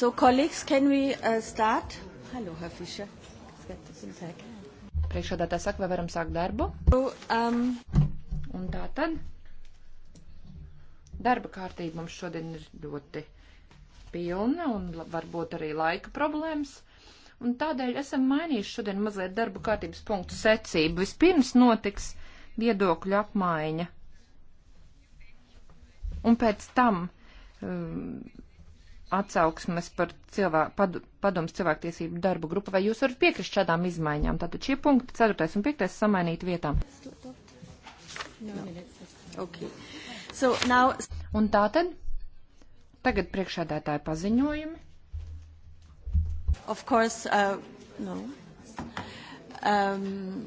So, colleagues, can we uh, start? Hello, Herr Fischer. Priekšādātā saka, vai varam sākt darbu? So, um, Un tā tad. Darba kārtība mums šodien ir ļoti pilna un varbūt arī laika problēmas. Un tādēļ esam mainījuši šodien mazliet darba kārtības punktu secību. Vispirms notiks viedokļu apmaiņa. Un pēc tam um, atsauksmes par cilvēku, pad, padomus cilvēktiesību darbu grupu, vai jūs varat piekrist šādām izmaiņām? Tātad šie punkti 4. un 5. samainīt vietām. No. Okay. So now... Un tātad tagad priekšādētāja paziņojumi. Of course, uh, no. Um...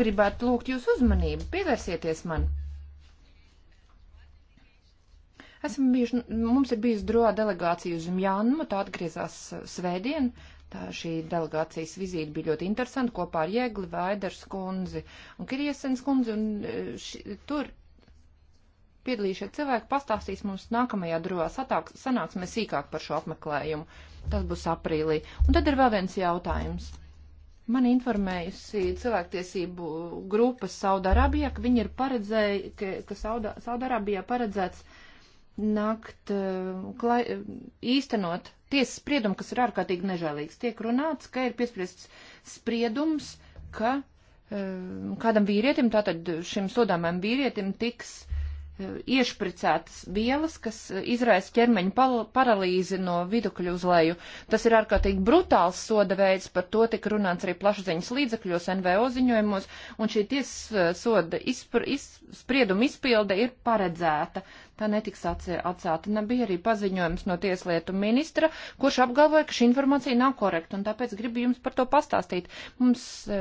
Gribētu lūgt jūsu uzmanību, pievērsieties man. Esam bijuši, mums ir bijusi droā delegācija uz Mjānmu, tā atgriezās uh, svētdien. Tā šī delegācijas vizīte bija ļoti interesanta kopā ar Jēgli, Vaiders kundzi un Kiriesens kundzi. Un uh, ši, tur piedalījušie cilvēki pastāstīs mums nākamajā droā sanāksmē sīkāk par šo apmeklējumu. Tas būs aprīlī. Un tad ir vēl viens jautājums. Man informējusi cilvēktiesību grupas Saudarābijā, ka viņi ir paredzēju, ka, ka Sauda, Saudarābijā paredzēts nākt eh, klai, eh, īstenot tiesas spriedumu, kas ir ārkārtīgi nežēlīgs. Tiek runāts, ka ir piespriests spriedums, ka eh, kādam vīrietim, tātad šim sodāmajam vīrietim tiks iešpricētas vielas, kas izraisa ķermeņa paralīzi no vidukļu uz leju. Tas ir ārkārtīgi brutāls soda veids, par to tika runāts arī plašsaziņas līdzekļos, NVO ziņojumos, un šī tiesas soda izpr, iz, sprieduma izpilde ir paredzēta tā netiks atcelta. Nebija arī paziņojums no tieslietu ministra, kurš apgalvoja, ka šī informācija nav korekta, un tāpēc gribu jums par to pastāstīt. Mums e,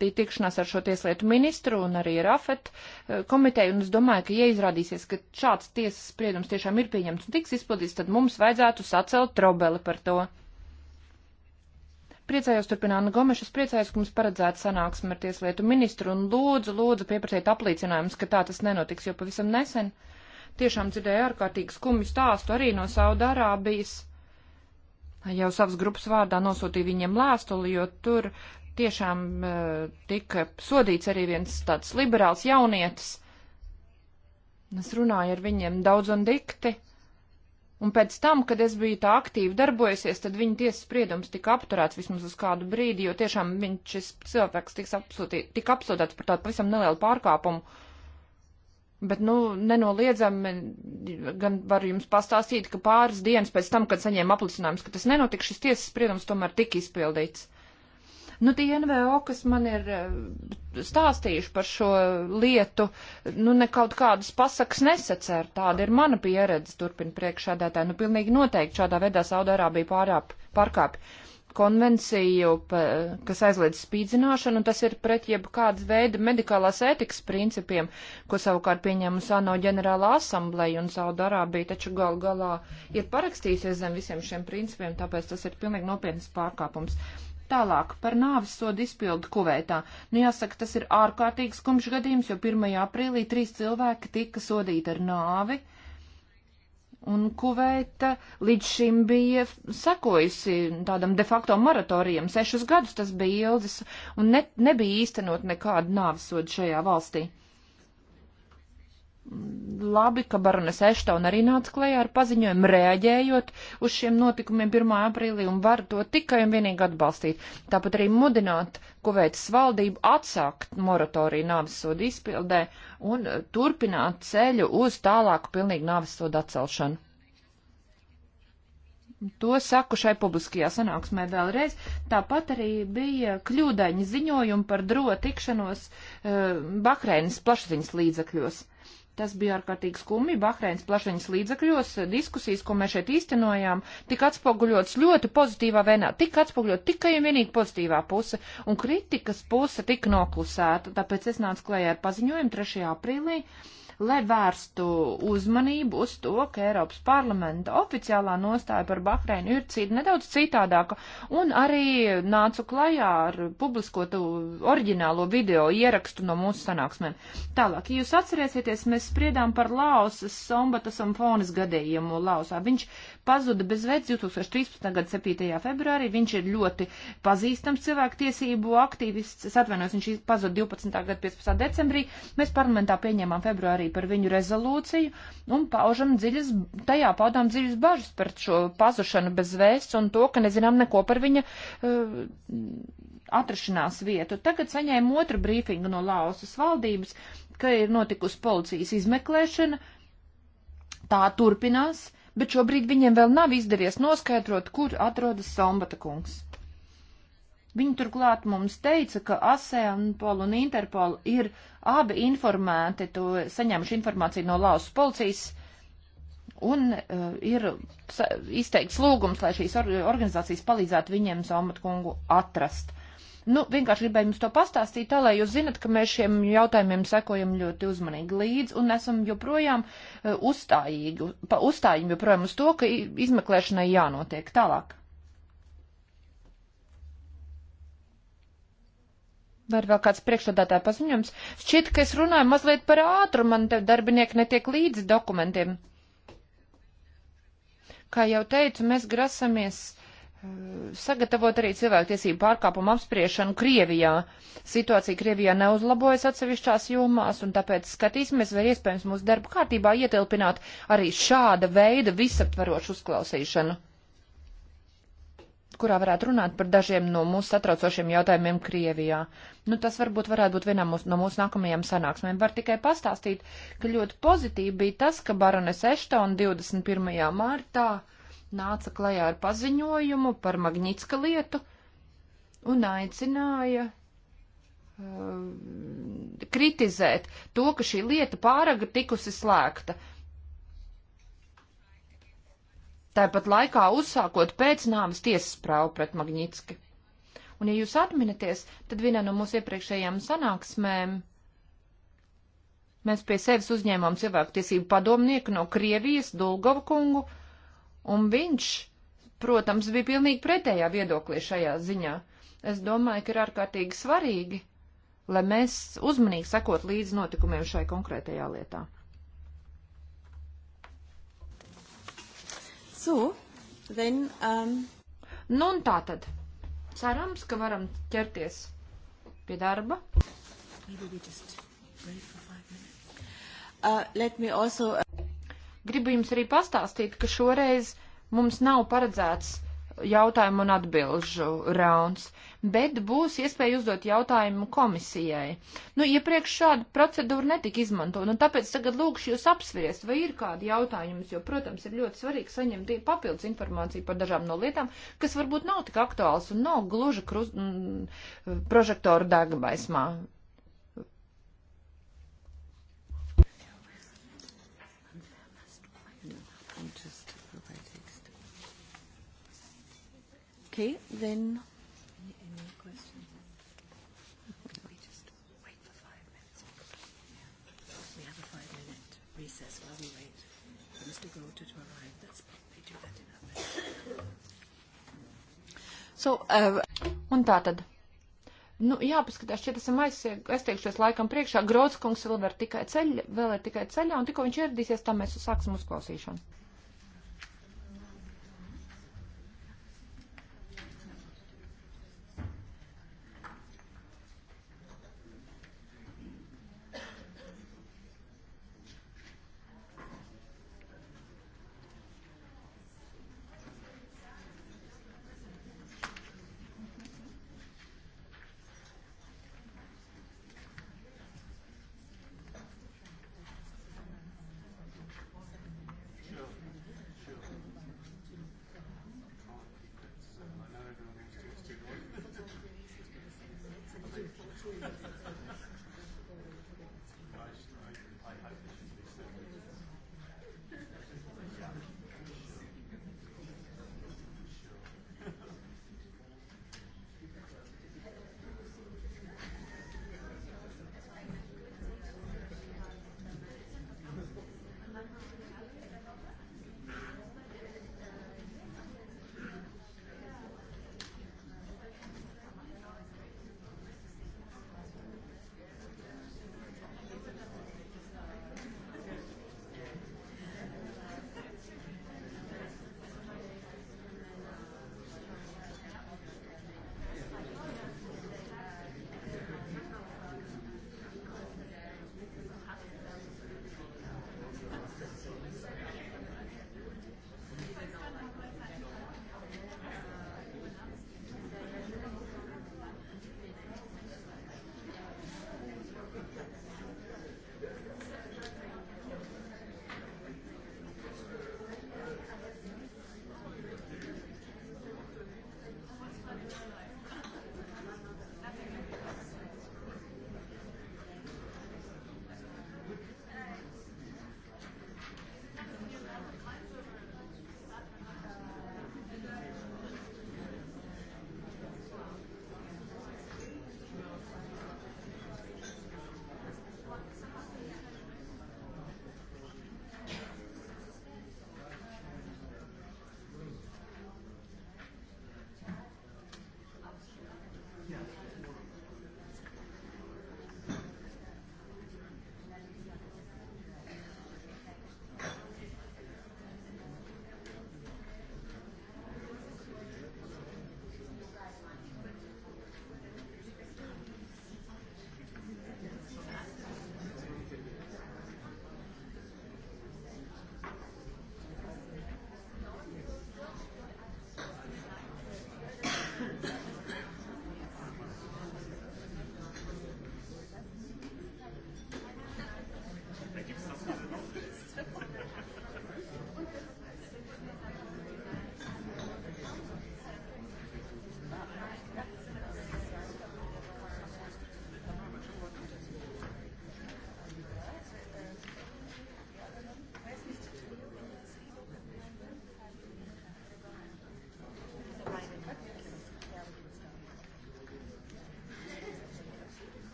bija tikšanās ar šo tieslietu ministru un arī ar AFET e, komiteju, un es domāju, ka, ja izrādīsies, ka šāds tiesas spriedums tiešām ir pieņemts un tiks izpildīts, tad mums vajadzētu sacelt trobeli par to. Priecājos turpināt nu, Gomešas, priecājos, ka mums paredzēta sanāksme ar tieslietu ministru un lūdzu, lūdzu pieprasiet apliecinājumus, ka tā tas nenotiks, jo pavisam nesen tiešām dzirdēju ārkārtīgi skumju stāstu arī no Saudārābijas. Jau savas grupas vārdā nosūtīju viņiem lēstuli, jo tur tiešām eh, tika sodīts arī viens tāds liberāls jaunietis. Es runāju ar viņiem daudz un dikti. Un pēc tam, kad es biju tā aktīvi darbojusies, tad viņa tiesas spriedums tika apturēts vismaz uz kādu brīdi, jo tiešām viņš, šis cilvēks tika, apsūtī, tika apsūtēts par tādu pavisam nelielu pārkāpumu. Bet, nu, nenoliedzami, gan varu jums pastāstīt, ka pāris dienas pēc tam, kad saņēma aplicinājums, ka tas nenotika, šis tiesas spriedums tomēr tika izpildīts. Nu, tie NVO, kas man ir eh, stāstījuši par šo lietu, nu, ne kaut kādas pasakas nesacēra. Tāda ir mana pieredze, turpina priekšādētāji. Nu, pilnīgi noteikti šādā veidā Saudārābija pārāp, pārkāp konvenciju, pa, kas aizliedz spīdzināšanu, un tas ir pret jebkādas veida medikālās ētikas principiem, ko savukārt pieņēmusi ANO ģenerāla asambleja un Saudārābija, taču gal galā ir parakstījusies zem visiem šiem principiem, tāpēc tas ir pilnīgi nopietnas pārkāpums. Tālāk par nāvis sodu izpildu kuveitā. Nu, jāsaka, tas ir ārkārtīgs kumšs gadījums, jo 1. aprīlī trīs cilvēki tika sodīti ar nāvi. Un kuveita līdz šim bija sekojusi tādam de facto moratorijam. Sešus gadus tas bija ilgs un ne, nebija īstenot nekādu nāvisodu šajā valstī labi, ka Baronas Eštona arī nāca klajā ar paziņojumu, reaģējot uz šiem notikumiem 1. aprīlī un var to tikai un vienīgi atbalstīt. Tāpat arī mudināt Kuveitas valdību atsākt moratoriju nāvisodu izpildē un turpināt ceļu uz tālāku pilnīgu nāvisodu atcelšanu. To saku šai publiskajā sanāksmē vēlreiz. Tāpat arī bija kļūdaini ziņojumi par dro tikšanos uh, eh, Bahreinas plašsaziņas līdzakļos. Uh, Tas bija ārkārtīgi skumji. Bahreins plašiņas līdzakļos eh, diskusijas, ko mēs šeit īstenojām, tika atspoguļots ļoti pozitīvā vienā, tika atspoguļot tikai un vienīgi pozitīvā puse, un kritikas puse tika noklusēta. Tāpēc es nācu klējā ar paziņojumu 3. aprīlī. Uh, lai vērstu uzmanību uz to, ka Eiropas parlamenta oficiālā nostāja par Bahreinu ir cita, nedaudz citādāka, un arī nācu klajā ar publiskotu oriģinālo video ierakstu no mūsu sanāksmēm. Tālāk, ja jūs atcerēsieties, mēs spriedām par Lausas Sombatas un Fonas gadījumu Lausā. Viņš pazuda bez veids 2013. gada 7. februārī, viņš ir ļoti pazīstams cilvēktiesību aktīvists, es atvainojos, viņš pazuda 12. gada 15. decembrī, mēs parlamentā pieņēmām februārī arī par viņu rezolūciju un paužam dziļas, tajā paudām dziļas bažas par šo pazušanu bez vēsts un to, ka nezinām neko par viņa uh, atrašanās vietu. Tagad saņēmu otru brīfingu no Laosas valdības, ka ir notikusi policijas izmeklēšana. Tā turpinās, bet šobrīd viņiem vēl nav izdevies noskaidrot, kur atrodas Sombata kungs. Viņi turklāt mums teica, ka ASEANPOL un Interpol ir abi informēti, to saņēmuši informāciju no Lausas policijas, un uh, ir izteikts lūgums, lai šīs or organizācijas palīdzētu viņiem Zomatkungu atrast. Nu, vienkārši gribēju jums to pastāstīt, tā lai jūs zinat, ka mēs šiem jautājumiem sekojam ļoti uzmanīgi līdzi un esam joprojām uh, uzstājīgi, uzstājīgi joprojām uz to, ka izmeklēšanai jānotiek tālāk. Vai vēl kāds priekšstādātāja paziņojums? Šķiet, ka es runāju mazliet par ātru, man te darbinieki netiek līdzi dokumentiem. Kā jau teicu, mēs grasamies uh, sagatavot arī cilvēktiesību pārkāpumu apspriešanu Krievijā. Situācija Krievijā neuzlabojas atsevišķās jomās, un tāpēc skatīsimies, vai iespējams mūsu darba kārtībā ietilpināt arī šāda veida visaptvarošu uzklausīšanu kurā varētu runāt par dažiem no mūsu satraucošiem jautājumiem Krievijā. Nu, tas varbūt varētu būt vienā mūs, no mūsu nākamajām sanāksmēm. Var tikai pastāstīt, ka ļoti pozitīvi bija tas, ka Barones Eštona 21. martā nāca klajā ar paziņojumu par Magnitska lietu un aicināja uh, kritizēt to, ka šī lieta pāraga tikusi slēgta. Uh, tāpat laikā uzsākot pēcnāvas tiesas prāvu pret Magnitski. Un, ja jūs atminaties, tad vienā no mūsu iepriekšējām sanāksmēm mēs pie sevis uzņēmām cilvēku tiesību padomnieku no Krievijas, Dulgova kungu, un viņš, protams, bija pilnīgi pretējā viedoklī šajā ziņā. Es domāju, ka ir ārkārtīgi svarīgi, lai mēs uzmanīgi sekot līdz notikumiem šai konkrētajā lietā. So, then, um... Nu un tā tad. Cerams, ka varam ķerties pie darba. Uh, also... Uh, Gribu jums arī pastāstīt, ka šoreiz mums nav paredzēts jautājumu un atbilžu rauns, bet būs iespēja uzdot jautājumu komisijai. Nu, iepriekš šāda procedūra netika izmantota, un nu, tāpēc tagad lūkšu jūs apspriest, vai ir kādi jautājumi, jo, protams, ir ļoti svarīgi saņemt papildus informāciju par dažām no lietām, kas varbūt nav tik aktuāls un nav gluži kruz, m, prožektoru degbaismā Okay, then. Any, any questions? We just wait for five minutes. We have a five-minute recess while we wait for Mr. Grote to arrive. That's we do that in our So, uh, un tātad. Nu, jāpaskatās, šķiet, esam aizteikšies laikam priekšā. Grotskungs vēl, tikai ceļ, vēl ir tikai ceļā, un tikko viņš ieradīsies, tā mēs sāksim uzklausīšanu.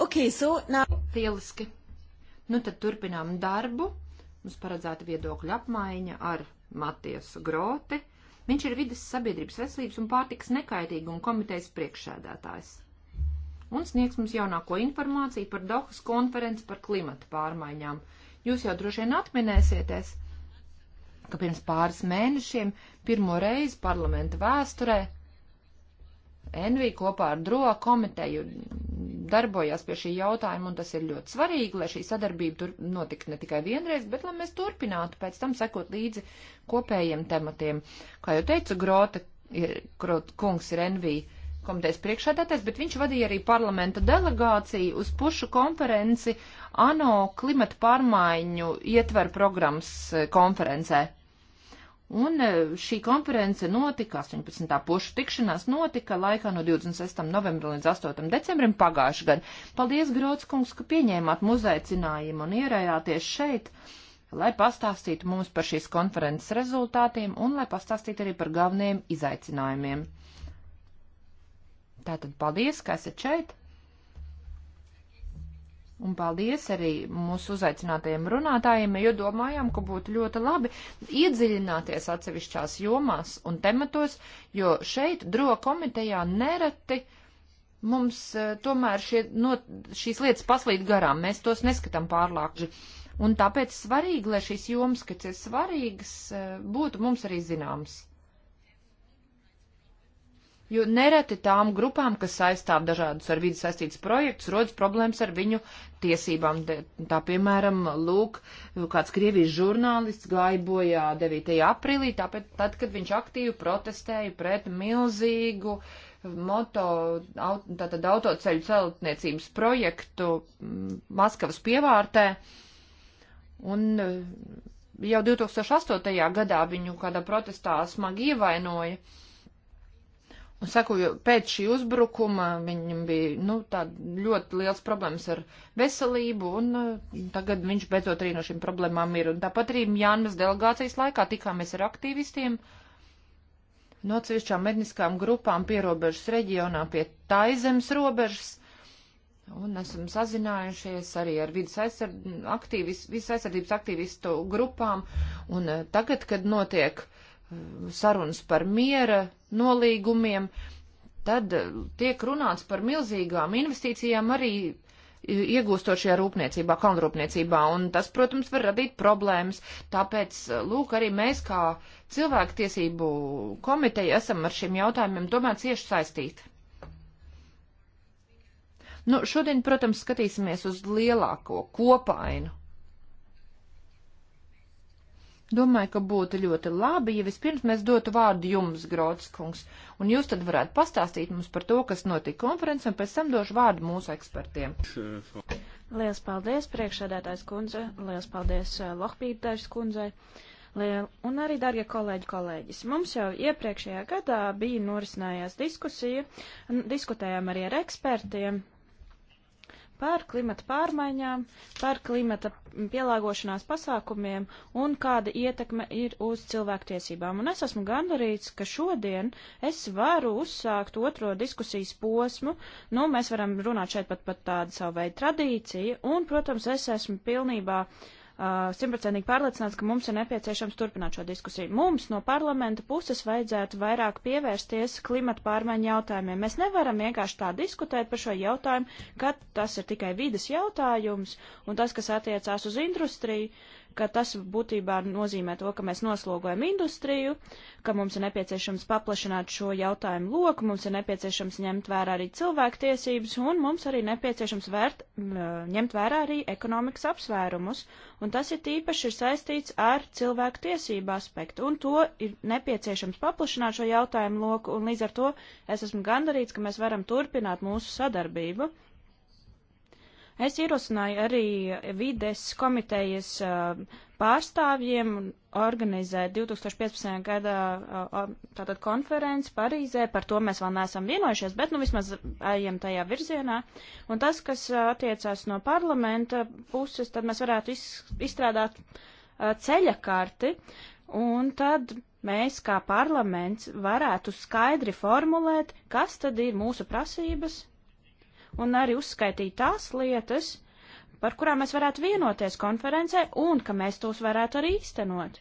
Okay, so now... Lieliski. Nu tad turpinām darbu. Mums paredzēta viedokļa apmaiņa ar Matiesu Groti. Viņš ir vidas sabiedrības veselības un pārtikas nekaitīguma komitejas priekšsēdētājs. Un sniegs mums jaunāko informāciju par Dohas konferenci par klimatu pārmaiņām. Jūs jau droši vien atminēsieties, ka pirms pāris mēnešiem pirmo reizi parlamenta vēsturē Envī kopā ar DRO komiteju darbojās pie šī jautājuma, un tas ir ļoti svarīgi, lai šī sadarbība tur notiktu ne tikai vienreiz, bet lai mēs turpinātu pēc tam sekot līdzi kopējiem tematiem. Kā jau teicu, Grota ir, Grota kungs ir NV komitejas priekšādātais, bet viņš vadīja arī parlamenta delegāciju uz pušu konferenci ANO klimata pārmaiņu ietver programmas eh, konferencē. Un e, šī konference notika, 18. pošu tikšanās notika laikā no 26. novembra līdz 8. decembrim pagājušajā gadā. Paldies, Grotskungs, ka pieņēmāt muzaicinājumu un ierējāties šeit, lai pastāstītu mums par šīs konferences rezultātiem un lai pastāstītu arī par galvenajiem izaicinājumiem. Tātad paldies, ka esat šeit! Un paldies arī mūsu uzaicinātajiem runātājiem, jo domājām, ka būtu ļoti labi iedziļināties atsevišķās jomās un tematos, jo šeit dro komitejā nereti mums eh, tomēr šie, no, šīs lietas paslīd garām, mēs tos neskatām pārlākži. Un tāpēc svarīgi, lai šīs jomas, kas ir svarīgas, eh, būtu mums arī zināmas jo nereti tām grupām, kas saistāv dažādus ar vidu saistītus projektus, rodas problēmas ar viņu tiesībām. Tā piemēram, lūk, kāds Krievijas žurnālists gāja bojā 9. aprīlī, tāpēc tad, kad viņš aktīvi protestēja pret milzīgu moto, aut, tātad autoceļu celtniecības projektu mm, Maskavas pievārtē, un eh, jau 2008. gadā viņu kādā protestā smagi ievainoja. Un saku, jo pēc šī uzbrukuma viņam bija, nu, tā ļoti liels problēmas ar veselību, un uh, tagad viņš beidzot arī no šīm problēmām ir. Un tāpat arī Jānas delegācijas laikā tikāmies ar aktīvistiem no atsevišķām etniskām grupām pierobežas reģionā pie Taizemes robežas, un esam sazinājušies arī ar vidas aizsard... aktīvis... aizsardzības aktīvistu grupām, un uh, tagad, kad notiek uh, sarunas par miera nolīgumiem, tad eh, tiek runāts par milzīgām investīcijām arī iegūstot šajā rūpniecībā, kalnrūpniecībā, un tas, protams, var radīt problēmas. Tāpēc, eh, lūk, arī mēs kā cilvēktiesību komiteja esam ar šiem jautājumiem domāt cieši saistīti. Nu, šodien, protams, skatīsimies uz lielāko kopainu Domāju, ka būtu ļoti labi, ja vispirms mēs dotu vārdu jums, Grots kungs, un jūs tad varētu pastāstīt mums par to, kas notika konferencē, un pēc tam došu vārdu mūsu ekspertiem. Lielas paldies, priekšsēdētājs kundze, lielas paldies eh, Lohpītājs kundzei. Liela, un arī, darbie kolēģi, kolēģis, mums jau iepriekšējā gadā bija norisinājās diskusija, diskutējām arī ar ekspertiem, par klimata pārmaiņām, par klimata pielāgošanās pasākumiem un kāda ietekme ir uz cilvēktiesībām. Un es esmu gandarīts, ka šodien es varu uzsākt otro diskusijas posmu. Nu, mēs varam runāt šeit pat par tādu savu veidu tradīciju. Un, protams, es esmu pilnībā uh, simtprocentīgi pārliecināts, ka mums ir nepieciešams turpināt šo diskusiju. Mums no parlamenta puses vajadzētu vairāk pievērsties klimata pārmaiņu jautājumiem. Mēs nevaram vienkārši tā diskutēt par šo jautājumu, kad tas ir tikai vidas jautājums un tas, kas attiecās uz industriju. Uh, ka tas būtībā nozīmē to, ka mēs noslogojam industriju, ka mums ir nepieciešams paplašināt šo jautājumu loku, mums ir nepieciešams ņemt vērā arī cilvēktiesības un mums arī nepieciešams vērt, ņemt vērā arī ekonomikas apsvērumus. Un tas ir tīpaši ir saistīts ar cilvēktiesību aspektu un to ir nepieciešams paplašināt šo jautājumu loku un līdz ar to es esmu gandarīts, ka mēs varam turpināt mūsu sadarbību. Es ierosināju arī vides komitejas pārstāvjiem organizēt 2015. gadā tātad konferenci Parīzē, par to mēs vēl neesam vienojušies, bet nu vismaz ejam tajā virzienā. Un tas, kas attiecās no parlamenta puses, tad mēs varētu iz, izstrādāt ceļa karti, un tad mēs kā parlaments varētu skaidri formulēt, kas tad ir mūsu prasības un arī uzskaitīt tās lietas, par kurām mēs varētu vienoties konferencē un ka mēs tos varētu arī īstenot.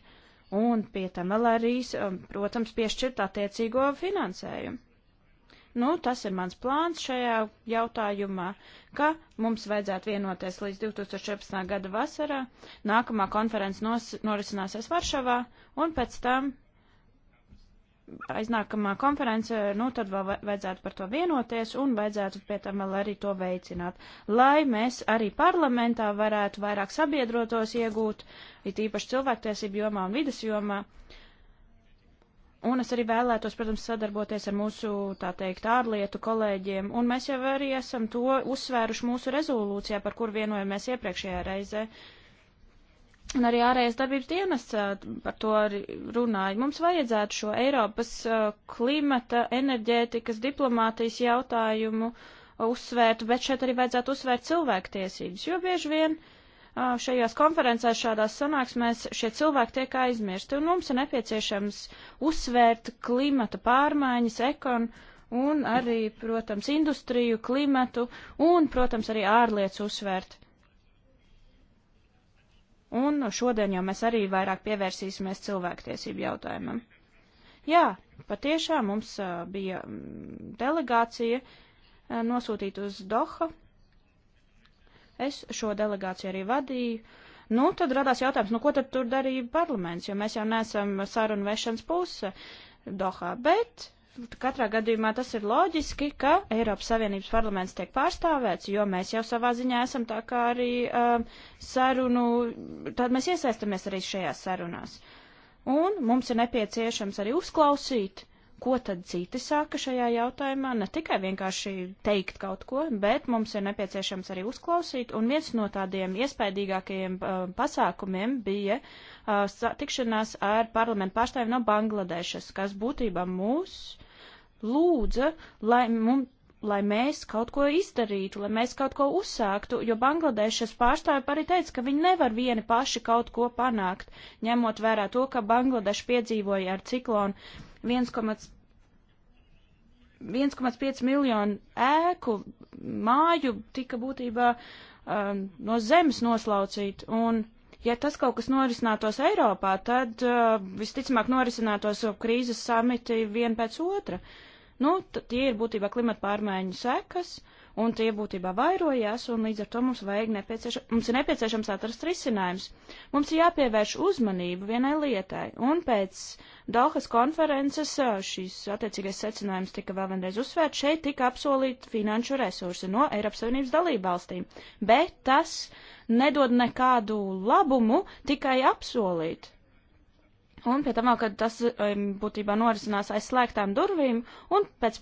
Un pie tam vēl arī, um, protams, piešķirt attiecīgo finansējumu. Nu, tas ir mans plāns šajā jautājumā, ka mums vajadzētu vienoties līdz 2014. gada vasarā. Nākamā konferences norisinās Varšavā, un pēc tam aiznākamā konference, nu tad vēl vajadzētu par to vienoties un vajadzētu pie tam vēl arī to veicināt, lai mēs arī parlamentā varētu vairāk sabiedrotos iegūt, it īpaši cilvēktiesību jomā un vidas jomā. Un es arī vēlētos, protams, sadarboties ar mūsu, tā teikt, ārlietu kolēģiem, un mēs jau arī esam to uzsvēruši mūsu rezolūcijā, par kur vienojamies iepriekšējā reizē. Uh, Un arī ārējais darbības dienas par to arī runāja. Mums vajadzētu šo Eiropas klimata, enerģētikas, diplomātijas jautājumu uzsvērt, bet šeit arī vajadzētu uzsvērt cilvēktiesības, jo bieži vien šajās konferencēs, šādās sanāksmēs šie cilvēki tiek aizmirsti, un mums ir nepieciešams uzsvērt klimata pārmaiņas, ekonomiku un arī, protams, industriju, klimatu un, protams, arī ārlietu uzsvērt. Un šodien jau mēs arī vairāk pievērsīsimies cilvēktiesību jautājumam. Jā, patiešām mums bija mm, delegācija nosūtīta uz Doha. Es šo delegāciju arī vadīju. Nu, tad radās jautājums, nu, ko tad tur darīja parlaments, jo mēs jau neesam sarunu vešanas puse Dohā, bet katrā gadījumā tas ir loģiski, ka Eiropas Savienības parlaments tiek pārstāvēts, jo mēs jau savā ziņā esam tā kā arī um, sarunu, tad mēs iesaistamies arī šajās sarunās. Un mums ir nepieciešams arī uzklausīt, ko tad citi saka šajā jautājumā, ne tikai vienkārši teikt kaut ko, bet mums ir nepieciešams arī uzklausīt, un viens no tādiem iespaidīgākajiem uh, pasākumiem bija uh, tikšanās ar parlamentu pārstāvju no Bangladešas, kas būtībā mūs uh, lūdza, lai, mum, lai mēs kaut ko izdarītu, lai mēs kaut ko uzsāktu, jo Bangladešas pārstāvi arī teica, ka viņi nevar vieni paši kaut ko panākt, ņemot vērā to, ka Bangladeša piedzīvoja ar ciklonu 1,5 miljonu ēku, māju tika būtībā um, no zemes noslaucīt. Un, ja tas kaut kas norisinātos Eiropā, tad uh, visticamāk norisinātos krīzes samiti vien pēc otra. Uh, Nu, tie ir būtībā klimata pārmaiņu sekas, un tie būtībā vairojās, un līdz ar to mums, nepieciešam, mums ir nepieciešams atrast risinājums. Mums ir jāpievērš uzmanību vienai lietai, un pēc Dauhas konferences šīs attiecīgais secinājums tika vēl vienreiz uzsvērts, šeit tika apsolīti finanšu resursi no Eiropas Savienības dalību valstīm, bet tas nedod nekādu labumu, tikai apsolīt. Un pie tam, kad tas būtībā norisinās aiz slēgtām durvīm, un pēc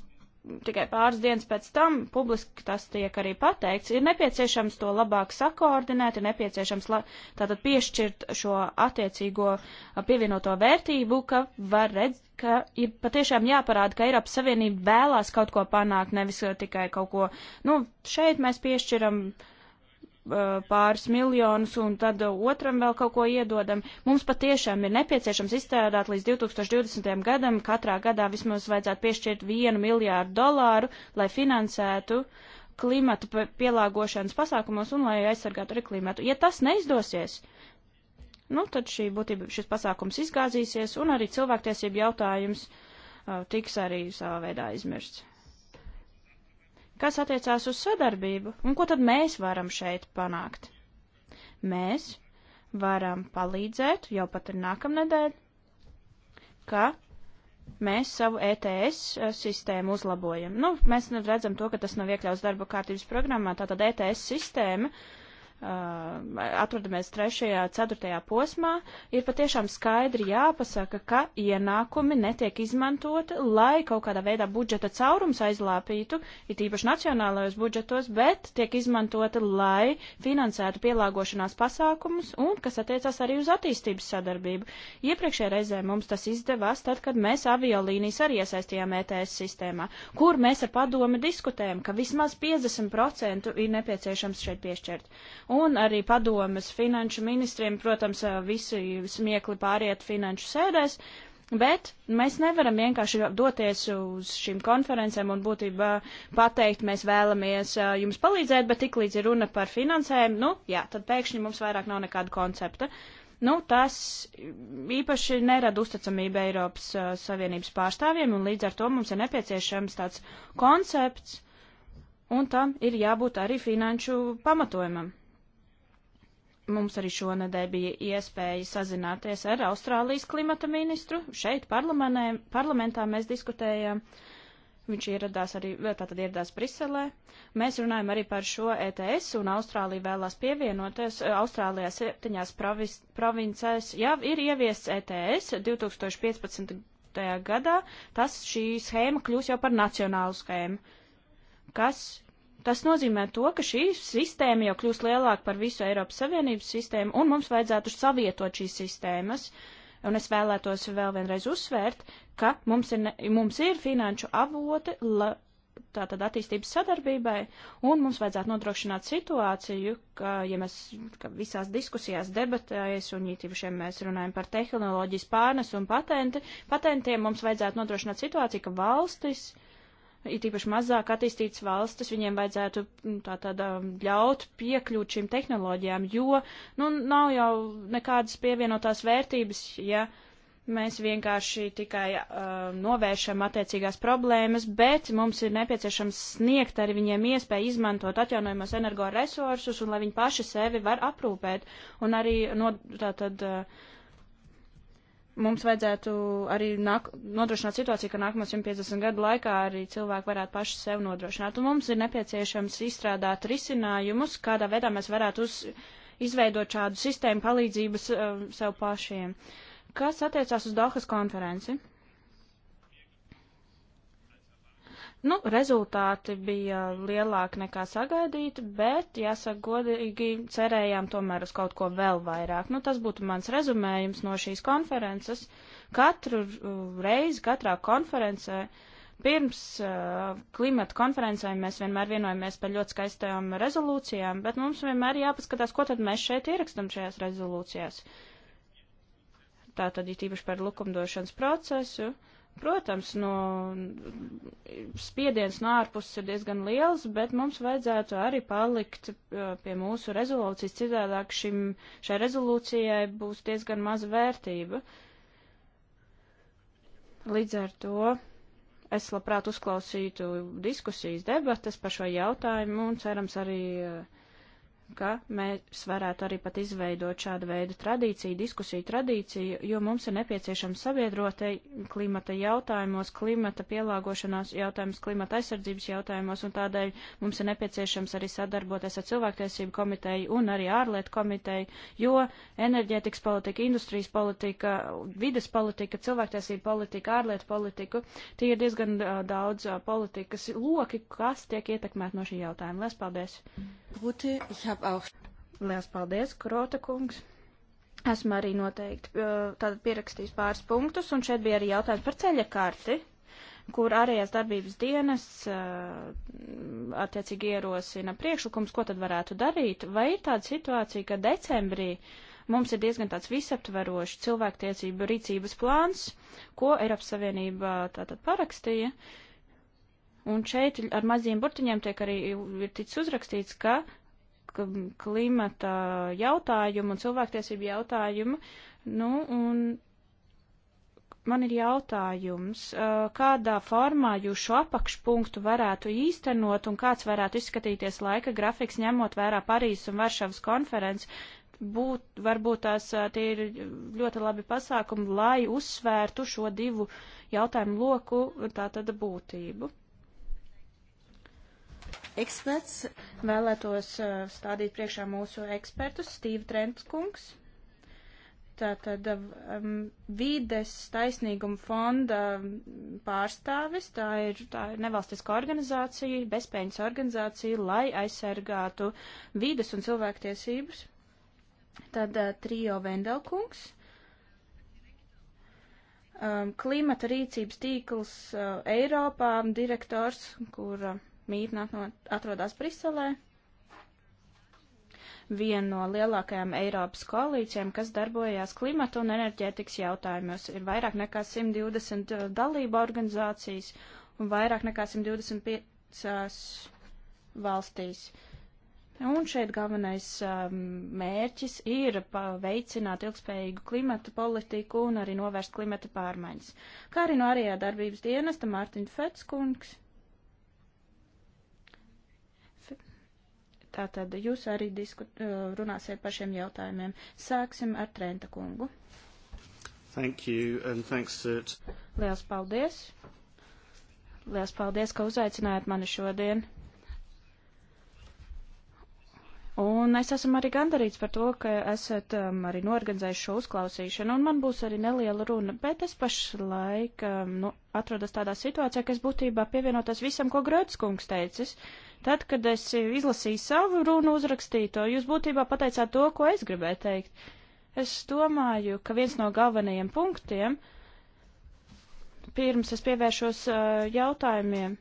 tikai pāris dienas pēc tam publiski tas tiek arī pateikts, ir nepieciešams to labāk sakoordinēt, ir nepieciešams la, tātad piešķirt šo attiecīgo pievienoto vērtību, ka var redz, ka ir patiešām jāparāda, ka Eiropas Savienība vēlās kaut ko panākt, nevis tikai kaut ko, nu, šeit mēs piešķiram uh, pāris miljonus un tad otram vēl kaut ko iedodam. Mums patiešām ir nepieciešams izstrādāt līdz 2020. gadam, katrā gadā vismaz vajadzētu piešķirt vienu miljārdu dolāru, lai finansētu klimatu pielāgošanas pasākumos un lai aizsargātu arī klimatu. Ja tas neizdosies, nu tad šī būtība, šis pasākums izgāzīsies un arī cilvēktiesību jautājums uh, tiks arī savā veidā izmirsts kas attiecās uz sadarbību un ko tad mēs varam šeit panākt. Mēs varam palīdzēt jau pat ir nākamnedēļ, ka mēs savu ETS eh, sistēmu uzlabojam. Nu, mēs nu redzam to, ka tas nav iekļauts darba kārtības programmā, tātad ETS sistēma Uh, atrodamies trešajā, ceturtajā posmā, ir patiešām skaidri jāpasaka, ka ienākumi netiek izmantoti, lai kaut kādā veidā budžeta caurums aizlāpītu, it īpaši nacionālajos budžetos, bet tiek izmantoti, lai finansētu pielāgošanās pasākumus un, kas attiecas arī uz attīstības sadarbību. Iepriekšējā reizē mums tas izdevās tad, kad mēs aviolīnijas arī iesaistījām ETS sistēmā, kur mēs ar padomi diskutējam, ka vismaz 50% ir nepieciešams šeit piešķirt un arī padomas finanšu ministriem, protams, visi smiekli pāriet finanšu sēdēs, Bet mēs nevaram vienkārši doties uz šīm konferencēm un būtībā pateikt, mēs vēlamies jums palīdzēt, bet tik līdz ir runa par finansēm, nu jā, tad pēkšņi mums vairāk nav nekāda koncepta. Nu, tas īpaši nerada uzticamību Eiropas uh, Savienības pārstāvjiem, un līdz ar to mums ir nepieciešams tāds koncepts, un tam ir jābūt arī finanšu pamatojumam. Mums arī šonadēļ bija iespēja sazināties ar Austrālijas klimata ministru. Šeit parlamentā mēs diskutējām. Viņš ieradās arī, tātad ieradās Briselē. Mēs runājam arī par šo ETS, un Austrālija vēlās pievienoties. Austrālijā septiņās provis, provincēs jau ir ieviests ETS 2015. gadā. Tas šī schēma kļūs jau par nacionālu schēmu, kas Tas nozīmē to, ka šī sistēma jau kļūst lielāka par visu Eiropas Savienības sistēmu, un mums vajadzētu savietot šīs sistēmas. Un es vēlētos vēl vienreiz uzsvērt, ka mums ir, ne, mums ir finanšu avoti la, tātad attīstības sadarbībai, un mums vajadzētu nodrošināt situāciju, ka, ja mēs ka visās diskusijās debatējas, un īpaši, ja mēs runājam par tehnoloģijas pārnes un patenti, patentiem, mums vajadzētu nodrošināt situāciju, ka valstis uh, it īpaši mazāk attīstītas valstis, viņiem vajadzētu mm, tā tad um, ļaut piekļūt šīm tehnoloģijām, jo, nu, nav jau nekādas pievienotās vērtības, ja mēs vienkārši tikai uh, novēršam attiecīgās problēmas, bet mums ir nepieciešams sniegt arī viņiem iespēju izmantot atjaunojumos energoresursus un lai viņi paši sevi var aprūpēt un arī no, tā tad. Uh, mums vajadzētu arī nāk, nodrošināt situāciju, ka nākamos 150 gadu laikā arī cilvēki varētu paši sev nodrošināt. Un mums ir nepieciešams izstrādāt risinājumus, kādā veidā mēs varētu uz, izveidot šādu sistēmu palīdzības um, sev pašiem. Kas attiecās uz Dohas konferenci? Uh, Nu, rezultāti bija lielāki nekā sagaidīti, bet, jāsaka godīgi, cerējām tomēr uz kaut ko vēl vairāk. Nu, tas būtu mans rezumējums no šīs konferences. Katru uh, reizi, katrā konferencē, pirms uh, klimata konferencēm mēs vienmēr vienojamies par ļoti skaistām rezolūcijām, bet mums vienmēr jāpaskatās, ko tad mēs šeit ierakstam šajās rezolūcijās. Tātad, ja tīpaši par likumdošanas procesu. Uh, Protams, no spiediens no ārpuses ir diezgan liels, bet mums vajadzētu arī palikt uh, pie mūsu rezolūcijas, citādāk šim, šai rezolūcijai būs diezgan maza vērtība. Līdz ar to es labprāt uzklausītu diskusijas debatas par šo jautājumu un cerams arī uh, ka mēs varētu arī pat izveidot šādu veidu tradīciju, diskusiju tradīciju, jo mums ir nepieciešams sabiedrotai klimata jautājumos, klimata pielāgošanās jautājumos, klimata aizsardzības jautājumos, un tādēļ mums ir nepieciešams arī sadarboties ar cilvēktiesību komiteju un arī ārlietu komiteju, jo enerģētikas politika, industrijas politika, vides politika, cilvēktiesību politika, ārlietu politika, tie ir diezgan uh, daudz uh, politikas loki, kas tiek ietekmēt no šī jautājuma. Lies paldies! Mm. Rute, ich habe auch. Lielas paldies, Krota kungs. Esmu arī noteikti uh, tātad pierakstījis pāris punktus, un šeit bija arī jautājums par ceļa karti, kur ārējās darbības dienas uh, attiecīgi ierosina priekšlikums, ko tad varētu darīt, vai ir tāda situācija, ka decembrī mums ir diezgan tāds visaptverošs cilvēktiesību rīcības plāns, ko Eiropas Savienība tātad parakstīja. Uh, Un šeit ar maziem burtiņiem tiek arī ir ticis uzrakstīts, ka klimata jautājumu un cilvēktiesību jautājumu. Nu, un man ir jautājums, kādā formā jūs šo apakšpunktu varētu īstenot un kāds varētu izskatīties laika grafiks, ņemot vērā Parīzes un Varšavas konferences, būt, varbūt tās tie ir ļoti labi pasākumi, lai uzsvērtu šo divu jautājumu loku tātad būtību experts. Vēlētos uh, stādīt priekšā mūsu ekspertus, Stīva Trentkungs. Tātad uh, um, vides taisnīguma fonda pārstāvis, tā ir, tā ir nevalstiska organizācija, bezpējas organizācija, lai aizsargātu vides un cilvēktiesības. Tad uh, Trio Vendelkungs, um, klimata rīcības tīkls uh, Eiropā, direktors, kura uh, mītne atrodas Briselē, viena no lielākajām Eiropas koalīcijām, kas darbojās klimata un enerģētikas jautājumos. Ir vairāk nekā 120 uh, dalība organizācijas un vairāk nekā 125 valstīs. Un šeit galvenais um, mērķis ir veicināt ilgspējīgu klimata politiku un arī novērst klimata pārmaiņas. Kā arī no arī darbības dienesta Mārtiņa Fetskungs Tātad jūs arī diskut, uh, runāsiet par šiem jautājumiem. Sāksim ar Trenta kungu. Thank you and thanks to it. Liels paldies. Liels paldies, ka uzaicinājāt mani šodien. Un es esmu arī gandarīts par to, ka esat um, arī norganizējuši šo uzklausīšanu, un man būs arī neliela runa, bet es pašlaik um, nu, atrodas tādā situācijā, ka es būtībā pievienotos visam, ko Grötskungs teicis, Tad, kad es izlasīju savu runu uzrakstīto, jūs būtībā pateicāt to, ko es gribēju teikt. Es domāju, ka viens no galvenajiem punktiem, pirms es pievēršos uh, jautājumiem,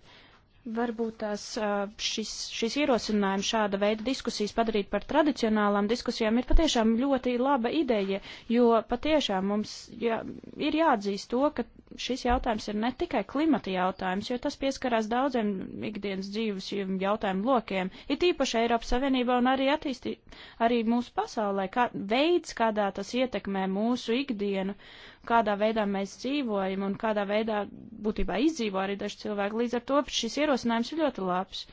varbūt tās uh, šis, šis ierosinājums šāda veida diskusijas padarīt par tradicionālām diskusijām ir patiešām ļoti laba ideja, jo patiešām mums jā, ir jāatzīst to, ka šis jautājums ir ne tikai klimata jautājums, jo tas pieskarās daudziem ikdienas dzīves jautājumu lokiem, it īpaši Eiropas Savienībā un arī attīstī, arī mūsu pasaulē, kā, veids, kādā tas ietekmē mūsu ikdienu, kādā veidā mēs dzīvojam un kādā veidā būtībā izdzīvo arī daži cilvēki. Līdz ar to šis ierosinājums ir ļoti labs.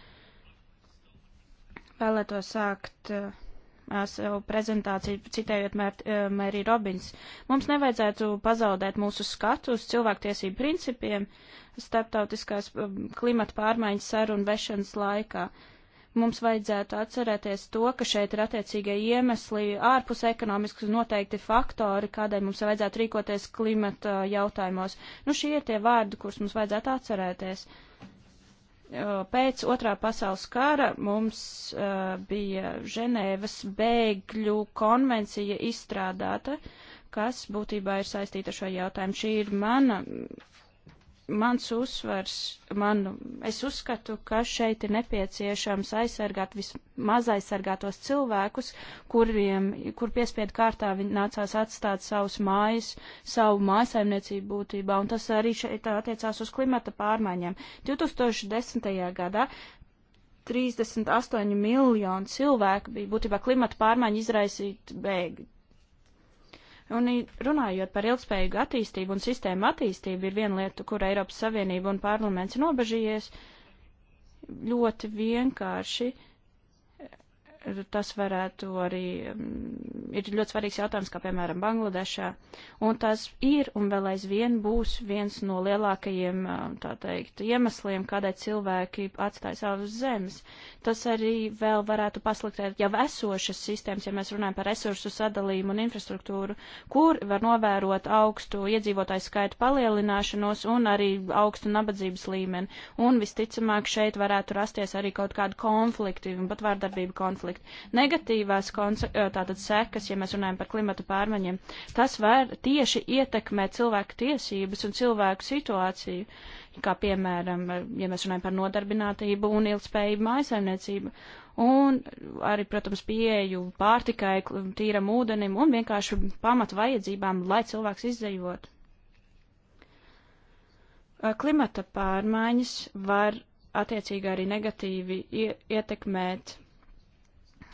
Vēlētos sākt uh, savu prezentāciju, citējot Mērī eh, Robins. Mums nevajadzētu pazaudēt mūsu skatu uz cilvēktiesību principiem starptautiskās eh, klimata pārmaiņas sarunu vešanas laikā. Mums vajadzētu atcerēties to, ka šeit ir attiecīgie iemesli ārpus ekonomiskas noteikti faktori, kādēļ mums vajadzētu rīkoties klimata eh, jautājumos. Nu, šie ir tie vārdi, kurus mums vajadzētu atcerēties. Uh, Eh, pēc otrā pasaules kara mums uh, bija Ženēvas bēgļu konvencija izstrādāta, kas būtībā ir saistīta ar šo jautājumu. Šī ir mana mans uzsvars, man, es uzskatu, ka šeit ir nepieciešams aizsargāt vismaz aizsargātos cilvēkus, kuriem, kur piespiedu kārtā viņi nācās atstāt savus mājas, savu mājasaimniecību būtībā, un tas arī šeit attiecās uz klimata pārmaiņām. 2010. gadā 38 miljonu cilvēku bija būtībā klimata pārmaiņu izraisīti bēgļi Un runājot par ilgspējīgu attīstību un sistēmu attīstību, ir viena lieta, kur Eiropas Savienība un parlaments nobežījies ļoti vienkārši. Uh, tas varētu arī, mm, ir ļoti svarīgs jautājums, kā piemēram Bangladešā, un tas ir un vēl aizvien būs viens no lielākajiem, tā teikt, iemesliem, kādēļ cilvēki atstāja savas zemes. Tas arī vēl varētu pasliktēt jau esošas sistēmas, ja mēs runājam par resursu sadalījumu un infrastruktūru, kur var novērot augstu iedzīvotāju skaitu palielināšanos un arī augstu nabadzības līmeni, un visticamāk šeit varētu rasties arī kaut kādi konflikti, pat vārdarbība konflikti izlikt. Negatīvās tātad sekas, ja mēs runājam par klimatu pārmaiņiem, tas var tieši ietekmēt cilvēku tiesības un cilvēku situāciju, kā piemēram, ja mēs runājam par nodarbinātību un ilgspējību mājasaimniecību. Un arī, protams, pieeju pārtikai, tīram ūdenim un vienkārši pamat vajadzībām, lai cilvēks izdzīvotu klimata pārmaiņas var attiecīgi arī negatīvi ietekmēt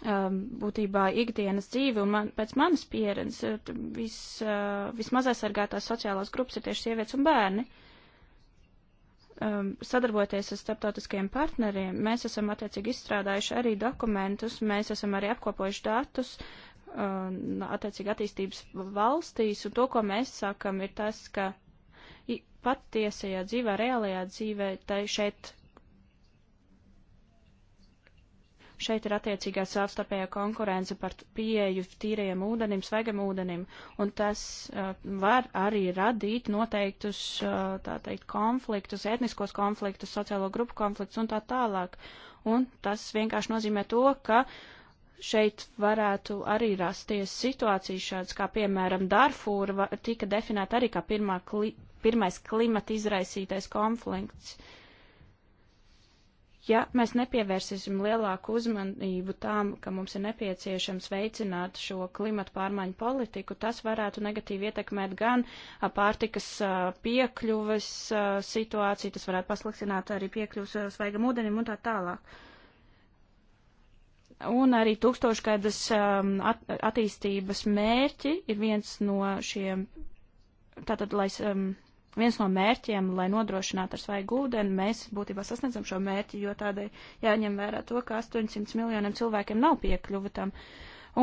Um, būtībā ikdienas dzīvi, un man, pēc manas pieredzes uh, vis, uh, vismaz aizsargātās sociālās grupas ir tieši sievietes un bērni. Um, sadarbojoties ar starptautiskajiem partneriem, mēs esam attiecīgi izstrādājuši arī dokumentus, mēs esam arī apkopojuši datus, um, attiecīgi attīstības valstīs, un to, ko mēs sakam, ir tas, ka patiesajā dzīvē, reālajā dzīvē, tai šeit Šeit ir attiecīgā savstarpējā konkurence par pieeju tīrajam ūdenim, svaigam ūdenim, un tas uh, var arī radīt noteiktus, uh, tā teikt, konfliktus, etniskos konfliktus, sociālo grupu konfliktus un tā tālāk. Un tas vienkārši nozīmē to, ka šeit varētu arī rasties situācijas šādas, kā piemēram Darfūra tika definēta arī kā pirmā kli pirmais klimata izraisītais konflikts. Uh, ja mēs nepievērsīsim lielāku uzmanību tām, ka mums ir nepieciešams veicināt šo klimatu pārmaiņu politiku, tas varētu negatīvi ietekmēt gan pārtikas piekļuves situāciju, tas varētu pasliktināt arī piekļuves svaigam ūdenim un tā tālāk. Un arī tūkstošgaidas at attīstības mērķi ir viens no šiem, tātad, lai um, viens no mērķiem, lai nodrošinātu ar svaigu ūdeni, mēs būtībā sasniedzam šo mērķi, jo tādai jāņem vērā to, ka 800 miljoniem cilvēkiem nav piekļuva tam.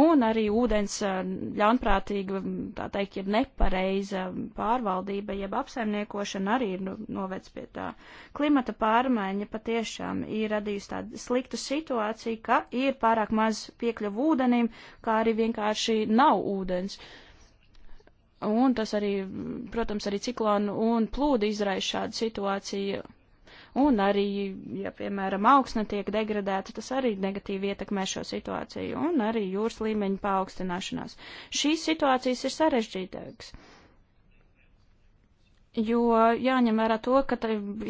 Un arī ūdens eh, ļaunprātīga, tā teikt, ir nepareiza pārvaldība, jeb apsaimniekošana arī ir novec pie tā. Klimata pārmaiņa patiešām ir radījusi tādu sliktu situāciju, ka ir pārāk maz piekļuvu ūdenim, kā arī vienkārši nav ūdens. Uh, Un tas arī, protams, arī ciklonu un plūdu izraisa šādu situāciju. Un arī, ja, piemēram, augsne tiek degradēta, tas arī negatīvi ietekmē šo situāciju, un arī jūras līmeņa paaugstināšanās. Šīs situācijas ir sarežģītākas jo jāņem vērā to, ka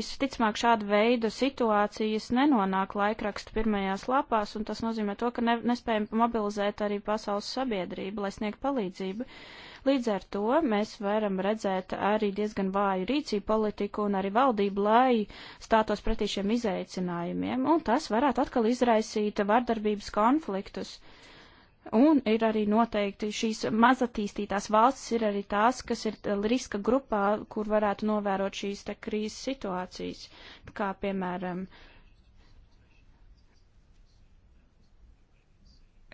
visticamāk šāda veida situācijas nenonāk laikrakstu pirmajās lapās, un tas nozīmē to, ka ne, nespējam mobilizēt arī pasaules sabiedrību, lai sniegtu palīdzību. Uh, Līdz ar to mēs varam redzēt arī diezgan vāju rīcību politiku un arī valdību, lai stātos pretī šiem izaicinājumiem, un tas varētu atkal izraisīt vardarbības konfliktus. Un ir arī noteikti šīs mazatīstītās valstis ir arī tās, kas ir riska grupā, kur varētu novērot šīs te krīzes situācijas, kā piemēram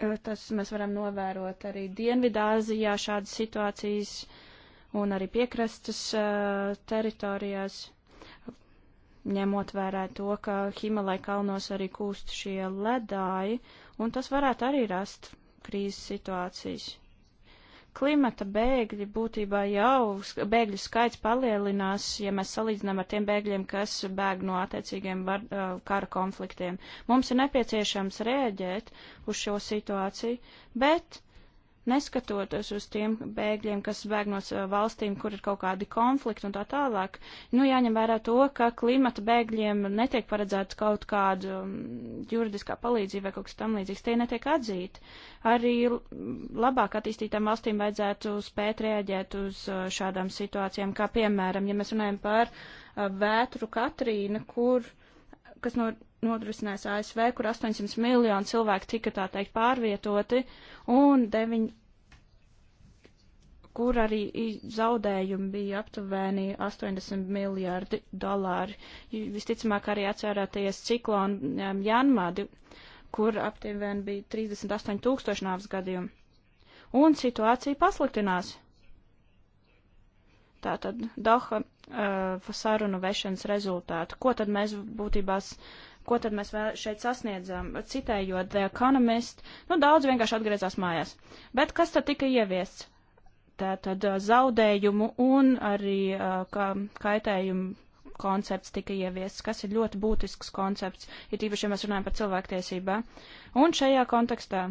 Eh, tas mēs varam novērot arī Dienvidāzijā šādas situācijas un arī piekrastas uh, eh, teritorijās, ņemot vērā to, ka Himalai kalnos arī kūst šie ledāji, un tas varētu arī rast krīzes situācijas. Klimata bēgļi būtībā jau, bēgļu skaits palielinās, ja mēs salīdzinām ar tiem bēgļiem, kas bēg no attiecīgiem var, kara konfliktiem. Mums ir nepieciešams rēģēt uz šo situāciju, bet neskatoties uz tiem bēgļiem, kas bēg no valstīm, kur ir kaut kādi konflikti un tā tālāk, nu jāņem vērā to, ka klimata bēgļiem netiek paredzēts kaut kāda mm, juridiskā palīdzība vai kaut kas tam līdzīgs, tie netiek atzīti. Arī labāk attīstītām valstīm vajadzētu spēt reaģēt uz šādām situācijām, kā piemēram, ja mēs runājam par vētru Katrīnu, kur, kas no nodrošinājis ASV, kur 800 miljonu cilvēku tika tā teikt pārvietoti un 9 kur arī zaudējumi bija aptuveni 80 miljārdi dolāri. Visticamāk arī atcerēties ciklonu um, janmādi, kur aptuveni bija 38 tūkstoši nāvs gadījumu. Un situācija pasliktinās. Tātad Doha uh, sarunu vešanas rezultātu. Ko tad mēs būtībās uh, Ko tad mēs šeit sasniedzam? Citējot The Economist, nu daudz vienkārši atgriezās mājās. Bet kas tad tika ieviests? Tātad uh, zaudējumu un arī uh, kā, kaitējumu koncepts tika ieviests, kas ir ļoti būtisks koncepts, ir īpaši, ja mēs runājam par cilvēktiesībā. Un šajā kontekstā,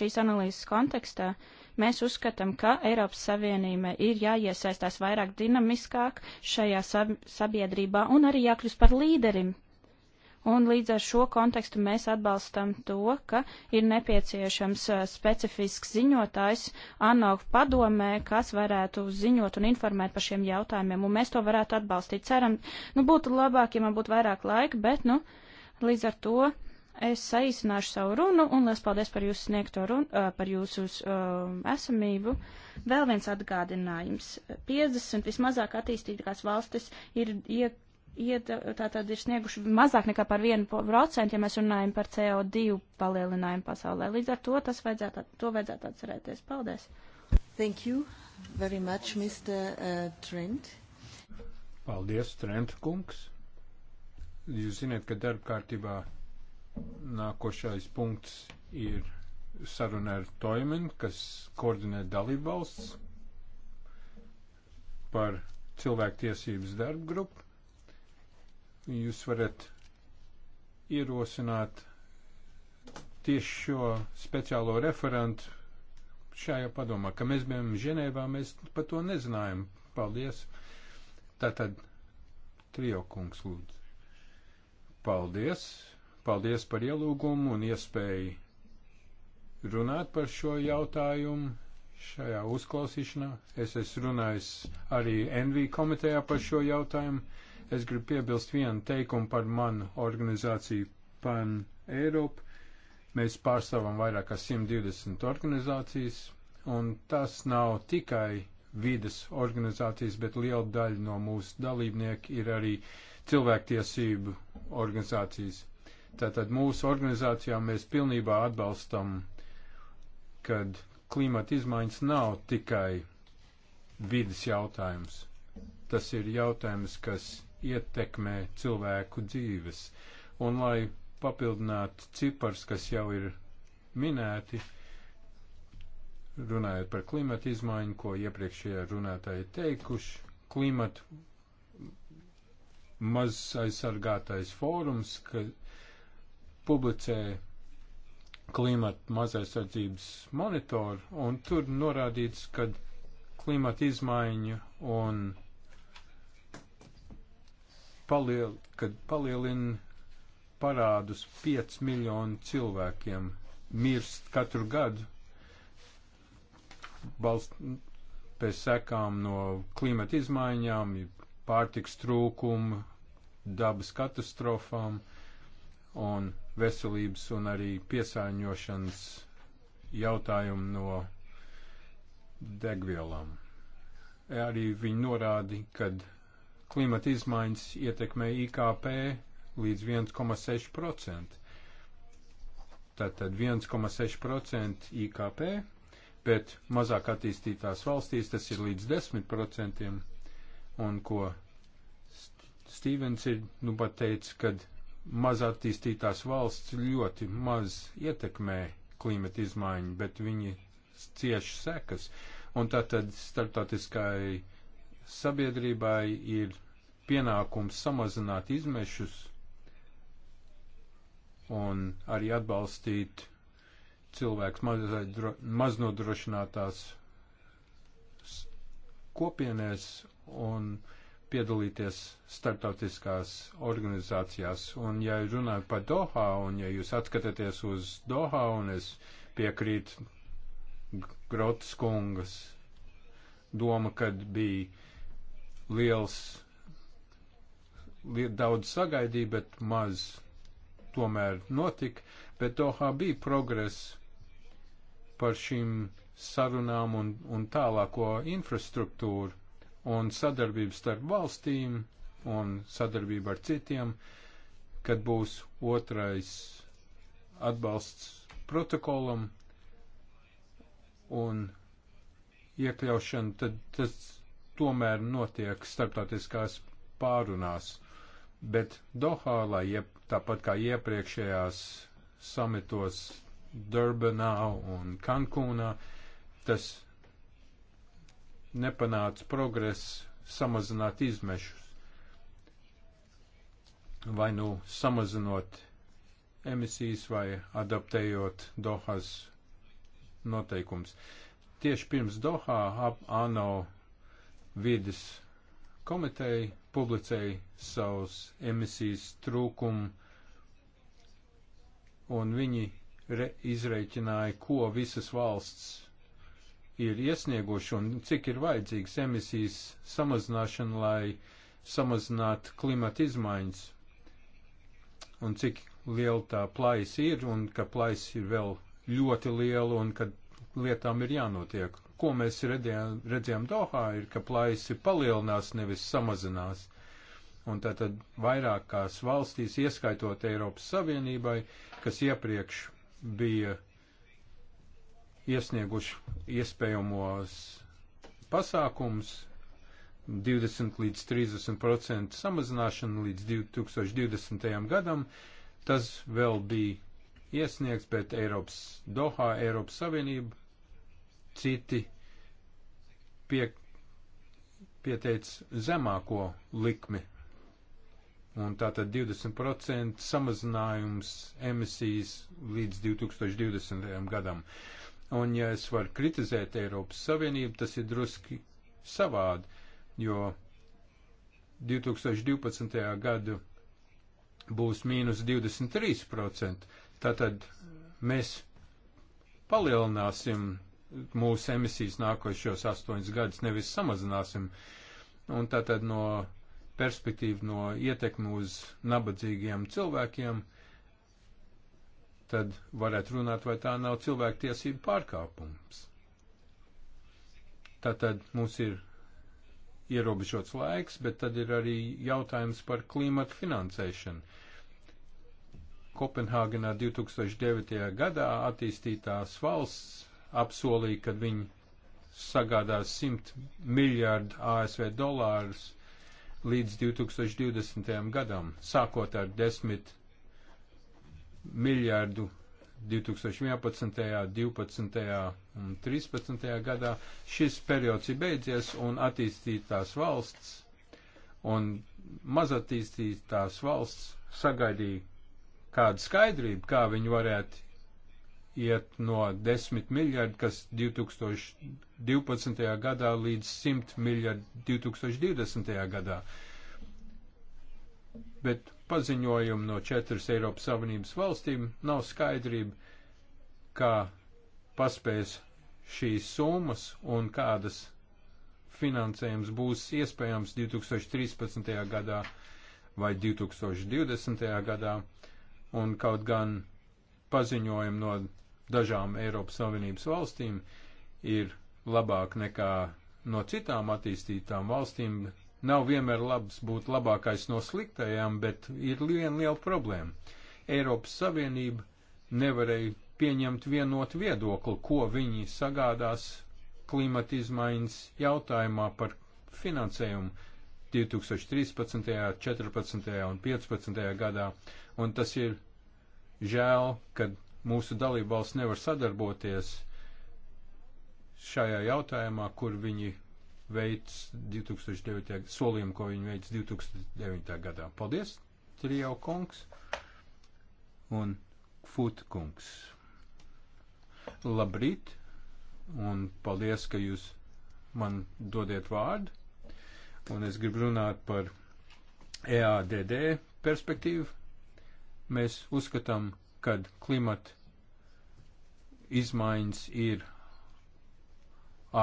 šīs analīzes kontekstā, uh, Mēs uzskatām, ka Eiropas Savienība ir jāiesaistās vairāk dinamiskāk šajā sab sabiedrībā un arī jākļūst par līderim. Un līdz ar šo kontekstu mēs atbalstam to, ka ir nepieciešams uh, specifisks ziņotājs ANO padomē, kas varētu ziņot un informēt par šiem jautājumiem, un mēs to varētu atbalstīt. Ceram, nu būtu labāk, ja man būtu vairāk laika, bet, nu, līdz ar to Es saīsināšu savu runu un liels paldies par jūsu sniegto runu, par jūsu um, esamību. Vēl viens atgādinājums. 50 vismazāk attīstītākās valstis ir iek tātad ir snieguši mazāk nekā par 1%, ja mēs runājam par CO2 palielinājumu pasaulē. Līdz ar to tas vajadzētu, to vajadzētu atcerēties. Paldies! Thank you very much, Mr. Uh, Trent. Paldies, Trent kungs. Jūs zināt, ka darba kārtībā Nākošais punkts ir saruna ar Toimen, kas koordinē dalībvalsts par cilvēktiesības darbu grupu. Jūs varat ierosināt tieši šo speciālo referentu šajā padomā, ka mēs bijām Ženēvā, mēs par to nezinājām. Paldies. Tātad, Trijokungs lūdzu. Paldies. Paldies par ielūgumu un iespēju runāt par šo jautājumu šajā uzklausīšanā. Es esmu runājis arī NV komitejā par šo jautājumu. Es gribu piebilst vienu teikumu par manu organizāciju Pan Eiropu. Mēs pārstāvam vairāk kā 120 organizācijas, un tas nav tikai vides organizācijas, bet liela daļa no mūsu dalībnieku ir arī cilvēktiesību organizācijas. Tātad mūsu organizācijā mēs pilnībā atbalstam, kad klimata izmaiņas nav tikai vidas jautājums. Tas ir jautājums, kas ietekmē cilvēku dzīves. Un lai papildinātu cipars, kas jau ir minēti, runājot par klimata izmaiņu, ko iepriekšējā runātāji teikuši, klimata maz aizsargātais fórums, kas publicēja klimata mazaisardzības monitoru, un tur norādīts, ka klimata izmaiņu un paliel, kad palielina parādus 5 miljonu cilvēkiem mirst katru gadu balst pēc sekām no klimata izmaiņām, pārtiks trūkuma, dabas katastrofām un veselības un arī piesāņošanas jautājumu no degvielām. Arī viņi norādi, ka klimata izmaiņas ietekmē IKP līdz 1,6%. Tātad 1,6% IKP, bet mazāk attīstītās valstīs tas ir līdz 10%, un ko Stīvens ir nu pat teicis, kad maz attīstītās valsts ļoti maz ietekmē klimata izmaiņu, bet viņi cieši sekas. Un tātad starptautiskai sabiedrībai ir pienākums samazināt izmešus un arī atbalstīt cilvēks maznodrošinātās kopienēs un piedalīties starptautiskās organizācijās. Un, ja runāju par Dohā, un ja jūs atskatāties uz Dohā, un es piekrītu Grotas kungas doma, kad bija liels, liel, daudz sagaidīja, bet maz tomēr notika, bet Dohā bija progress par šīm sarunām un, un tālāko infrastruktūru un sadarbību starp valstīm un sadarbību ar citiem, kad būs otrais atbalsts protokolam un iekļaušana, tad tas tomēr notiek starptautiskās pārunās. Bet Dohā, lai jeb, tāpat kā iepriekšējās samitos Durbanā un Kankūnā, tas nepanāca progress samazināt izmešus. Vai nu samazinot emisijas vai adaptējot Dohas noteikums. Tieši pirms Dohā ap ANO vides komiteja publicēja savus emisijas trūkumu, un viņi izreikināja, ko visas valsts ir iesnieguši un cik ir vajadzīgs emisijas samazināšana, lai samazinātu klimata izmaiņas un cik liela tā plājas ir un ka plājas ir vēl ļoti liela un ka lietām ir jānotiek. Ko mēs redzējām, redzējām Dohā ir, ka plājas ir palielinās, nevis samazinās. Un tātad vairākās valstīs, ieskaitot Eiropas Savienībai, kas iepriekš bija iesnieguši iespējamos pasākums 20 līdz 30% samazināšana līdz 2020. gadam. Tas vēl bija iesniegts, bet Eiropas Dohā, Eiropas Savienība, citi pie, pieteica zemāko likmi. Un tātad 20% samazinājums emisijas līdz 2020. gadam. Un, ja es varu kritizēt Eiropas Savienību, tas ir druski savādi, jo 2012. gadu būs mīnus 23%. Tātad mēs palielināsim mūsu emisijas nākošos astoņus gadus, nevis samazināsim. Un tātad no perspektīva no ietekmi uz nabadzīgiem cilvēkiem – tad varētu runāt, vai tā nav cilvēktiesība pārkāpums. Tātad mums ir ierobežots laiks, bet tad ir arī jautājums par klimatu finansēšanu. Kopenhāgenā 2009. gadā attīstītās valsts apsolīja, ka viņi sagādās 100 miljārdu ASV dolārus līdz 2020. gadam, sākot ar 10 miljārdu 2011., 12. un 13. gadā. Šis periods ir beidzies un attīstītās valsts un mazattīstītās valsts sagaidīja kādu skaidrību, kā viņi varētu iet no 10 miljardu, kas 2012. gadā, līdz 100 miljardu 2020. gadā. Bet paziņojumu no četras Eiropas Savienības valstīm, nav skaidrība, kā paspēs šīs summas un kādas finansējums būs iespējams 2013. gadā vai 2020. gadā, un kaut gan paziņojumi no dažām Eiropas Savienības valstīm ir labāk nekā no citām attīstītām valstīm, Nav vienmēr labs būt labākais no sliktajām, bet ir viena liela problēma. Eiropas Savienība nevarēja pieņemt vienotu viedokli, ko viņi sagādās klimata izmaiņas jautājumā par finansējumu 2013., 14. un 15. gadā, un tas ir žēl, ka mūsu dalībvalsts nevar sadarboties šajā jautājumā, kur viņi veids 2009. solījumu, ko viņi veids 2009. gadā. Paldies, Trijau kungs un Fut kungs. Labrīt un paldies, ka jūs man dodiet vārdu. Un es gribu runāt par EADD perspektīvu. Mēs uzskatām, ka klimata izmaiņas ir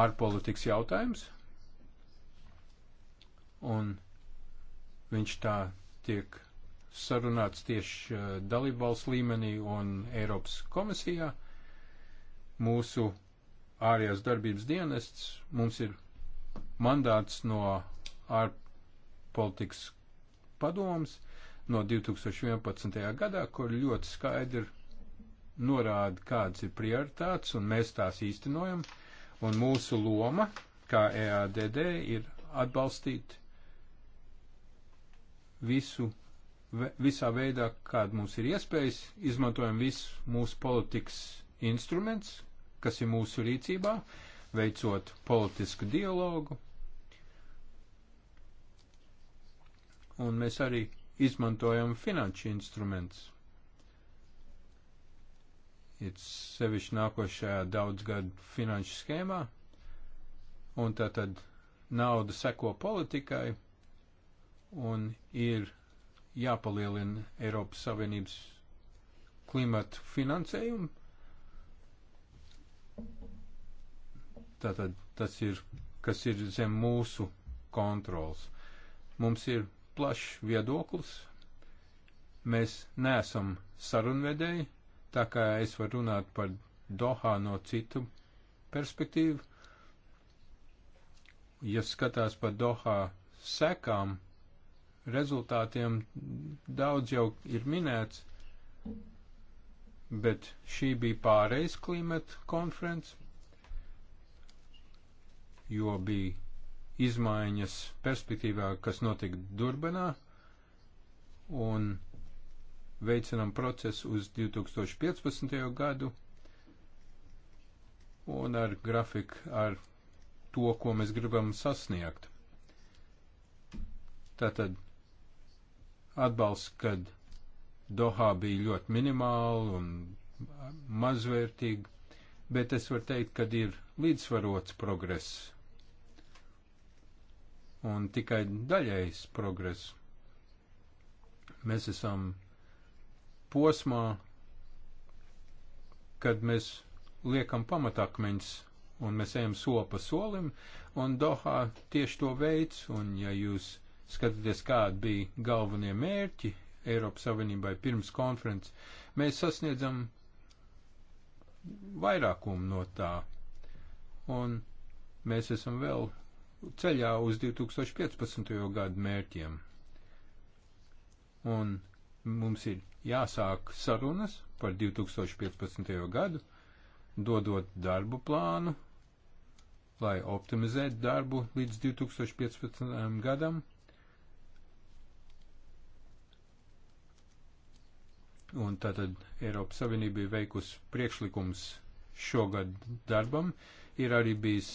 ārpolitikas jautājums, un viņš tā tiek sarunāts tieši uh, dalībvalsts līmenī un Eiropas komisijā. Mūsu ārējās darbības dienests mums ir mandāts no ārpolitikas padomas no 2011. gadā, kur ļoti skaidri norāda, kādas ir prioritātes, un mēs tās īstenojam. Un mūsu loma, kā EADD, ir atbalstīt visu, visā veidā, kāda mums ir iespējas, izmantojam visus mūsu politikas instruments, kas ir mūsu rīcībā, veicot politisku dialogu. Un mēs arī izmantojam finanšu instruments. Ir sevišķi nākošajā daudzgadu finanšu schēmā, un tā tad nauda seko politikai, un ir jāpalielina Eiropas Savienības klimatu finansējumu. Tātad tas ir, kas ir zem mūsu kontrols. Mums ir plašs viedoklis. Mēs neesam sarunvedēji, tā kā es varu runāt par Dohā no citu perspektīvu. Ja skatās par Dohā sekām, rezultātiem daudz jau ir minēts, bet šī bija pārējais klimata konferences, jo bija izmaiņas perspektīvā, kas notika Durbanā, un veicinam procesu uz 2015. gadu, un ar grafiku, ar to, ko mēs gribam sasniegt. Tātad Atbalsts, kad Dohā bija ļoti minimāli un mazvērtīgi, bet es varu teikt, ka ir līdzsvarots progress un tikai daļais progress. Mēs esam posmā, kad mēs liekam pamatakmeņus un mēs ejam soli pa solim, un Dohā tieši to veids, un ja jūs skatoties, kādi bija galvenie mērķi Eiropas Savienībai pirms konferences, mēs sasniedzam vairākumu no tā. Un mēs esam vēl ceļā uz 2015. gadu mērķiem. Un mums ir jāsāk sarunas par 2015. gadu, dodot darbu plānu, lai optimizētu darbu līdz 2015. gadam Un tātad Eiropas Savienība ir veikusi priekšlikums šogad darbam. Ir arī bijis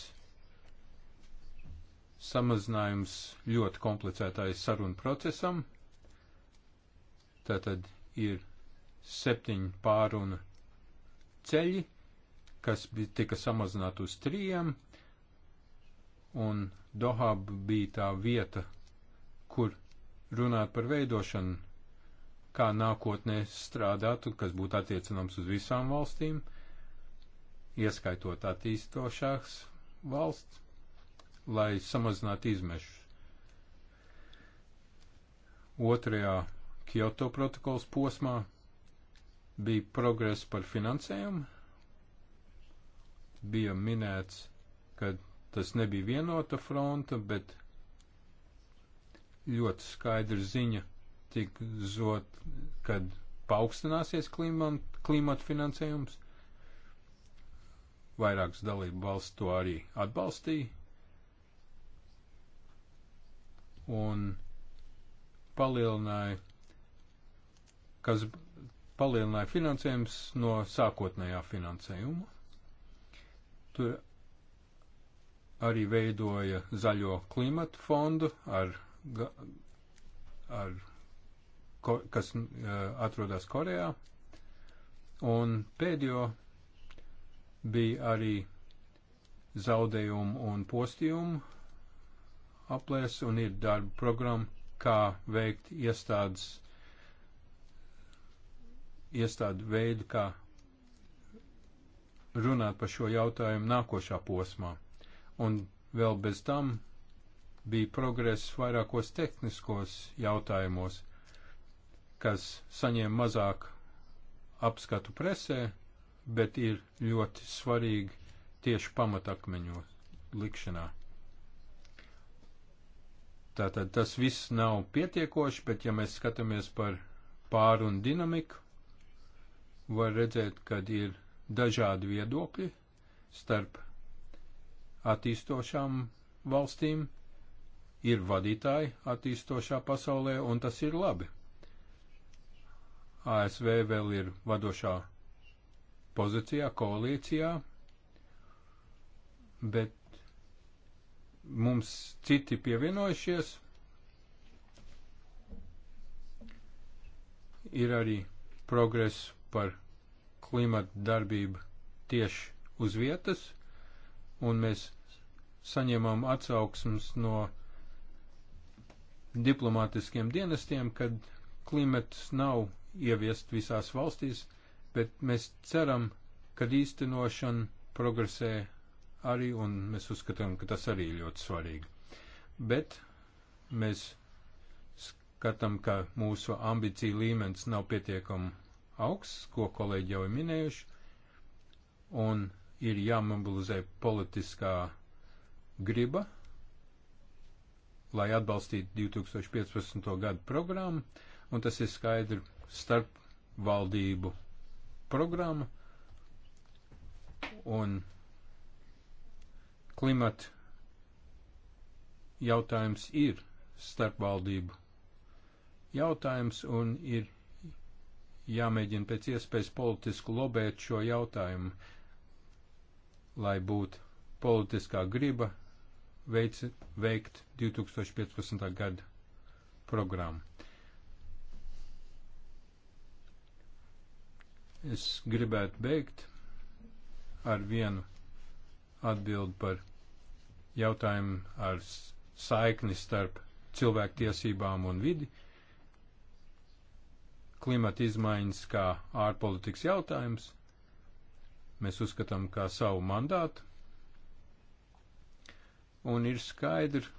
samazinājums ļoti komplicētāji sarunu procesam. Tātad ir septiņi pārunu ceļi, kas tika samazināti uz trījiem, un Dohab bija tā vieta, kur runāt par veidošanu kā nākotnē strādāt un kas būtu attiecināms uz visām valstīm, ieskaitot attīstošāks valsts, lai samazinātu izmešus. Otrajā Kyoto protokols posmā bija progress par finansējumu. Bija minēts, ka tas nebija vienota fronta, bet ļoti skaidra ziņa tik zot, kad paaugstināsies klimat, klimata finansējums. Vairākas dalību valsts to arī atbalstīja. Un palielināja, kas palielināja finansējums no sākotnējā finansējuma. Tur arī veidoja zaļo klimatu fondu ar, ar ko, kas atrodas Korejā. Un pēdējo bija arī zaudējumu un postījumu aplēs un ir darba programma, kā veikt iestādes, iestādu veidu, kā runāt par šo jautājumu nākošā posmā. Un vēl bez tam bija progress vairākos tehniskos jautājumos, kas saņem mazāk apskatu presē, bet ir ļoti svarīgi tieši pamatakmeņu likšanā. Tātad tas viss nav pietiekoši, bet ja mēs skatāmies par pāru un dinamiku, var redzēt, ka ir dažādi viedokļi starp attīstošām valstīm, ir vadītāji attīstošā pasaulē, un tas ir labi. ASV vēl ir vadošā pozīcijā, koalīcijā, bet mums citi pievienojušies. Ir arī progress par klimatu darbību tieši uz vietas, un mēs saņemam atsauksmes no diplomātiskiem dienestiem, kad klimats nav ieviest visās valstīs, bet mēs ceram, ka īstenošana progresē arī, un mēs uzskatām, ka tas arī ļoti svarīgi. Bet mēs skatām, ka mūsu ambīcija līmenis nav pietiekami augsts, ko kolēģi jau ir minējuši, un ir jāmobilizē politiskā griba, lai atbalstītu 2015. gadu programmu, un tas ir skaidri starp valdību programma un klimata jautājums ir starpvaldību jautājums un ir jāmēģina pēc iespējas politisku lobēt šo jautājumu, lai būtu politiskā griba veic, veikt 2015. gada programmu. Es gribētu beigt ar vienu atbildi par jautājumu ar saikni starp cilvēktiesībām un vidi. Klimata izmaiņas kā ārpolitikas jautājums mēs uzskatām kā savu mandātu. Un ir skaidrs,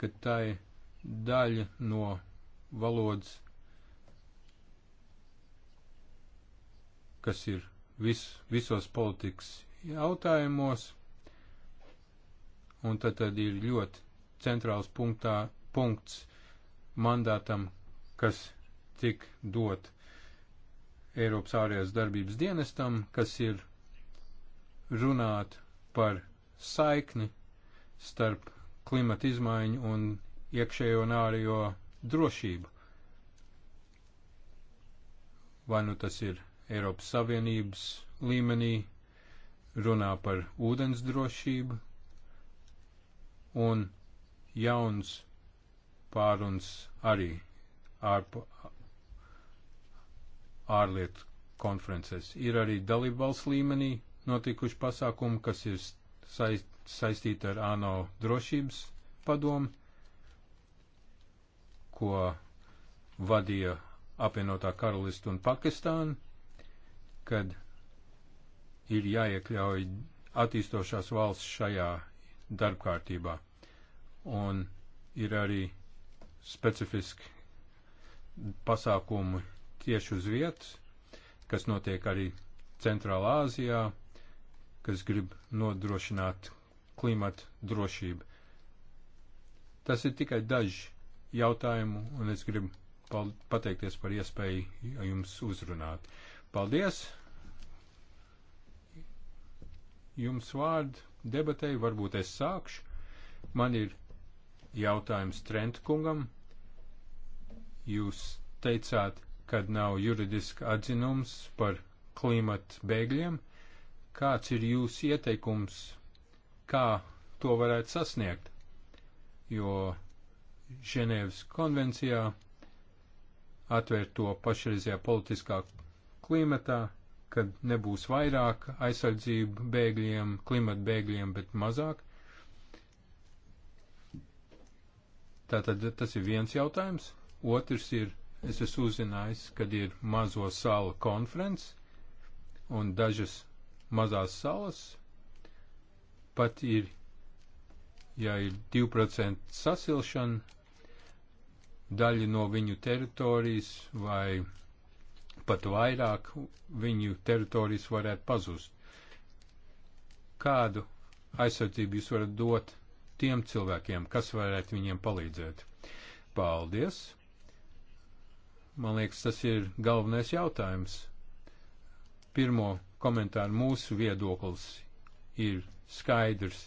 ka tai daļa no valodas kas ir vis, visos politikas jautājumos, un tad, tad ir ļoti centrāls punktā, punkts mandātam, kas tik dot Eiropas ārējās darbības dienestam, kas ir runāt par saikni starp klimata izmaiņu un iekšējo un ārējo drošību. Vai nu tas ir Eiropas Savienības līmenī runā par ūdens drošību un jauns pāruns arī ārpa, ārlietu konferences. Ir arī dalībvalsts līmenī notikuši pasākumi, kas ir saist, saistīti ar ANO drošības padomu, ko vadīja apvienotā karalista un Pakistāna kad ir jāiekļauj attīstošās valsts šajā darbkārtībā. Un ir arī specifiski pasākumi tieši uz vietas, kas notiek arī Centrālā Āzijā, kas grib nodrošināt klimatu drošību. Tas ir tikai daži jautājumi, un es gribu pateikties par iespēju jums uzrunāt. Paldies! jums vārdu debatēju, varbūt es sākšu. Man ir jautājums Trentkungam. Jūs teicāt, kad nav juridiska atzinums par klimata bēgļiem. Kāds ir jūsu ieteikums, kā to varētu sasniegt? Jo Ženēvas konvencijā atvērt to pašreizajā politiskā klimatā kad nebūs vairāk aizsardzību bēgļiem, klimata bēgļiem, bet mazāk. Tātad tas ir viens jautājums. Otrs ir, es esmu uzzinājis, kad ir mazo salu konferences un dažas mazās salas pat ir, ja ir 2% sasilšana, daļa no viņu teritorijas vai pat vairāk viņu teritorijas varētu pazust. Kādu aizsardzību jūs varat dot tiem cilvēkiem, kas varētu viņiem palīdzēt? Paldies! Man liekas, tas ir galvenais jautājums. Pirmo komentāru mūsu viedoklis ir skaidrs,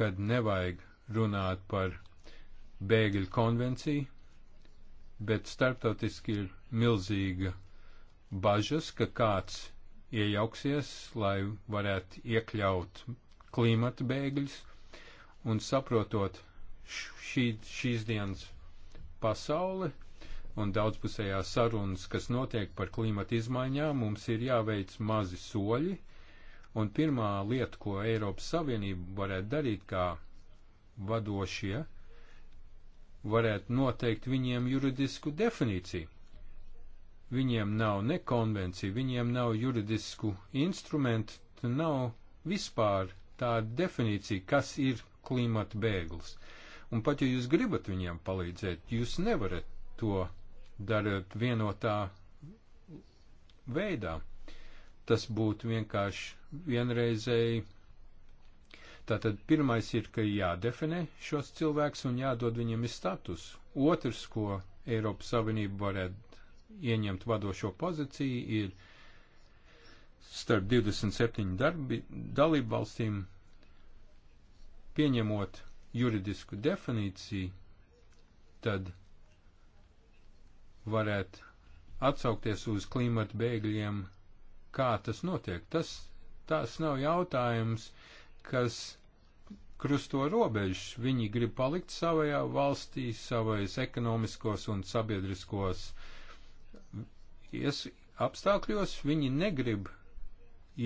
kad nevajag runāt par bēgļu konvenciju, bet starptautiski ir milzīga bažas, ka kāds iejauksies, lai varētu iekļaut klimata bēgļus, un saprotot šī, šīs dienas pasauli un daudzpusējās sarunas, kas notiek par klimata izmaiņām, mums ir jāveic mazi soļi, un pirmā lieta, ko Eiropas Savienība varētu darīt kā vadošie, ja, varētu noteikt viņiem juridisku definīciju. Viņiem nav ne konvencija, viņiem nav juridisku instrumentu, nav vispār tāda definīcija, kas ir klimata bēglis. Un pat ja jūs gribat viņiem palīdzēt, jūs nevarat to darīt vienotā veidā. Tas būtu vienkārši vienreizēji Tātad pirmais ir, ka jādefinē šos cilvēkus un jādod viņiem ir status. Otrs, ko Eiropas Savienība varētu ieņemt vadošo pozīciju, ir starp 27 darbi, dalību valstīm pieņemot juridisku definīciju, tad varētu atsaukties uz klimata bēgļiem, kā tas notiek. Tas, tas nav jautājums kas krusto robežas. Viņi grib palikt savajā valstī, savais ekonomiskos un sabiedriskos ies, apstākļos. Viņi negrib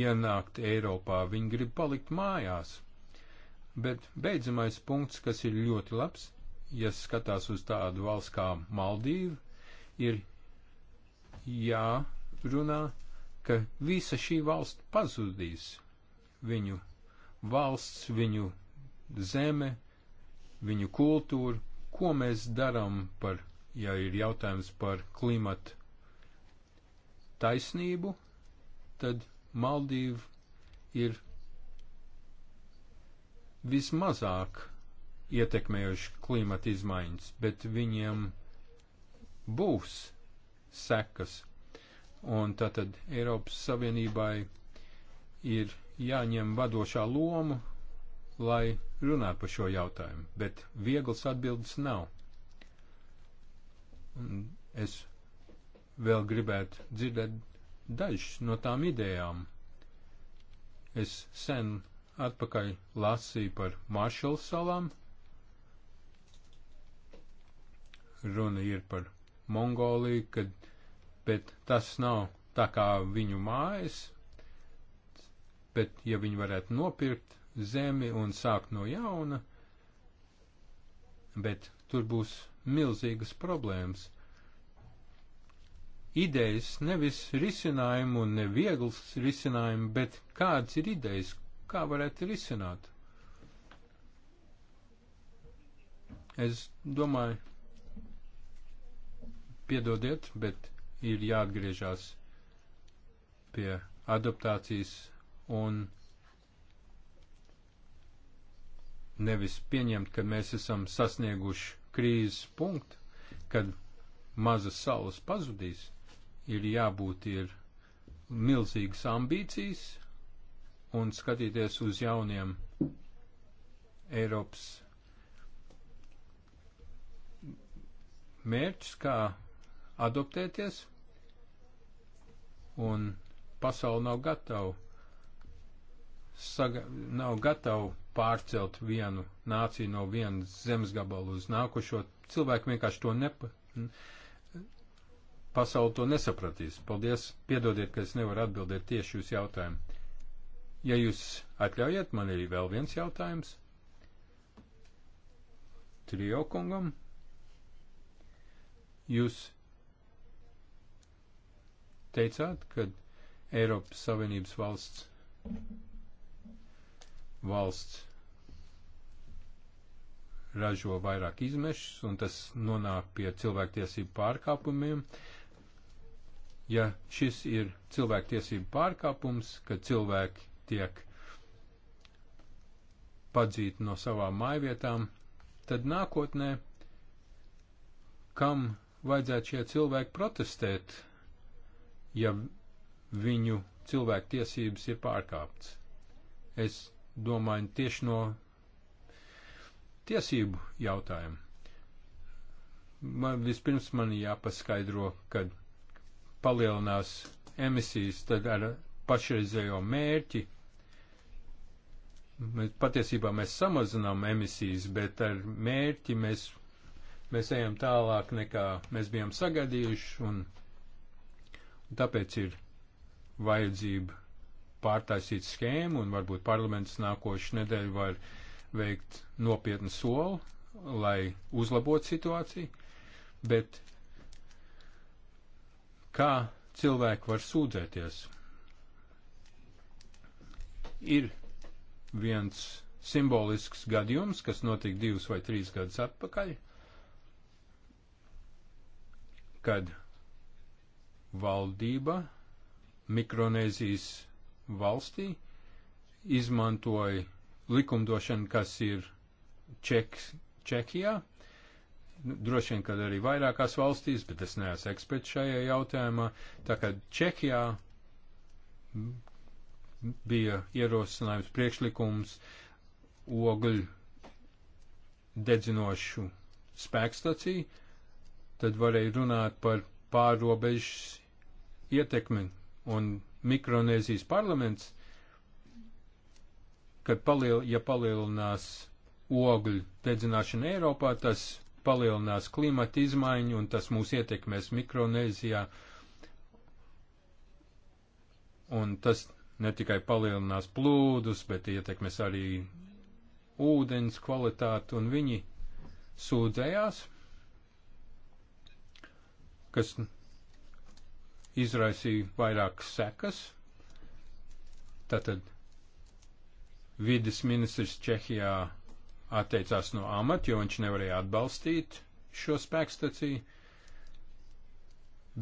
ienākt Eiropā, viņi grib palikt mājās. Bet beidzamais punkts, kas ir ļoti labs, ja skatās uz tādu valsts kā Maldīva, ir jārunā, ka visa šī valsts pazudīs viņu valsts, viņu zeme, viņu kultūru, ko mēs darām par, ja ir jautājums par klimatu taisnību, tad Maldīva ir vismazāk ietekmējuši klimata izmaiņas, bet viņiem būs sekas. Un tātad Eiropas Savienībai ir jāņem vadošā loma, lai runātu par šo jautājumu, bet vieglas atbildes nav. Un es vēl gribētu dzirdēt dažas no tām idejām. Es sen atpakaļ lasīju par Maršalu salām. Runa ir par Mongoliju, kad, bet tas nav tā kā viņu mājas, bet ja viņi varētu nopirkt zemi un sākt no jauna, bet tur būs milzīgas problēmas. Idejas nevis risinājumu un neviegls risinājumu, bet kāds ir idejas, kā varētu risināt. Es domāju, piedodiet, bet ir jāatgriežās pie adaptācijas un nevis pieņemt, ka mēs esam sasnieguši krīzes punktu, kad mazas salas pazudīs, ir jābūt ir milzīgas ambīcijas un skatīties uz jauniem Eiropas mērķus, kā adoptēties, un pasauli nav gatava saga, nav gatavi pārcelt vienu nāciju no vienas zemes gabalu uz nākošo. Cilvēki vienkārši to nepa. Pasauli to nesapratīs. Paldies, piedodiet, ka es nevaru atbildēt tieši uz jautājumu. Ja jūs atļaujat, man ir vēl viens jautājums. Trijo kungam. Jūs teicāt, ka Eiropas Savienības valsts valsts ražo vairāk izmešus, un tas nonāk pie cilvēktiesību pārkāpumiem. Ja šis ir cilvēktiesību pārkāpums, kad cilvēki tiek padzīti no savām mājvietām, tad nākotnē, kam vajadzētu šie cilvēki protestēt, ja viņu cilvēktiesības ir pārkāptas? Es domājam tieši no tiesību jautājumu. Man vispirms man jāpaskaidro, kad palielinās emisijas, tad ar pašreizējo mērķi. Mēs, patiesībā mēs samazinām emisijas, bet ar mērķi mēs, mēs ejam tālāk nekā mēs bijām sagaidījuši, un, un tāpēc ir vajadzība pārtaisīt schēmu, un varbūt parlaments nākošu nedēļu var veikt nopietnu soli, lai uzlabotu situāciju, bet kā cilvēki var sūdzēties? Ir viens simbolisks gadījums, kas notika divus vai trīs gadus atpakaļ, kad valdība Mikronēzijas valstī izmantoja likumdošanu, kas ir Čeks, Čehijā, nu, droši vien, kad arī vairākās valstīs, bet es neesmu eksperts šajā jautājumā. Tā kā Čehijā bija ierosinājums priekšlikums ogļu dedzinošu spēkstaciju, tad varēja runāt par pārobežas ietekmi un Mikronēzijas parlaments, ka paliel, ja palielinās ogļu dedzināšana Eiropā, tas palielinās klimata izmaiņu un tas mūs ietekmēs Mikronēzijā. Un tas ne tikai palielinās plūdus, bet ietekmēs arī ūdens kvalitāti, un viņi sūdzējās, kas izraisīja vairākas sekas. Tātad vides ministrs Čehijā atteicās no amata, jo viņš nevarēja atbalstīt šo spēkstaciju,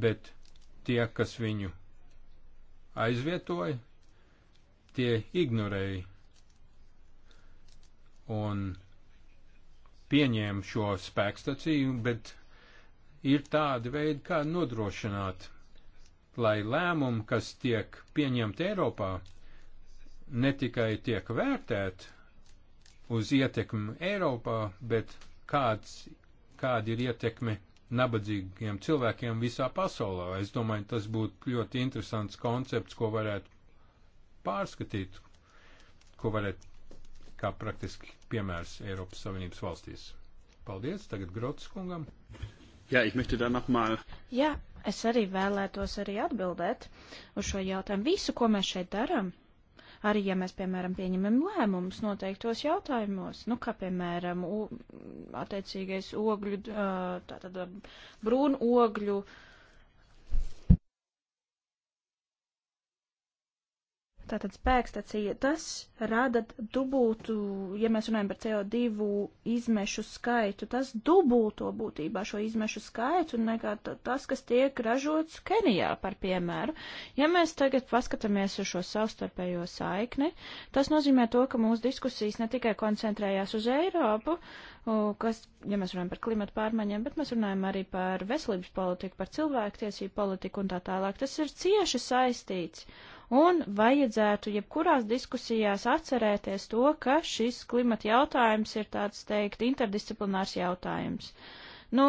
bet tie, kas viņu aizvietoja, tie ignorēja un pieņēma šo spēkstaciju, bet ir tādi veidi, kā nodrošināt lai lēmumi, kas tiek pieņemti Eiropā, ne tikai tiek vērtēt uz ietekmi Eiropā, bet kāds, kāda ir ietekme nabadzīgiem cilvēkiem visā pasaulē. Es domāju, tas būtu ļoti interesants koncepts, ko varētu pārskatīt, ko varētu kā praktiski piemērs Eiropas Savienības valstīs. Paldies, tagad Grotas kungam. Jā, ich möchte da nochmal. Jā, es arī vēlētos arī atbildēt uz šo jautājumu. Visu, ko mēs šeit darām, arī ja mēs, piemēram, pieņemam lēmumus noteiktos jautājumos, nu, kā, piemēram, attiecīgais ogļu, tātad brūnu ogļu tātad spēkstacija, tas rada dubultu, ja mēs runājam par CO2 izmešu skaitu, tas dubulto būtībā šo izmešu skaitu nekā tas, kas tiek ražots Kenijā, par piemēru. Ja mēs tagad paskatāmies uz šo savstarpējo saikni, tas nozīmē to, ka mūsu diskusijas ne tikai koncentrējās uz Eiropu, kas, ja mēs runājam par klimatu pārmaiņiem, bet mēs runājam arī par veselības politiku, par cilvēktiesību politiku un tā tālāk. Tas ir cieši saistīts un vajadzētu jebkurās diskusijās atcerēties to, ka šis klimata jautājums ir tāds teikt interdisciplinārs jautājums. Nu,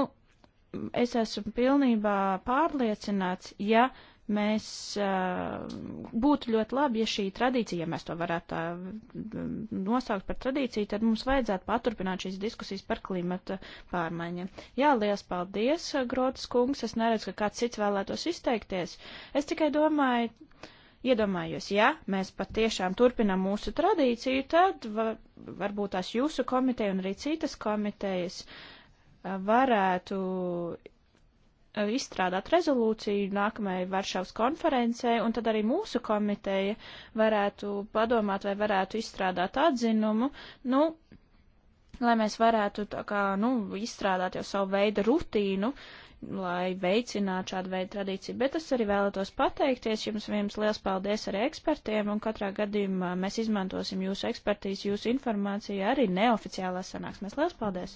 es esmu pilnībā pārliecināts, ja mēs uh, būtu ļoti labi, ja šī tradīcija, ja mēs to varētu tā uh, nosaukt par tradīciju, tad mums vajadzētu paturpināt šīs diskusijas par klimata pārmaiņa. Jā, liels paldies, Grotas kungs, es neredzu, ka kāds cits vēlētos izteikties. Es tikai domāju, Iedomājos, ja mēs patiešām turpinām mūsu tradīciju, tad var, varbūt tās jūsu komiteja un arī citas komitejas varētu izstrādāt rezolūciju nākamajai Varšavas konferencē, un tad arī mūsu komiteja varētu padomāt vai varētu izstrādāt atzinumu, nu, lai mēs varētu tā kā, nu, izstrādāt jau savu veidu rutīnu, uh, lai veicinātu šādu veidu tradīciju. Bet es arī vēlētos pateikties jums, jums liels paldies arī ekspertiem, un katrā gadījumā mēs izmantosim jūsu ekspertīzi, jūsu informāciju arī neoficiālās sanāksmēs. Liels paldies!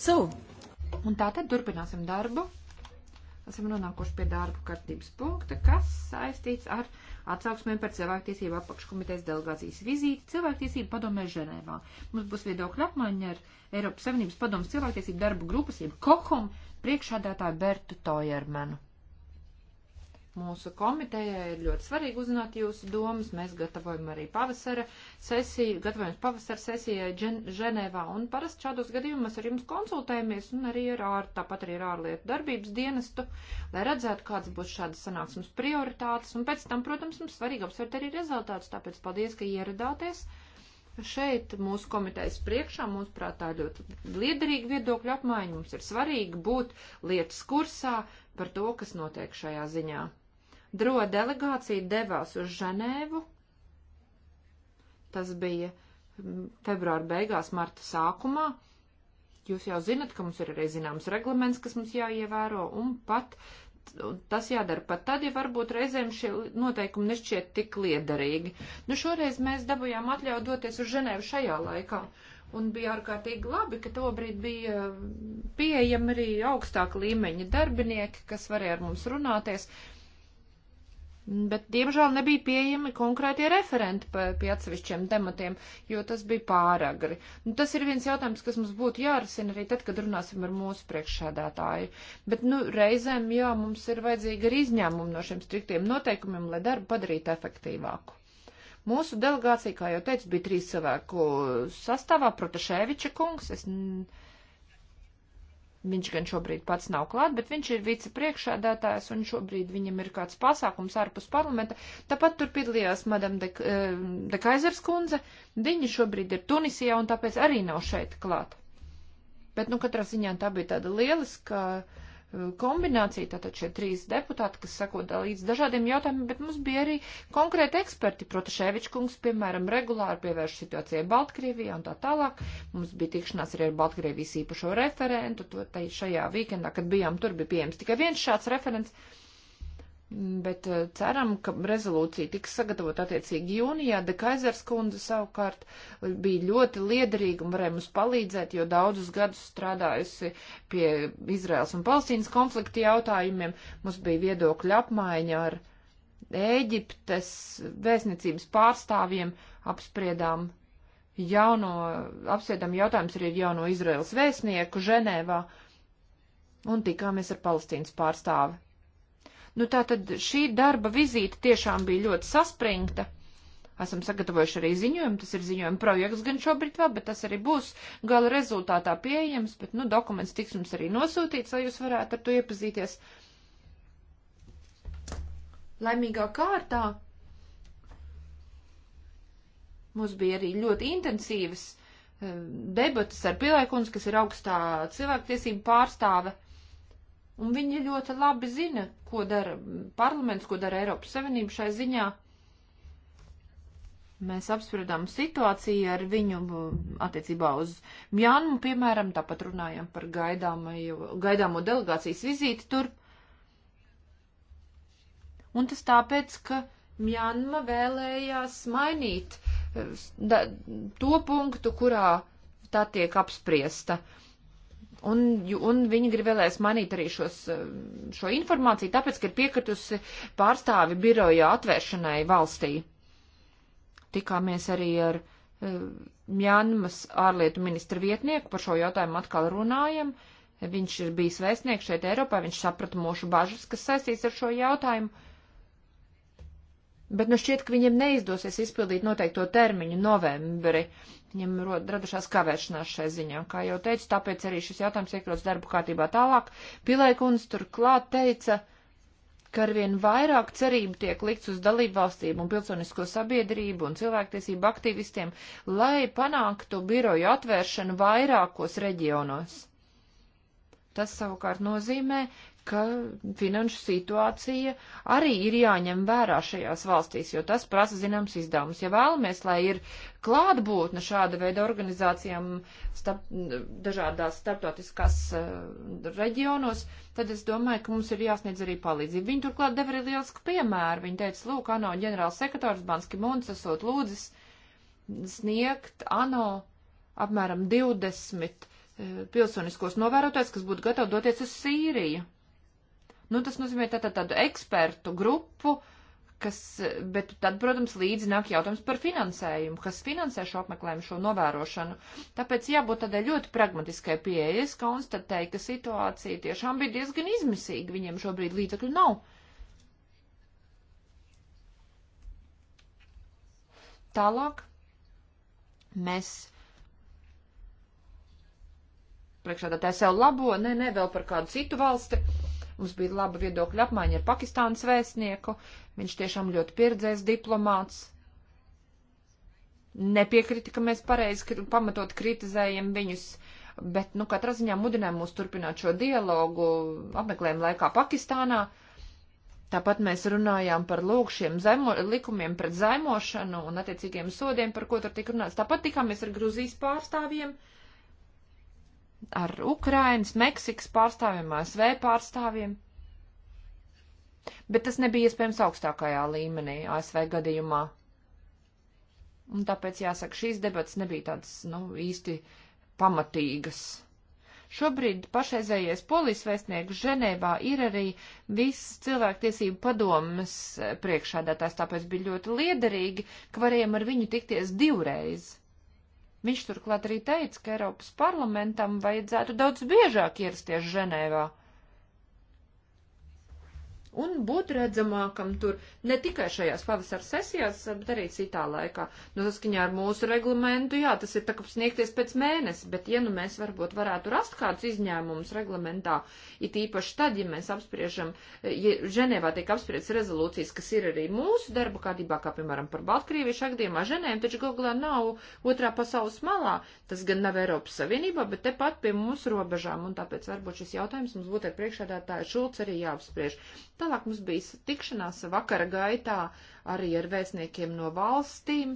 So. Un tātad turpināsim darbu. Esam nonākuši pie darba kārtības punkta, kas saistīts ar atsauksmēm par cilvēktiesību apakškomitejas delegācijas vizīti cilvēktiesību padomē Ženēvā. Mums būs viedokļa apmaiņa ar Eiropas Savienības padomas cilvēktiesību darbu grupas, jeb KOHOM, priekšādātāju Bertu Tojermanu. Mūsu komitejai ir ļoti svarīgi uzzināt jūsu domas. Mēs gatavojam arī pavasara sesiju, gatavojamies pavasara sesijai Džen Ženēvā, un parasti šādos gadījumos ar jums konsultējamies, un arī ar ār, tāpat arī ar ārlietu darbības dienestu, lai redzētu, kādas būs šādas sanāksmes prioritātes, un pēc tam, protams, mums svarīgi apsvērt arī rezultātus, tāpēc paldies, ka ieradāties šeit mūsu komitejas priekšā, mums prātā ļoti liederīga viedokļa apmaiņa, mums ir svarīgi būt lietas kursā par to, kas notiek šajā ziņā. Dro delegācija devās uz Ženēvu. Tas bija mm, februāra beigās, marta sākumā. Jūs jau zinat, ka mums ir arī zināms reglaments, kas mums jāievēro, un pat tas jādara pat tad, ja varbūt reizēm šie noteikumi nešķiet tik liederīgi. Nu, šoreiz mēs dabujām atļauju doties uz Ženēvu šajā laikā. Un bija ārkārtīgi labi, ka tobrīd bija mm, pieejami arī augstāka līmeņa darbinieki, kas varēja ar mums runāties. Uh, Bet, diemžēl, nebija pieejami konkrētie referenti pie atsevišķiem tematiem, jo tas bija pāragri. Nu, tas ir viens jautājums, kas mums būtu jārisina arī tad, kad runāsim ar mūsu priekšsēdētāju. Bet, nu, reizēm, jā, mums ir vajadzīga arī izņēmuma no šiem striktiem noteikumiem, lai darbu padarītu efektīvāku. Mūsu delegācija, kā jau teicu, bija trīs cilvēku sastāvā - Protaševiča kungs, es Viņš gan šobrīd pats nav klāt, bet viņš ir vicepriekšādātājs un šobrīd viņam ir kāds pasākums ārpus parlamenta. Tāpat tur piedalījās Madam de, eh, de Kaisers kundze. Viņa šobrīd ir Tunisijā un tāpēc arī nav šeit klāt. Bet, nu, katrā ziņā tā bija tāda lieliska uh, kombinācija, tātad šie trīs deputāti, kas sakot līdz dažādiem jautājumiem, bet mums bija arī konkrēti eksperti. Protaševičkungs, piemēram, regulāri pievērš situācijai Baltkrievijā un tā tālāk. Mums bija tikšanās arī ar Baltkrievijas īpašo referentu, to tai šajā vīkendā, kad bijām tur, bija pieejams tikai viens šāds referents bet eh, ceram, ka rezolūcija tiks sagatavot attiecīgi jūnijā. De Kaisers kundze savukārt bija ļoti liederīga un varēja mums palīdzēt, jo daudzus gadus strādājusi pie Izraels un Palestīnas konflikta jautājumiem. Mums bija viedokļa apmaiņa ar Ēģiptes vēstniecības pārstāvjiem, apspriedām jauno, apspriedām jautājums arī ar jauno Izraels vēstnieku Ženēvā un tikāmies ar Palestīnas pārstāvi. Nu, tā tad šī darba vizīte tiešām bija ļoti saspringta. Esam sagatavojuši arī ziņojumu, tas ir ziņojuma projekts gan šobrīd vēl, bet tas arī būs gala rezultātā pieejams, bet, nu, dokuments tiks mums arī nosūtīts, lai jūs varētu ar to iepazīties. Laimīgā kārtā mums bija arī ļoti intensīvas eh, debatas ar Pilēkuns, kas ir augstā cilvēktiesība pārstāve. Un viņi ļoti labi zina, ko dara parlaments, ko dara Eiropas Savienība šai ziņā. Mēs apspriedām situāciju ar viņu attiecībā uz Mjānumu, piemēram, tāpat runājām par gaidāmo delegācijas vizīti tur. Un tas tāpēc, ka Mjānuma vēlējās mainīt eh, da, to punktu, kurā tā tiek apspriesta. Uh, Un, un viņi gribēlēs manīt arī šos, šo informāciju, tāpēc, ka ir piekritusi pārstāvi biroja atvēršanai valstī. Tikāmies arī ar eh, Mjanmas ārlietu ministra vietnieku, par šo jautājumu atkal runājam. Viņš ir bijis vēstnieks šeit Eiropā, viņš saprata mūsu bažas, kas saistīts ar šo jautājumu Bet nu šķiet, ka viņiem neizdosies izpildīt noteikto termiņu novembri. Viņam radušās kavēšanās šai ziņā, kā jau teicu, tāpēc arī šis jautājums iekļauts darbu kārtībā tālāk. Pilēkuns turklāt teica, ka arvien vairāk cerību tiek likts uz dalību valstīm un pilsonisko sabiedrību un cilvēktiesību aktīvistiem, lai panāktu biroju atvēršanu vairākos reģionos. Tas savukārt nozīmē, ka finanšu situācija arī ir jāņem vērā šajās valstīs, jo tas prasa zināms izdevumus. Ja vēlamies, lai ir klātbūtne šāda veida organizācijām starp, dažādās starptautiskās uh, reģionos, tad es domāju, ka mums ir jāsniedz arī palīdzību. Viņi turklāt deva arī lielisku piemēru. Viņi teica, lūk, ANO ģenerāls sekretārs Banski Munds esot lūdzis sniegt ANO apmēram 20 eh, pilsoniskos novērotājs, kas būtu gatavi doties uz Sīriju. Nu, tas nozīmē tātad tādu ekspertu grupu, kas, bet tad, protams, līdzi nāk jautājums par finansējumu, kas finansē šo apmeklējumu, šo novērošanu. Tāpēc jābūt tādai ļoti pragmatiskai pieeja. Es konstatēju, ka situācija tiešām bija diezgan izmisīga, viņiem šobrīd līdzekļu nav. Tālāk mēs priekšā tā sev labo, ne, ne vēl par kādu citu valsti Mums bija laba viedokļa apmaiņa ar Pakistānas vēstnieku. Viņš tiešām ļoti pieredzējis diplomāts. Nepiekrita, ka mēs pareizi pamatot kritizējam viņus, bet, nu, katrā ziņā mudinām mūs turpināt šo dialogu apmeklējumu laikā Pakistānā. Tāpat mēs runājām par lūkšiem zaimo, likumiem pret zaimošanu un attiecīgiem sodiem, par ko tur tika runāts. Tāpat tikāmies ar Gruzijas pārstāvjiem. Uh, ar Ukrainas, Meksikas pārstāvjiem, ASV pārstāvjiem. Bet tas nebija iespējams augstākajā līmenī ASV gadījumā. Un tāpēc jāsaka, šīs debats nebija tādas, nu, īsti pamatīgas. Šobrīd pašreizējais polijas vēstnieks Ženēvā ir arī viss cilvēktiesību padomas priekšādātājs, tāpēc bija ļoti liederīgi, ka varējām ar viņu tikties divreiz. Viņš turklāt arī teica, ka Eiropas parlamentam vajadzētu daudz biežāk ierasties Ženēvā un būt redzamākam tur ne tikai šajās pavasara sesijās, bet arī citā laikā. Nu, saskaņā ar mūsu reglamentu, jā, tas ir tā kā sniegties pēc mēnesi, bet ja nu mēs varbūt varētu rast kādus izņēmumus reglamentā, it īpaši tad, ja mēs apspriežam, ja Ženēvā tiek apspriedz rezolūcijas, kas ir arī mūsu darba kādībā, kā piemēram par Baltkrieviju šakdiemā, Ženēm taču Google nav otrā pasaules malā, tas gan nav Eiropas Savienībā, bet tepat pie mūsu robežām, un tāpēc varbūt šis jautājums mums būtu ar priekšādātāju Šulc arī jāapspriež Tālāk mums bija tikšanās vakara gaitā arī ar vēstniekiem no valstīm,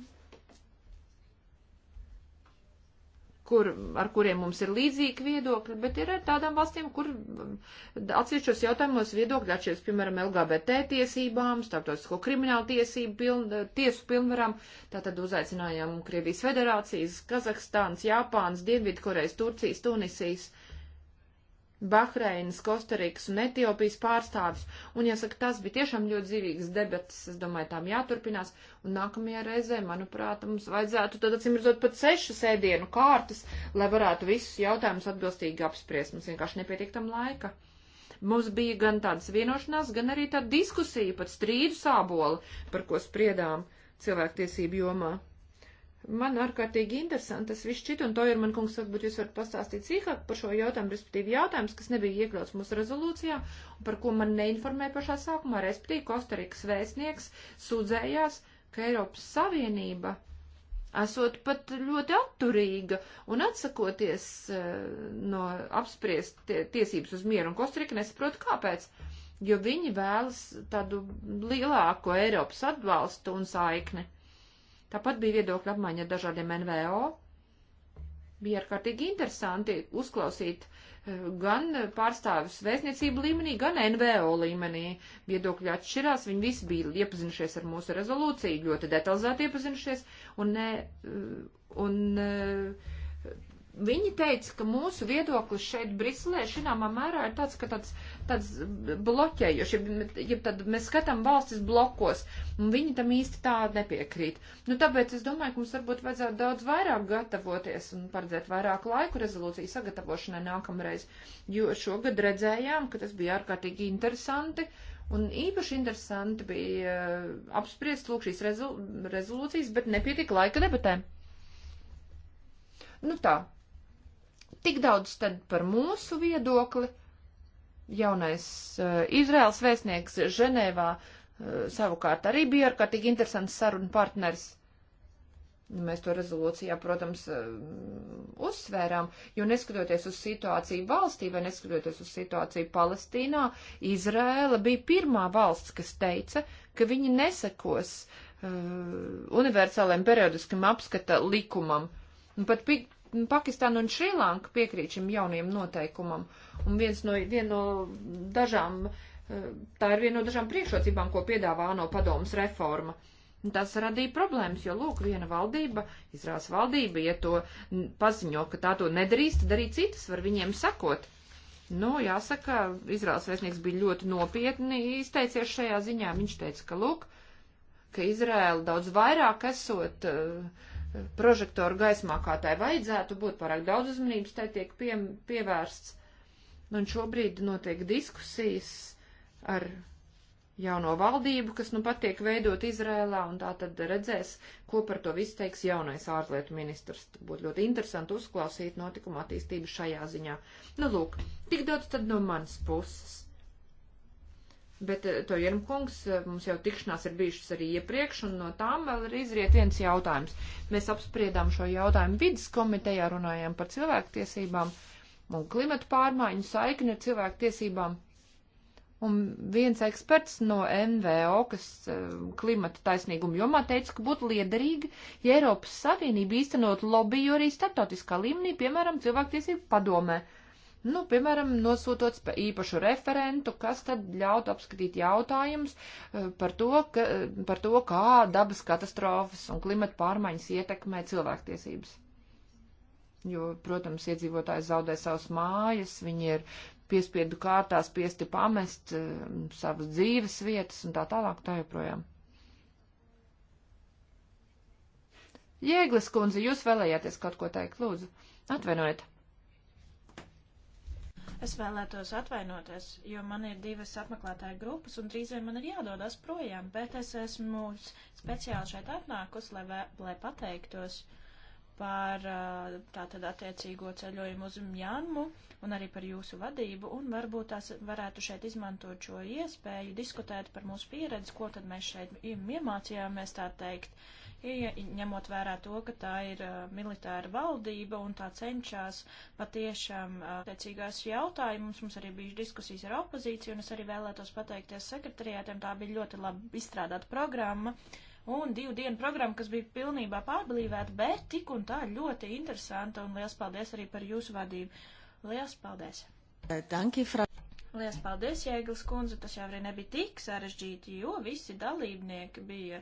kur, ar kuriem mums ir līdzīgi viedokļi, bet ir ar tādām valstīm, kur atsevišķos jautājumos viedokļi atšķiras, piemēram, LGBT tiesībām, starptautisko kriminālu tiesību piln, tiesu pilnvaram. Tātad uzaicinājām Krievijas federācijas, Kazahstāns, Japāns, Dienvidkorejas, Turcijas, Tunisijas. Uh, Bahreinas, Kostarikas un Etiopijas pārstāvis. Un, jāsaka, tas bija tiešām ļoti dzīvīgs debats. Es domāju, tām jāturpinās. Un nākamajā reizē, manuprāt, mums vajadzētu tad atsimredzot pat sešas ēdienu kārtas, lai varētu visus jautājumus atbilstīgi apspriest. Mums vienkārši nepietiek tam laika. Mums bija gan tādas vienošanās, gan arī tāda diskusija, pat strīdu sābola, par ko spriedām cilvēktiesību jomā. Man ārkārtīgi interesanti tas viss šķiet, un to ir man kungs, varbūt jūs varat pastāstīt sīkāk par šo jautājumu, respektīvi jautājums, kas nebija iekļauts mūsu rezolūcijā, un par ko man neinformēja pašā sākumā, respektīvi Kostarikas vēstnieks sūdzējās, ka Eiropas Savienība esot pat ļoti atturīga un atsakoties uh, no apspriest tie, tiesības uz mieru, un Kostarika nesaprot kāpēc, jo viņi vēlas tādu lielāko Eiropas atbalstu un saikni. Tāpat bija viedokļa apmaiņa ar dažādiem NVO. Bija ārkārtīgi interesanti uzklausīt eh, gan pārstāvis vēstniecību līmenī, gan NVO līmenī. Viedokļi atšķirās, viņi visi bija iepazinušies ar mūsu rezolūciju, ļoti detalizēti iepazinušies, un, ne, eh, un, un eh, Viņi teica, ka mūsu viedoklis šeit Briselē šināmā mērā ir tāds, ka tāds, tāds bloķējuši, ja, ja tad mēs skatām valstis blokos, un viņi tam īsti tā nepiekrīt. Nu, tāpēc es domāju, ka mums varbūt vajadzētu daudz vairāk gatavoties un paredzēt vairāk laiku rezolūciju sagatavošanai nākamreiz, jo šogad redzējām, ka tas bija ārkārtīgi interesanti. Un īpaši interesanti bija uh, apspriest lūk šīs rezol rezolūcijas, bet nepietika laika debatēm. Nu tā, Tik daudz tad par mūsu viedokli. Jaunais uh, Izraels vēstnieks Ženēvā uh, savukārt arī bija ārkārtīgi interesants sarunu partners. Mēs to rezolūcijā, protams, eh, uzsvērām, jo neskatoties uz situāciju valstī vai neskatoties uz situāciju Palestīnā, Izrēla bija pirmā valsts, kas teica, ka viņi nesekos uh, universālajiem periodiskiem apskata likumam. Un pat pi Pakistāna un Šrilanka piekrīt šim jaunajam noteikumam. Un viens no, vien no dažām, eh, tā ir viena no dažām priekšrocībām, ko piedāvā ANO padomas reforma. Un tas radīja problēmas, jo, lūk, viena valdība, Izraels valdība, ja to paziņo, ka tā to nedarīs, tad arī citas var viņiem sakot. Nu, jāsaka, Izraels vēstnieks bija ļoti nopietni izteicies šajā ziņā. Viņš teica, ka, lūk, ka Izraela daudz vairāk esot uh, prožektoru gaismā, kā tai vajadzētu būt, pārāk daudz uzmanības tai tiek pie, pievērsts. Un šobrīd notiek diskusijas ar jauno valdību, kas nu pat tiek veidot Izrēlā, un tā tad redzēs, ko par to visu teiks jaunais ārlietu ministrs. Būtu ļoti interesanti uzklausīt notikuma attīstību šajā ziņā. Nu, lūk, tik daudz tad no manas puses. Bet eh, to Jēram kungs, eh, mums jau tikšanās ir bijušas arī iepriekš, un no tām vēl ir izriet viens jautājums. Mēs apspriedām šo jautājumu vidas komitejā, runājām par cilvēktiesībām un klimatu pārmaiņu saikni ar cilvēktiesībām. Un viens eksperts no NVO, kas eh, klimata taisnīguma jomā teica, ka būtu liederīgi, ja Eiropas Savienība īstenot lobby, jo arī starptautiskā līmenī, piemēram, cilvēktiesību padomē. Uh, Nu, piemēram, nosūtot īpašu referentu, kas tad ļautu apskatīt jautājumus eh, par to, ka, eh, par to, kā dabas katastrofas un klimata pārmaiņas ietekmē cilvēktiesības. Jo, protams, iedzīvotāji zaudē savas mājas, viņi ir piespiedu kārtā spiesti pamest eh, savas dzīves vietas un tā tālāk tā joprojām. Jēglis kundze, jūs vēlējāties kaut ko teikt, lūdzu. Atvainojiet. Es vēlētos atvainoties, jo man ir divas apmeklētāju grupas un drīz vien man ir jādodas projām, bet es esmu speciāli šeit atnākus, lai, vē, lai pateiktos par tātad attiecīgo ceļojumu uz Mjanmu un arī par jūsu vadību un varbūt tās varētu šeit izmantot šo iespēju diskutēt par mūsu pieredzi, ko tad mēs šeit iemācījāmies tā teikt. Uh, ņemot vērā to, ka tā ir uh, militāra valdība un tā cenšas patiešām uh, tiecīgās jautājumus. Mums arī bija diskusijas ar opozīciju, un es arī vēlētos pateikties sekretariātiem. Tā bija ļoti labi izstrādāta programma. Un divu dienu programma, kas bija pilnībā pārblīvēta, bet tik un tā ļoti interesanta, un liels paldies arī par jūsu vadību. Liels paldies! Danke, Frau. Lielas paldies, Jēglas kundze, tas jau arī nebija tik sarežģīti, jo visi dalībnieki bija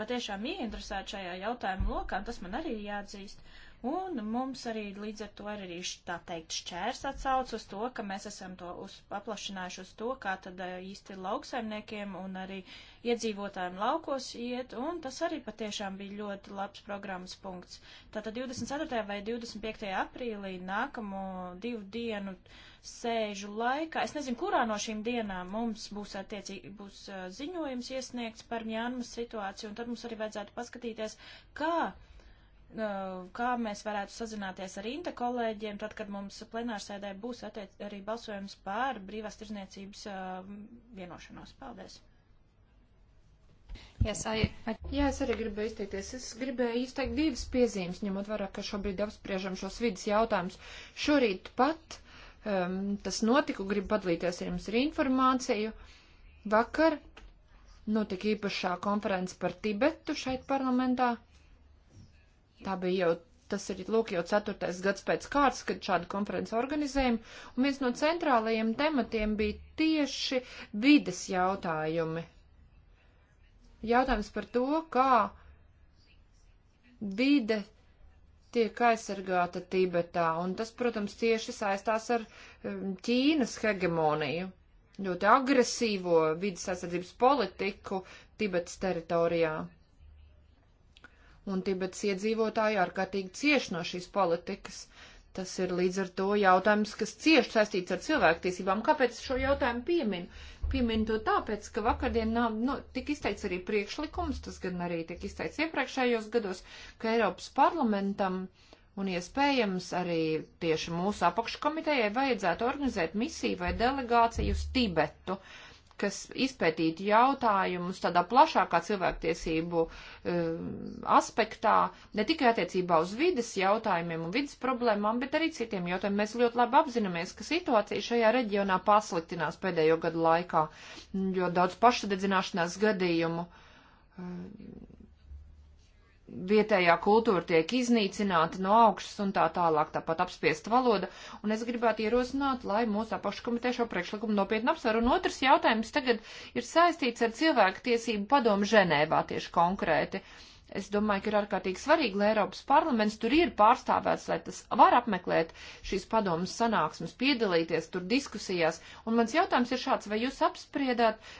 patiešām ieinteresēti šajā jautājuma lokā, un tas man arī jāatzīst. Un mums arī līdz ar to ir arī, tā teikt, šķērs atsauc uz to, ka mēs esam to uz, paplašinājuši uz to, kā tad eh, īsti lauksaimniekiem un arī iedzīvotājiem laukos iet, un tas arī patiešām bija ļoti labs programmas punkts. Tātad 24. vai 25. aprīlī nākamo divu dienu sēžu laikā. Es nezinu, kurā no šīm dienām mums būs, attiecīgi, būs ziņojums iesniegts par Mjānmas situāciju, un tad mums arī vajadzētu paskatīties, kā, kā mēs varētu sazināties ar Inta kolēģiem, tad, kad mums plenārsēdē būs attiec, arī balsojums pār brīvās tirzniecības vienošanos. Paldies! Yes, I... Jā, es arī gribēju izteikties. Es gribēju izteikt divas piezīmes, ņemot vērā, ka šobrīd apspriežam šos vidas jautājumus. Šorīt pat um, tas notika, gribu padalīties ar jums ar informāciju. Vakar notika īpašā konference par Tibetu šeit parlamentā. Tā bija jau, tas ir lūk jau ceturtais gads pēc kārtas, kad šādu konferenci organizējam, un viens no centrālajiem tematiem bija tieši vides jautājumi. Jautājums par to, kā vide tiek aizsargāta Tibetā, un tas, protams, cieši saistās ar um, Ķīnas hegemoniju, ļoti agresīvo vidas aizsardzības politiku Tibetas teritorijā. Un Tibetas iedzīvotāji ārkārtīgi cieši no šīs politikas. Tas ir līdz ar to jautājums, kas cieši saistīts ar cilvēktiesībām. Kāpēc šo jautājumu pieminu? Pieminu to tāpēc, ka vakardien nav, nu, tik izteicis arī priekšlikums, tas gan arī tik izteicis iepriekšējos gados, ka Eiropas parlamentam un iespējams arī tieši mūsu apakškomitejai vajadzētu organizēt misiju vai delegāciju uz Tibetu. Uh, kas izpētītu jautājumus tādā plašākā cilvēktiesību um, aspektā, ne tikai attiecībā uz vidas jautājumiem un vidas problēmām, bet arī citiem jautājumiem. Mēs ļoti labi apzināmies, ka situācija šajā reģionā pasliktinās pēdējo gadu laikā, jo daudz pašsadedzināšanās gadījumu. Um, vietējā kultūra tiek iznīcināta no augšas un tā tālāk, tāpat apspiesta valoda, un es gribētu ierosināt, lai mūsu apakškomiteja šo priekšlikumu nopietni apsver. Un otrs jautājums tagad ir saistīts ar cilvēku tiesību padomu Ženēvā tieši konkrēti. Es domāju, ka ir ārkārtīgi svarīgi, lai Eiropas parlaments tur ir pārstāvēts, lai tas var apmeklēt šīs padomas sanāksmes, piedalīties tur diskusijās. Un mans jautājums ir šāds, vai jūs apspriedāt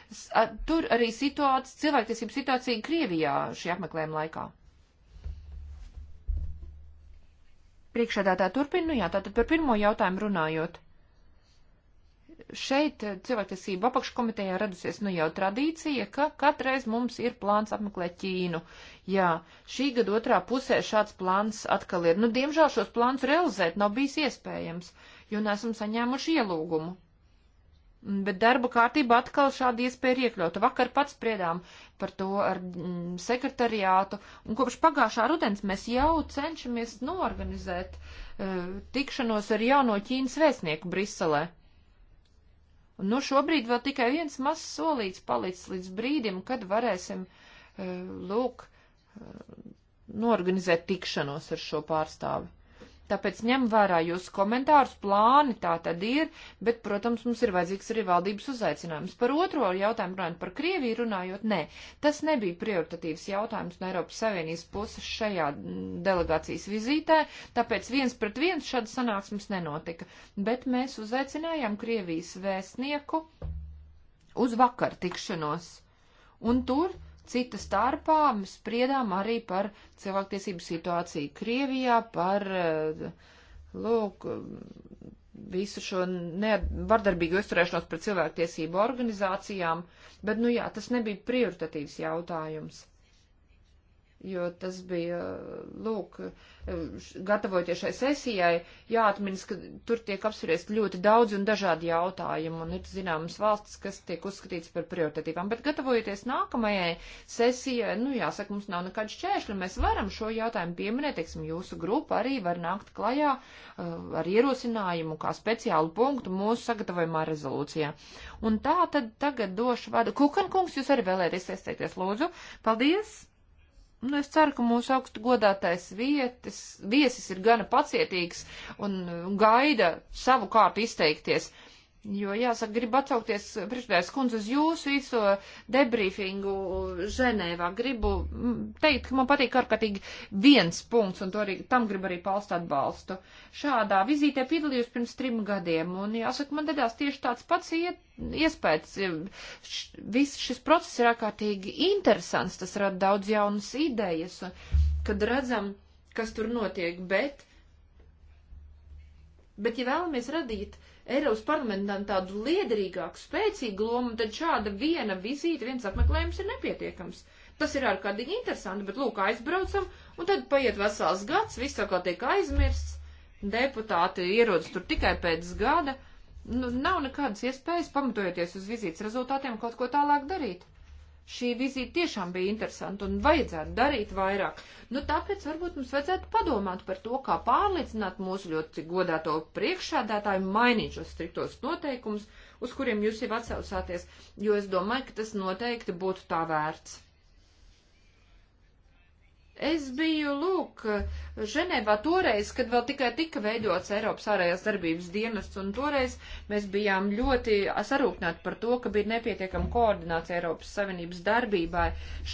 tur arī situāciju, cilvēktiesību situāciju Krievijā šī apmeklējuma laikā? Priekšādātā turpina, nu jā, tātad par pirmo jautājumu runājot. Šeit cilvēktiesību apakškomitejā radusies nu jau tradīcija, ka katreiz mums ir plāns apmeklēt Ķīnu. Jā, šī gada otrā pusē šāds plāns atkal ir. Nu, diemžēl šos plāns realizēt nav bijis iespējams, jo nesam saņēmuši ielūgumu. Bet darba kārtība atkal šāda iespēja ir iekļauta. Vakar pats spriedām par to ar mm, sekretariātu, un kopš pagājušā rudens mēs jau cenšamies norganizēt uh, tikšanos ar jauno Ķīnas vēstnieku Briselē. Un nu šobrīd vēl tikai viens mazs solīts palicis līdz brīdim, kad varēsim, uh, lūk, uh, norganizēt tikšanos ar šo pārstāvi. Tāpēc ņem vērā jūsu komentārus, plāni tā tad ir, bet, protams, mums ir vajadzīgs arī valdības uzaicinājums. Par otro jautājumu runājot par Krieviju runājot, nē, tas nebija prioritatīvs jautājums no Eiropas Savienības puses šajā delegācijas vizītē, tāpēc viens pret viens šāda sanāksmes nenotika. Bet mēs uzaicinājām Krievijas vēstnieku uz vakar tikšanos. Un tur Cita starpā spriedām arī par cilvēktiesību situāciju Krievijā, par, eh, lūk, visu šo ne, vardarbīgu uzturēšanos par cilvēktiesību organizācijām, bet, nu jā, tas nebija prioritatīvs jautājums jo tas bija, lūk, gatavojoties šai sesijai, jāatminas, ka tur tiek apspriest ļoti daudz un dažādi jautājumi, un ir zināmas valstis, kas tiek uzskatīts par prioritatīvām. Bet gatavojoties nākamajai sesijai, nu, jāsaka, mums nav nekāda šķēršļa, mēs varam šo jautājumu pieminēt, teiksim, jūsu grupa arī var nākt klajā uh, ar ierosinājumu kā speciālu punktu mūsu sagatavojumā rezolūcijā. Un tā tad tagad došu vārdu. Kukankungs, jūs arī vēlēties izteikties, lūdzu. Paldies! Nu, es ceru, ka mūsu augstu godātais vietas, viesis ir gana pacietīgs un gaida savu kārtu izteikties. Uh, Jo, jāsaka, gribu atsaukties, priekšstādājas kundze, uz jūsu īso debriefingu Ženēvā. Gribu teikt, ka man patīk ārkārtīgi viens punkts, un to arī, tam gribu arī palst atbalstu. Šādā vizītē piedalījos pirms trim gadiem, un, jāsaka, man dedās tieši tāds pats iet, iespējas. Š, viss šis process ir ārkārtīgi interesants, tas rada daudz jaunas idejas, un, kad redzam, kas tur notiek, bet, bet ja vēlamies radīt Eiropas parlamentam tādu liederīgāku, spēcīgu lomu, tad šāda viena vizīte, viens apmeklējums ir nepietiekams. Tas ir ārkārtīgi interesanti, bet lūk, aizbraucam, un tad paiet vesels gads, viss atkal tiek aizmirsts, deputāti ierodas tur tikai pēc gada. Nu, nav nekādas iespējas, pamatojoties uz vizītes rezultātiem, kaut ko tālāk darīt šī vizīte tiešām bija interesanta un vajadzētu darīt vairāk. Nu, tāpēc varbūt mums vajadzētu padomāt par to, kā pārliecināt mūsu ļoti godāto priekšādātāju mainīt šos striktos noteikumus, uz kuriem jūs jau atsaucāties, jo es domāju, ka tas noteikti būtu tā vērts. Es biju, lūk, Ženēvā toreiz, kad vēl tikai tika veidots Eiropas ārējās darbības dienests, un toreiz mēs bijām ļoti sarūknēti par to, ka bija nepietiekama koordinācija Eiropas Savienības darbībai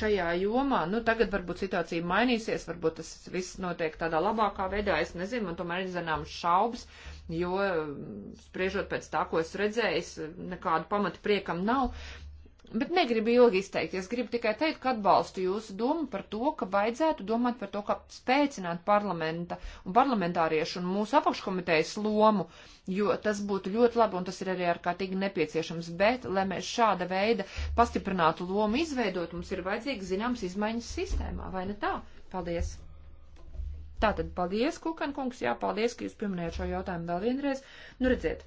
šajā jomā. Nu, tagad varbūt situācija mainīsies, varbūt tas viss notiek tādā labākā veidā, es nezinu, man tomēr ir zināmas šaubas, jo, spriežot pēc tā, ko es redzēju, nekādu pamatu priekam nav. Bet negribu ilgi izteikties, gribu tikai teikt, ka atbalstu jūsu domu par to, ka vajadzētu domāt par to, kā spēcināt parlamenta un parlamentāriešu un mūsu apakškomitejas lomu, jo tas būtu ļoti labi un tas ir arī ārkārtīgi nepieciešams. Bet, lai mēs šāda veida pastiprinātu lomu izveidot, mums ir vajadzīgs zināms izmaiņas sistēmā, vai ne tā? Paldies! Tātad paldies, Kukan kungs, jā, paldies, ka jūs pieminējāt šo jautājumu vēl vienreiz. Nu, redziet!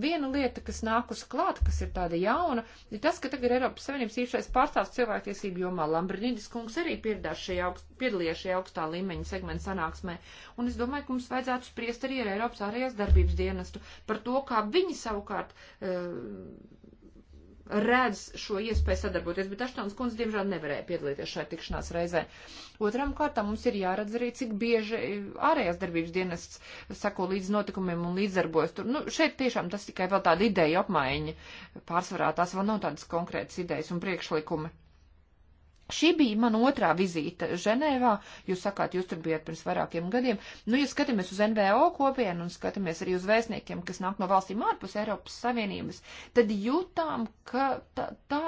Viena lieta, kas nākus klāt, kas ir tāda jauna, ir tas, ka tagad Eiropas Savienības īpašais pārstāvs cilvēktiesību jomā Lambrinidis kungs arī šajā augst, piedalījās šajā augstā līmeņa segmenta sanāksmē. Un es domāju, ka mums vajadzētu spriest arī ar Eiropas ārējās darbības dienestu par to, kā viņi savukārt uh, redz šo iespēju sadarboties, bet Aštons kundze, diemžēl, nevarēja piedalīties šajā tikšanās reizē. Otram kārtam mums ir jāredz arī, cik bieži ārējās darbības dienests sako līdz notikumiem un līdzdarbojas. Tur, nu, šeit tiešām tas tikai vēl tāda ideja apmaiņa. Pārsvarā tās vēl nav tādas konkrētas idejas un priekšlikumi. Šī bija mana otrā vizīte Ženēvā. Jūs sakāt, jūs tur bijat pirms vairākiem gadiem. Nu, ja skatāmies uz NVO kopienu un skatāmies arī uz vēstniekiem, kas nāk no valstīm ārpus Eiropas Savienības, tad jūtām, ka tā, tā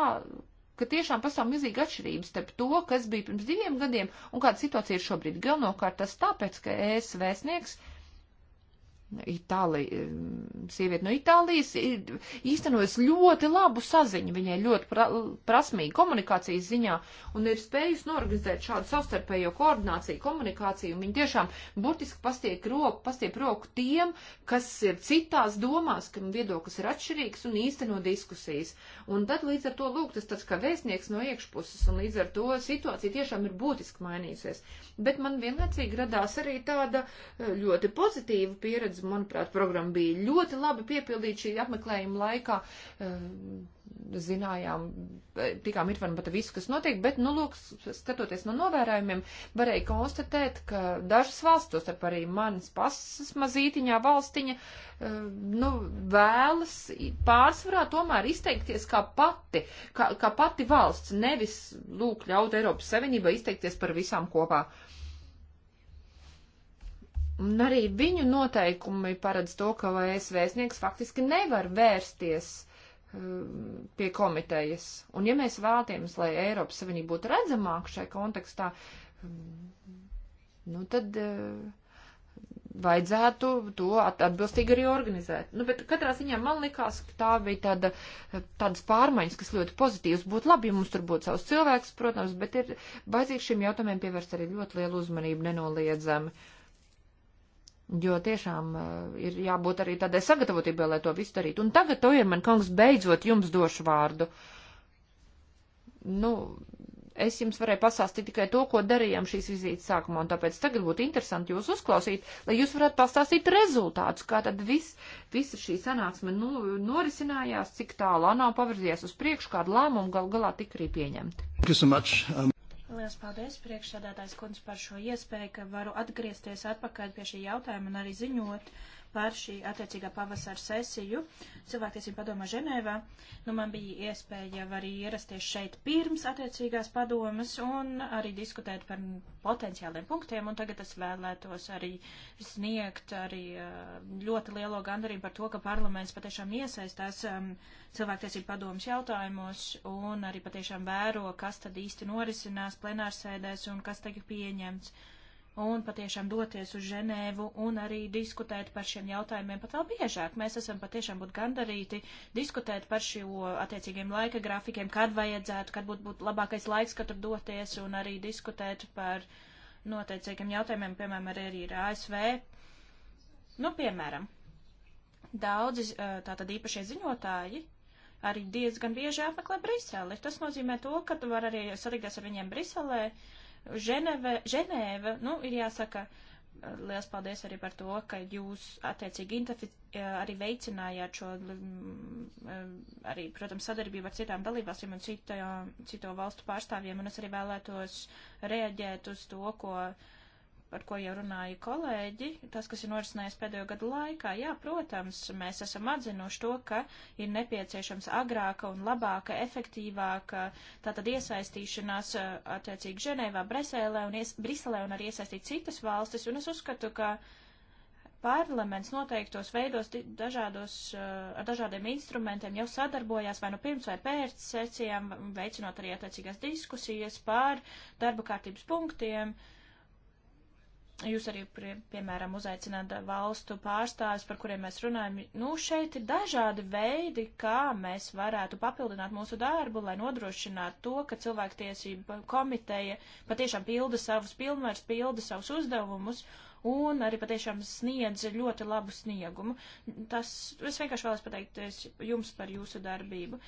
ka tiešām pastāv milzīga atšķirības starp to, kas bija pirms diviem gadiem un kāda situācija ir šobrīd. Galvenokārt tas tāpēc, ka ES vēstnieks Itālija, mm, sieviete no Itālijas īstenojas ļoti labu saziņu, viņai ļoti pra, prasmīgi komunikācijas ziņā un ir spējusi norganizēt šādu savstarpējo koordināciju, komunikāciju, un viņa tiešām burtiski pastiek roku, pastiek roku tiem, kas ir citās domās, kam viedoklis ir atšķirīgs un īsteno diskusijas. Un tad līdz ar to lūk, tas tāds kā vēstnieks no iekšpuses, un līdz ar to situācija tiešām ir būtiski mainījusies. Bet man vienlaicīgi radās arī tāda eh, ļoti pozitīva pieredze manuprāt, programma bija ļoti labi piepildīta šī apmeklējuma laikā. Eh, zinājām, eh, tikām ir varbūt visu, kas notiek, bet, nu, lūk, skatoties no novērojumiem, varēja konstatēt, ka dažas valsts, tostarp arī manas pasas mazītiņā valstiņa, eh, nu, vēlas pārsvarā tomēr izteikties kā pati, kā, kā pati valsts, nevis, lūk, ļaut Eiropas Savienībai izteikties par visām kopā. Uh, Un arī viņu noteikumi paredz to, ka es vēstnieks faktiski nevar vērsties um, pie komitejas. Un ja mēs vēlamies, lai Eiropas Savienība būtu redzamāk šai kontekstā, um, nu tad uh, vajadzētu to at atbilstīgi arī organizēt. Nu, bet katrā ziņā man likās, ka tā bija tāda, tādas pārmaiņas, kas ļoti pozitīvas. Būtu labi, ja mums tur būtu savs cilvēks, protams, bet ir baidzīgi šiem jautājumiem pievērst arī ļoti lielu uzmanību nenoliedzami. Uh, Jo tiešām uh, ir jābūt arī tādai sagatavotībai, lai to visu darītu. Un tagad, to ir man kungs, beidzot jums došu vārdu. Nu, es jums varēju pastāstīt tikai to, ko darījām šīs vizītes sākumā, un tāpēc tagad būtu interesanti jūs uzklausīt, lai jūs varētu pastāstīt rezultātus, kā tad vis, visa šī sanāksme nu, norisinājās, cik tālu ANO pavirzies uz priekšu, kādu lēmumu gal galā tika arī pieņemti. Um... Lielas paldies priekšsēdētājs kundze par šo iespēju, ka varu atgriezties atpakaļ pie šī jautājuma un arī ziņot par šī attiecīgā pavasara sesiju cilvēktiesību padomā Ženēvā. Nu, man bija iespēja arī ierasties šeit pirms attiecīgās padomas un arī diskutēt par potenciāliem punktiem, un tagad es vēlētos arī sniegt arī uh, ļoti lielo gandarību par to, ka parlaments patiešām iesaistās um, cilvēktiesību padomas jautājumos un arī patiešām vēro, kas tad īsti norisinās plenārsēdēs un kas tagad pieņemts un patiešām doties uz Ženēvu un arī diskutēt par šiem jautājumiem pat vēl biežāk. Mēs esam patiešām būt gandarīti diskutēt par šo attiecīgiem laika grafikiem, kad vajadzētu, kad būtu būt labākais laiks, kad tur doties un arī diskutēt par noteicīgiem jautājumiem, piemēram, arī ar ASV. Nu, piemēram, daudzi tātad īpašie ziņotāji arī diezgan bieži apmeklē Briseli. Tas nozīmē to, ka tu var arī sarīkties ar viņiem Briselē. Uh, Ženeve, Ženēva, nu, ir jāsaka, liels paldies arī par to, ka jūs attiecīgi arī veicinājāt šo, mm, eh, arī, protams, sadarbību ar citām dalībvalstīm un cito, cito valstu pārstāvjiem, un es arī vēlētos reaģēt uz to, ko uh, par ko jau runāja kolēģi, tas, kas ir norisinājies pēdējo gadu laikā. Jā, protams, mēs esam atzinuši to, ka ir nepieciešams agrāka un labāka, efektīvāka tātad iesaistīšanās eh, attiecīgi Ženēvā, Bresēlē un ies, Briselē un arī iesaistīt citas valstis, un es uzskatu, ka parlaments noteiktos veidos dažādos, eh, ar dažādiem instrumentiem jau sadarbojās vai nu pirms vai pēc sesijām, veicinot arī attiecīgās diskusijas par darba kārtības punktiem, uh, Jūs arī, pie, piemēram, uzaicināt valstu pārstāvis, par kuriem mēs runājam. Nu, šeit ir dažādi veidi, kā mēs varētu papildināt mūsu darbu, lai nodrošinātu to, ka cilvēktiesība komiteja patiešām pilda savus pilnvērs, pilda savus uzdevumus un arī patiešām sniedz ļoti labu sniegumu. Tas, es vienkārši vēlos pateikt jums par jūsu darbību.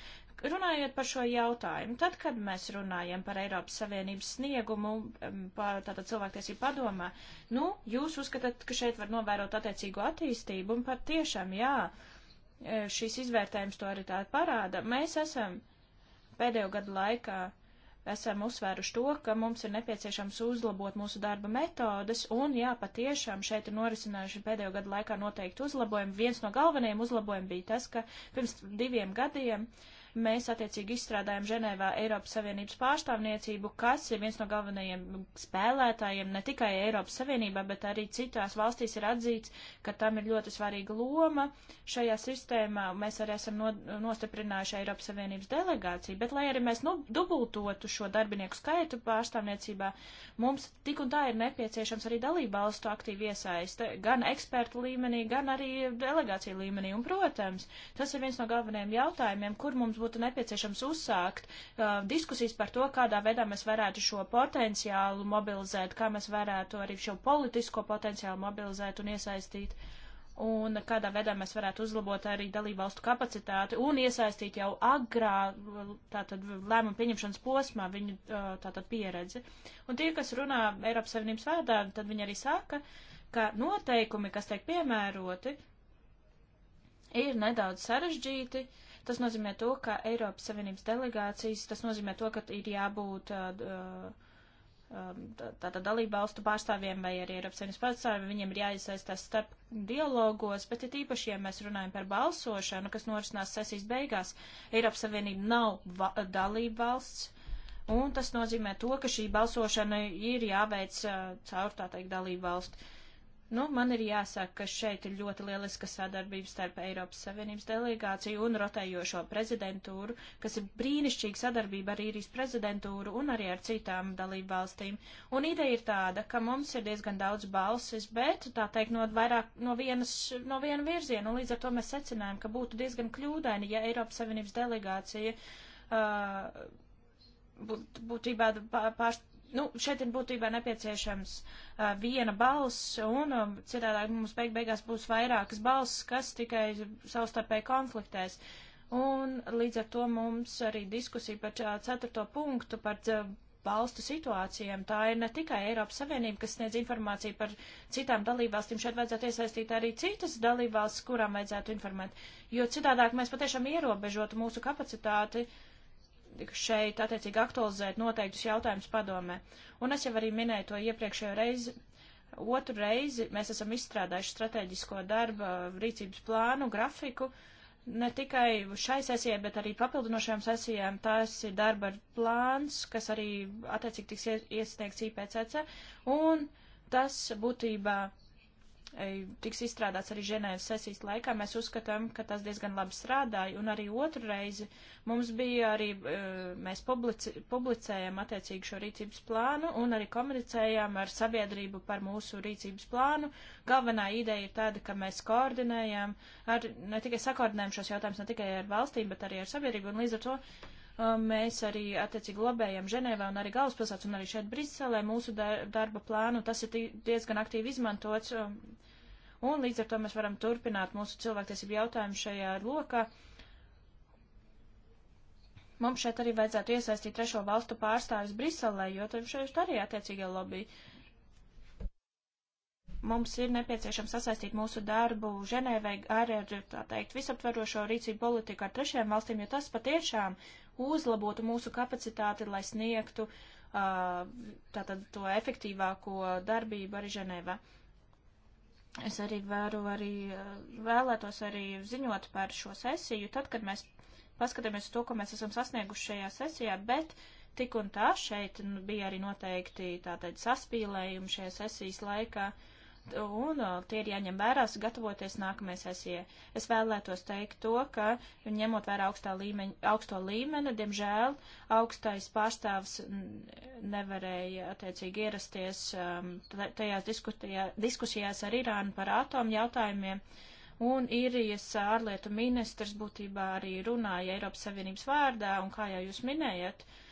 Runājot par šo jautājumu, tad, kad mēs runājam par Eiropas Savienības sniegumu, tātad cilvēktiesību padomā, nu, jūs uzskatāt, ka šeit var novērot attiecīgo attīstību, un pat tiešām, jā, e, šīs izvērtējums to arī tā parāda. Mēs esam pēdējo gadu laikā esam uzsvēruši to, ka mums ir nepieciešams uzlabot mūsu darba metodas, un jā, patiešām šeit ir norisinājuši pēdējo gadu laikā noteikti uzlabojumi. Viens no galvenajiem uzlabojumiem bija tas, ka pirms diviem gadiem uh, Mēs attiecīgi izstrādājam Ženēvā Eiropas Savienības pārstāvniecību, kas ir viens no galvenajiem spēlētājiem ne tikai Eiropas Savienībā, bet arī citās valstīs ir atzīts, ka tam ir ļoti svarīga loma šajā sistēmā. Mēs arī esam no, nostiprinājuši Eiropas Savienības delegāciju, bet lai arī mēs nu, dubultotu šo darbinieku skaitu pārstāvniecībā, mums tik un tā ir nepieciešams arī dalībvalstu aktīvi iesaiste, gan ekspertu līmenī, gan arī delegāciju līmenī. Un, protams, tas ir viens no galvenajiem jautājumiem, kur mums būs būtu nepieciešams uzsākt uh, diskusijas par to, kādā veidā mēs varētu šo potenciālu mobilizēt, kā mēs varētu arī šo politisko potenciālu mobilizēt un iesaistīt, un kādā veidā mēs varētu uzlabot arī dalībvalstu kapacitāti un iesaistīt jau agrā tātad lēmumu pieņemšanas posmā viņu uh, tātad pieredzi. Un tie, kas runā Eiropas Savienības vārdā, tad viņi arī saka, ka noteikumi, kas tiek piemēroti, ir nedaudz sarežģīti, uh, Tas nozīmē to, ka Eiropas Savienības delegācijas, tas nozīmē to, ka ir jābūt uh, uh, um, tātad dalība valstu pārstāvjiem vai arī Eiropas Savienības pārstāvjiem, viņiem ir jāiesaistās starp dialogos, bet ir īpaši, ja mēs runājam par balsošanu, kas norisinās sesijas beigās, Eiropas Savienība nav va dalība valsts, un tas nozīmē to, ka šī balsošana ir jāveic uh, caur, tā teikt, dalību valstu Nu, man ir jāsaka, ka šeit ir ļoti lieliska sadarbība starp Eiropas Savienības delegāciju un rotējošo prezidentūru, kas ir brīnišķīga sadarbība ar īrijas prezidentūru un arī ar citām dalību valstīm. Un ideja ir tāda, ka mums ir diezgan daudz balsis, bet, tā teikt, no, vairāk, no, vienas, no viena virziena, un līdz ar to mēs secinājām, ka būtu diezgan kļūdaini, ja Eiropas Savienības delegācija uh, būtībā būt pārstāvja nu, šeit ir būtībā nepieciešams uh, viena balss, un uh, citādi mums beig beigās būs vairākas balss, kas tikai savstarpēji konfliktēs. Un līdz ar to mums arī diskusija par uh, ceturto punktu, par uh, balstu situācijām. Tā ir ne tikai Eiropas Savienība, kas sniedz informāciju par citām dalībvalstīm. Šeit vajadzētu iesaistīt arī citas dalībvalstis, kurām vajadzētu informēt. Jo citādāk mēs patiešām ierobežotu mūsu kapacitāti uh, šeit attiecīgi aktualizēt noteiktus jautājumus padomē. Un es jau arī minēju to iepriekšējo reizi. Otru reizi mēs esam izstrādājuši strateģisko darba rīcības plānu, grafiku, ne tikai šai sesijai, bet arī papildinošajām sesijām. Tas ir darba plāns, kas arī attiecīgi tiks iesniegts IPCC, un tas būtībā tiks izstrādāts arī Ženēvas sesijas laikā. Mēs uzskatām, ka tas diezgan labi strādāja, un arī otru reizi mums bija arī, e, mēs publici, publicējām attiecīgi šo rīcības plānu un arī komunicējām ar sabiedrību par mūsu rīcības plānu. Galvenā ideja ir tāda, ka mēs koordinējām, ar, ne tikai sakoordinējām šos jautājumus ne tikai ar valstīm, bet arī ar sabiedrību, un līdz ar to Uh, mēs arī attiecīgi lobējam Ženēvā un arī galvaspilsētas un arī šeit Briselē mūsu darba plānu. Tas ir diezgan aktīvi izmantots. Um, un līdz ar to mēs varam turpināt mūsu cilvēktiesību jautājumu šajā lokā. Mums šeit arī vajadzētu iesaistīt trešo valstu pārstāvis Briselē, jo tur šeit arī attiecīgie lobby. Mums ir nepieciešams sasaistīt mūsu darbu Ženēvai ar, ar tā teikt, visaptvarošo rīcību politiku ar trešajām valstīm, jo tas patiešām uzlabotu mūsu kapacitāti, lai sniegtu tātad to efektīvāko darbību arī Ženēvā. Es arī vēru arī, vēlētos arī ziņot par šo sesiju, tad, kad mēs paskatāmies to, ko mēs esam sasnieguši šajā sesijā, bet tik un tā šeit nu, bija arī noteikti tātad saspīlējumi šajā sesijas laikā. Uh, un uh, tie ir jāņem vērā, gatavoties nākamais esie. Es vēlētos teikt to, ka ņemot vērā augstā līmeņa, augsto līmeni, diemžēl augstais pārstāvs nevarēja attiecīgi ierasties um, tajās diskusijās ar Irānu par atomu jautājumiem. Un Irijas ārlietu ministrs būtībā arī runāja Eiropas Savienības vārdā, un kā jau jūs minējat, uh,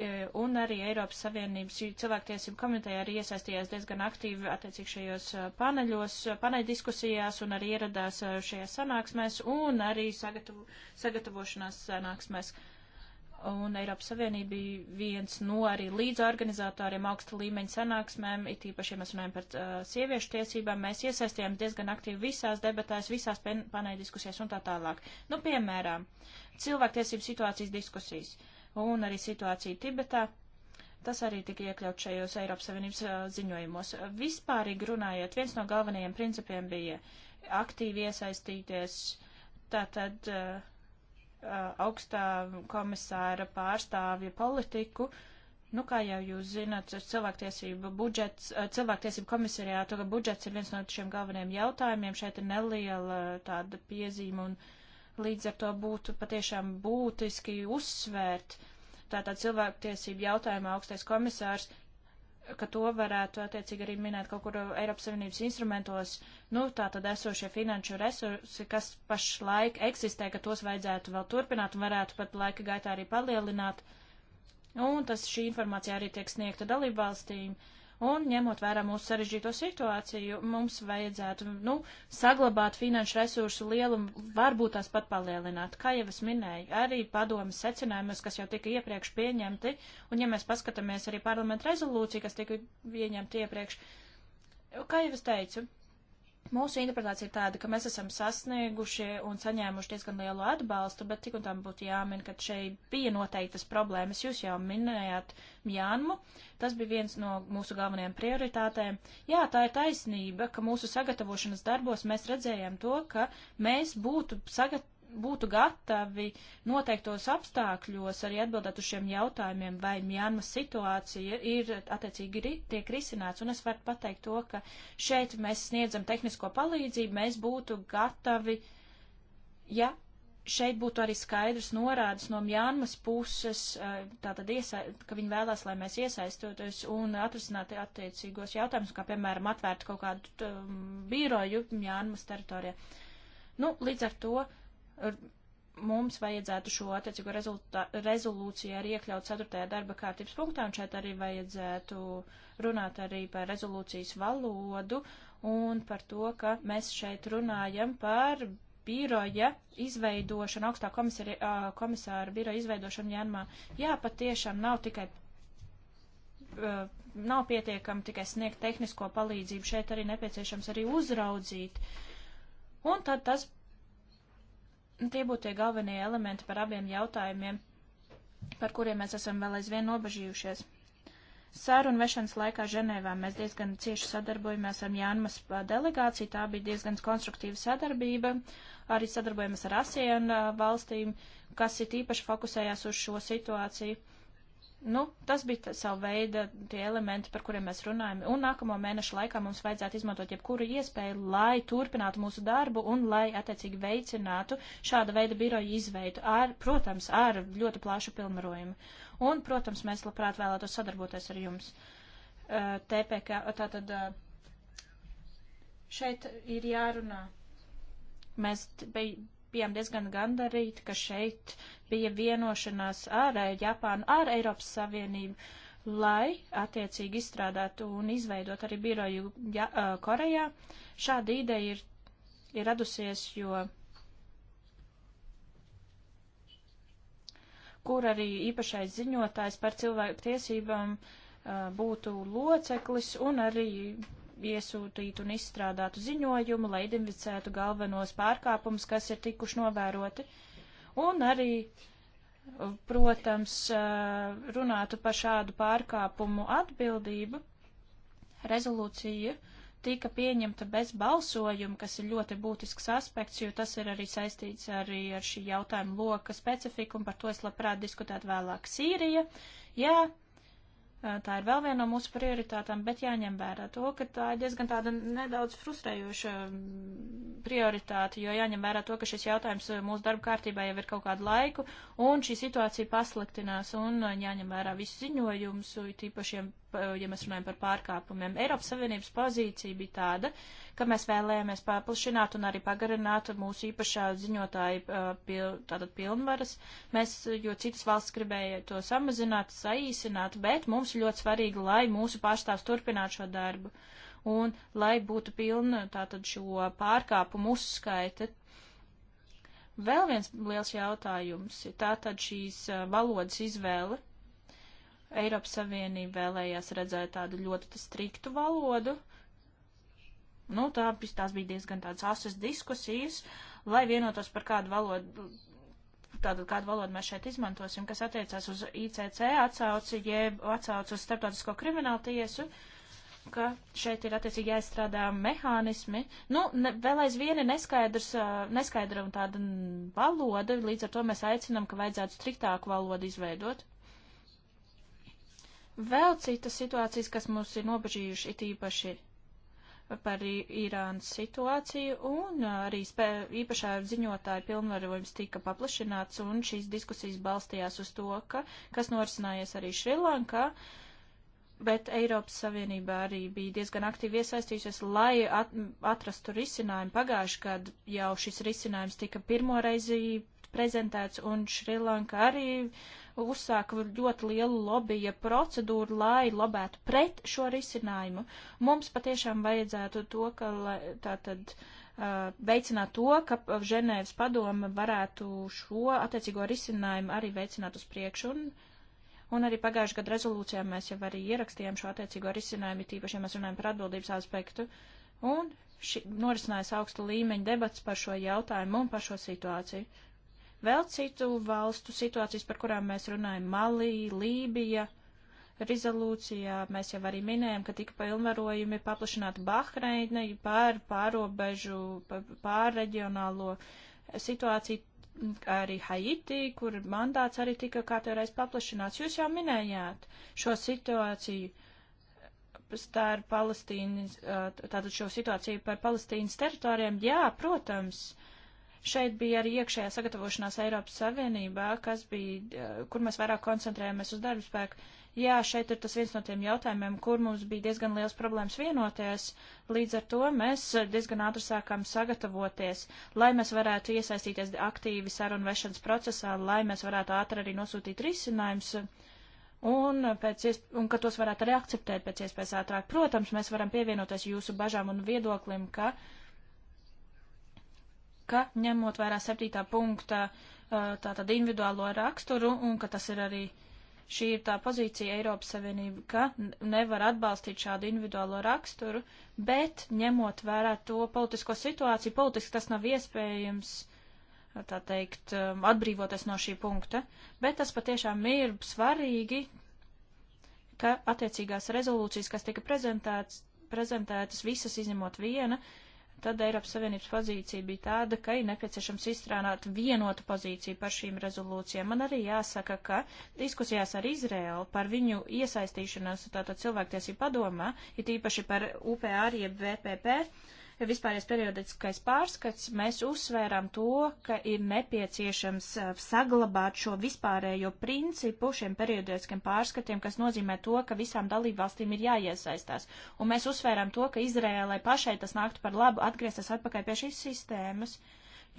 E, un arī Eiropas Savienības cilvēktiesību komiteja arī iesaistījās diezgan aktīvi attiecīgi šajos e, paneļos, e, paneļdiskusijās un arī ieradās šajās sanāksmēs un arī sagatav, sagatavošanās sanāksmēs. Un Eiropas Savienība bija viens no arī līdzorganizatoriem augsta līmeņa sanāksmēm, it īpaši, ja mēs runājam par uh, sieviešu tiesībām, mēs iesaistījām diezgan aktīvi visās debatēs, visās paneļdiskusijās un tā tālāk. Nu, piemēram, cilvēktiesību situācijas diskusijas. Uh, un arī situāciju Tibetā. Tas arī tika iekļaut šajos Eiropas Savienības ziņojumos. Vispārīgi runājot, viens no galvenajiem principiem bija aktīvi iesaistīties, tātad uh, augstā komisāra pārstāvja politiku, Nu, kā jau jūs zināt, cilvēktiesību budžets, cilvēktiesību komisariāta budžets ir viens no šiem galvenajiem jautājumiem. Šeit ir neliela tāda piezīme un uh, Līdz ar to būtu patiešām būtiski uzsvērt tātad cilvēktiesību jautājumā augstais komisārs, ka to varētu attiecīgi arī minēt kaut kur Eiropas Savienības instrumentos, nu tātad esošie finanšu resursi, kas pašlaik eksistē, ka tos vajadzētu vēl turpināt un varētu pat laika gaitā arī palielināt. Un tas šī informācija arī tiek sniegta dalībvalstīm. valstīm Un ņemot vērā mūsu sarežģīto situāciju, mums vajadzētu nu, saglabāt finanšu resursu lielumu, varbūt tās pat palielināt. Kā jau es minēju, arī padomas secinājumus, kas jau tika iepriekš pieņemti, un ja mēs paskatāmies arī parlamentu rezolūciju, kas tika pieņemta iepriekš, kā jau es teicu, Mūsu interpretācija ir tāda, ka mēs esam sasnieguši un saņēmuši diezgan lielu atbalstu, bet tik un tam būtu jāmin, ka šeit bija noteiktas problēmas. Jūs jau minējāt Mjānmu, tas bija viens no mūsu galvenajiem prioritātēm. Jā, tā ir taisnība, ka mūsu sagatavošanas darbos mēs redzējām to, ka mēs būtu sagat būtu gatavi noteiktos apstākļos arī atbildēt uz šiem jautājumiem, vai Mjanmas situācija ir attiecīgi ri, tiek risināts. Un es varu pateikt to, ka šeit mēs sniedzam tehnisko palīdzību, mēs būtu gatavi, ja šeit būtu arī skaidrs norādes no Mjānmas puses, eh, tātad, iesa, ka viņi vēlās, lai mēs iesaistotos un atrisinātu attiecīgos jautājumus, kā piemēram atvērt kaut kādu um, bīroju Mjānmas teritorijā. Nu, līdz ar to uh, mums vajadzētu šo attiecīgo rezolūciju arī iekļaut 4. darba kārtības punktā, un šeit arī vajadzētu runāt arī par rezolūcijas valodu un par to, ka mēs šeit runājam par biroja izveidošanu, augstā komisari, komisāra biroja izveidošanu Janmā. Jā, patiešām nav tikai. Nav pietiekami tikai sniegt tehnisko palīdzību, šeit arī nepieciešams arī uzraudzīt. Un tad tas Tie būtu tie galvenie elementi par abiem jautājumiem, par kuriem mēs esam vēl aizvien nobežījušies. Sārunu vešanas laikā Ženēvā mēs diezgan cieši sadarbojamies ar Jānmas delegāciju. Tā bija diezgan konstruktīva sadarbība. Arī sadarbojamies ar ASEAN uh, valstīm, kas ir īpaši fokusējās uz šo situāciju. Nu, tas bija tā, savu veidu tie elementi, par kuriem mēs runājam. Un nākamo mēnešu laikā mums vajadzētu izmantot jebkuru iespēju, lai turpinātu mūsu darbu un lai attiecīgi veicinātu šāda veida biroju izveidu, ar, protams, ar ļoti plašu pilnvarojumu. Un, protams, mēs labprāt vēlētos sadarboties ar jums. TPK, tātad šeit ir jārunā. Mēs bij, bijām diezgan gandarīti, ka šeit bija vienošanās ar eh, Japānu, ar Eiropas Savienību, lai attiecīgi izstrādātu un izveidot arī biroju ja, uh, Korejā. Šāda ideja ir, ir radusies, jo kur arī īpašais ziņotājs par cilvēku tiesībām uh, būtu loceklis un arī iesūtītu un izstrādātu ziņojumu, lai identificētu galvenos pārkāpumus, kas ir tikuši novēroti, un arī, protams, eh, runātu par šādu pārkāpumu atbildību. Rezolūcija tika pieņemta bez balsojuma, kas ir ļoti būtisks aspekts, jo tas ir arī saistīts arī ar šī jautājuma loka specifiku, un par to es labprāt diskutētu vēlāk. Sīrija, jā, Eh, tā ir vēl viena no mūsu prioritātām, bet jāņem vērā to, ka tā ir diezgan tāda nedaudz frustrējoša mm, prioritāte, jo jāņem vērā to, ka šis jautājums eh, mūsu darba kārtībā jau ir kaut kādu laiku, un šī situācija pasliktinās, un eh, jāņem vērā visu ziņojumus, tīpašiem ja mēs runājam par pārkāpumiem. Eiropas Savienības pozīcija bija tāda, ka mēs vēlējāmies paplašināt un arī pagarināt mūsu īpašā ziņotāja pil, tātad pilnvaras, mēs, jo citas valsts gribēja to samazināt, saīsināt, bet mums ļoti svarīgi, lai mūsu pārstāvs turpinātu šo darbu un lai būtu pilna tātad šo pārkāpumu uzskaita. Vēl viens liels jautājums ir tātad šīs valodas izvēle Eiropas Savienība vēlējās redzēt tādu ļoti striktu valodu. Nu, tā, tās bija diezgan tādas asas diskusijas, lai vienotos par kādu valodu, tātad kādu valodu mēs šeit izmantosim, kas attiecās uz ICC atsauci, jeb atsauci uz starptautisko kriminālu tiesu, ka šeit ir attiecīgi jāizstrādā mehānismi. Nu, ne, vēl aizvien ir neskaidrs, neskaidra un tāda valoda, līdz ar to mēs aicinam, ka vajadzētu striktāku valodu izveidot. Vēl citas situācijas, kas mūs ir nobežījuši, it īpaši par Irānas situāciju, un arī spē, īpašā ziņotāja pilnvarojums tika paplašināts, un šīs diskusijas balstījās uz to, ka, kas norisinājies arī Šrilankā, bet Eiropas Savienībā arī bija diezgan aktīvi iesaistījusies, lai at, atrastu risinājumu. Pagājuši gadu jau šis risinājums tika pirmoreizi prezentēts, un Šrilanka arī uzsāka ļoti lielu lobija procedūru, lai lobētu pret šo risinājumu. Mums patiešām vajadzētu to, ka tātad veicināt to, ka Ženēvas padoma varētu šo attiecīgo risinājumu arī veicināt uz priekšu. Un, un arī pagājušajā gadā rezolūcijā mēs jau arī ierakstījām šo attiecīgo risinājumu, tīpaši, ja mēs runājam par atbildības aspektu. Un ši, norisinājās augsta līmeņa debats par šo jautājumu un par šo situāciju. Vēl citu valstu situācijas, par kurām mēs runājam, Malī, Lībija, rezolūcijā mēs jau arī minējam, ka tika pilnvarojumi paplašināta Bahreina pār pārobežu, pārreģionālo situāciju, arī Haiti, kur mandāts arī tika kādreiz paplašināts. Jūs jau minējāt šo situāciju starp Palestīnas, tātad šo situāciju par Palestīnas teritorijām. Jā, protams. Uh, Šeit bija arī iekšējā sagatavošanās Eiropas Savienībā, kas bija, eh, kur mēs vairāk koncentrējamies uz darba spēku. Jā, šeit ir tas viens no tiem jautājumiem, kur mums bija diezgan liels problēmas vienoties. Līdz ar to mēs diezgan ātri sākām sagatavoties, lai mēs varētu iesaistīties aktīvi sarunu vešanas procesā, lai mēs varētu ātri arī nosūtīt risinājumus un, pēc, un ka tos varētu arī akceptēt pēc iespējas ātrāk. Protams, mēs varam pievienoties jūsu bažām un viedoklim, ka uh, ka ņemot vērā septītā punkta uh, tātad individuālo raksturu un ka tas ir arī šī ir tā pozīcija Eiropas Savienība, ka nevar atbalstīt šādu individuālo raksturu, bet ņemot vērā to politisko situāciju, politiski tas nav iespējams, uh, tā teikt, um, atbrīvoties no šī punkta, bet tas patiešām ir svarīgi, ka attiecīgās rezolūcijas, kas tika prezentētas, prezentētas visas izņemot viena, uh, tad Eiropas Savienības pozīcija bija tāda, ka ir nepieciešams izstrādāt vienotu pozīciju par šīm rezolūcijām. Man arī jāsaka, ka diskusijās ar Izrēlu par viņu iesaistīšanos tātad cilvēktiesību padomā, ir tīpaši par UPR jeb VPP, uh, vispārējais periodiskais pārskats, mēs uzsvērām to, ka ir nepieciešams eh, saglabāt šo vispārējo principu šiem periodiskiem pārskatiem, kas nozīmē to, ka visām dalībvalstīm ir jāiesaistās. Un mēs uzsvērām to, ka Izrēlai pašai tas nāktu par labu atgriezties atpakaļ pie šīs sistēmas.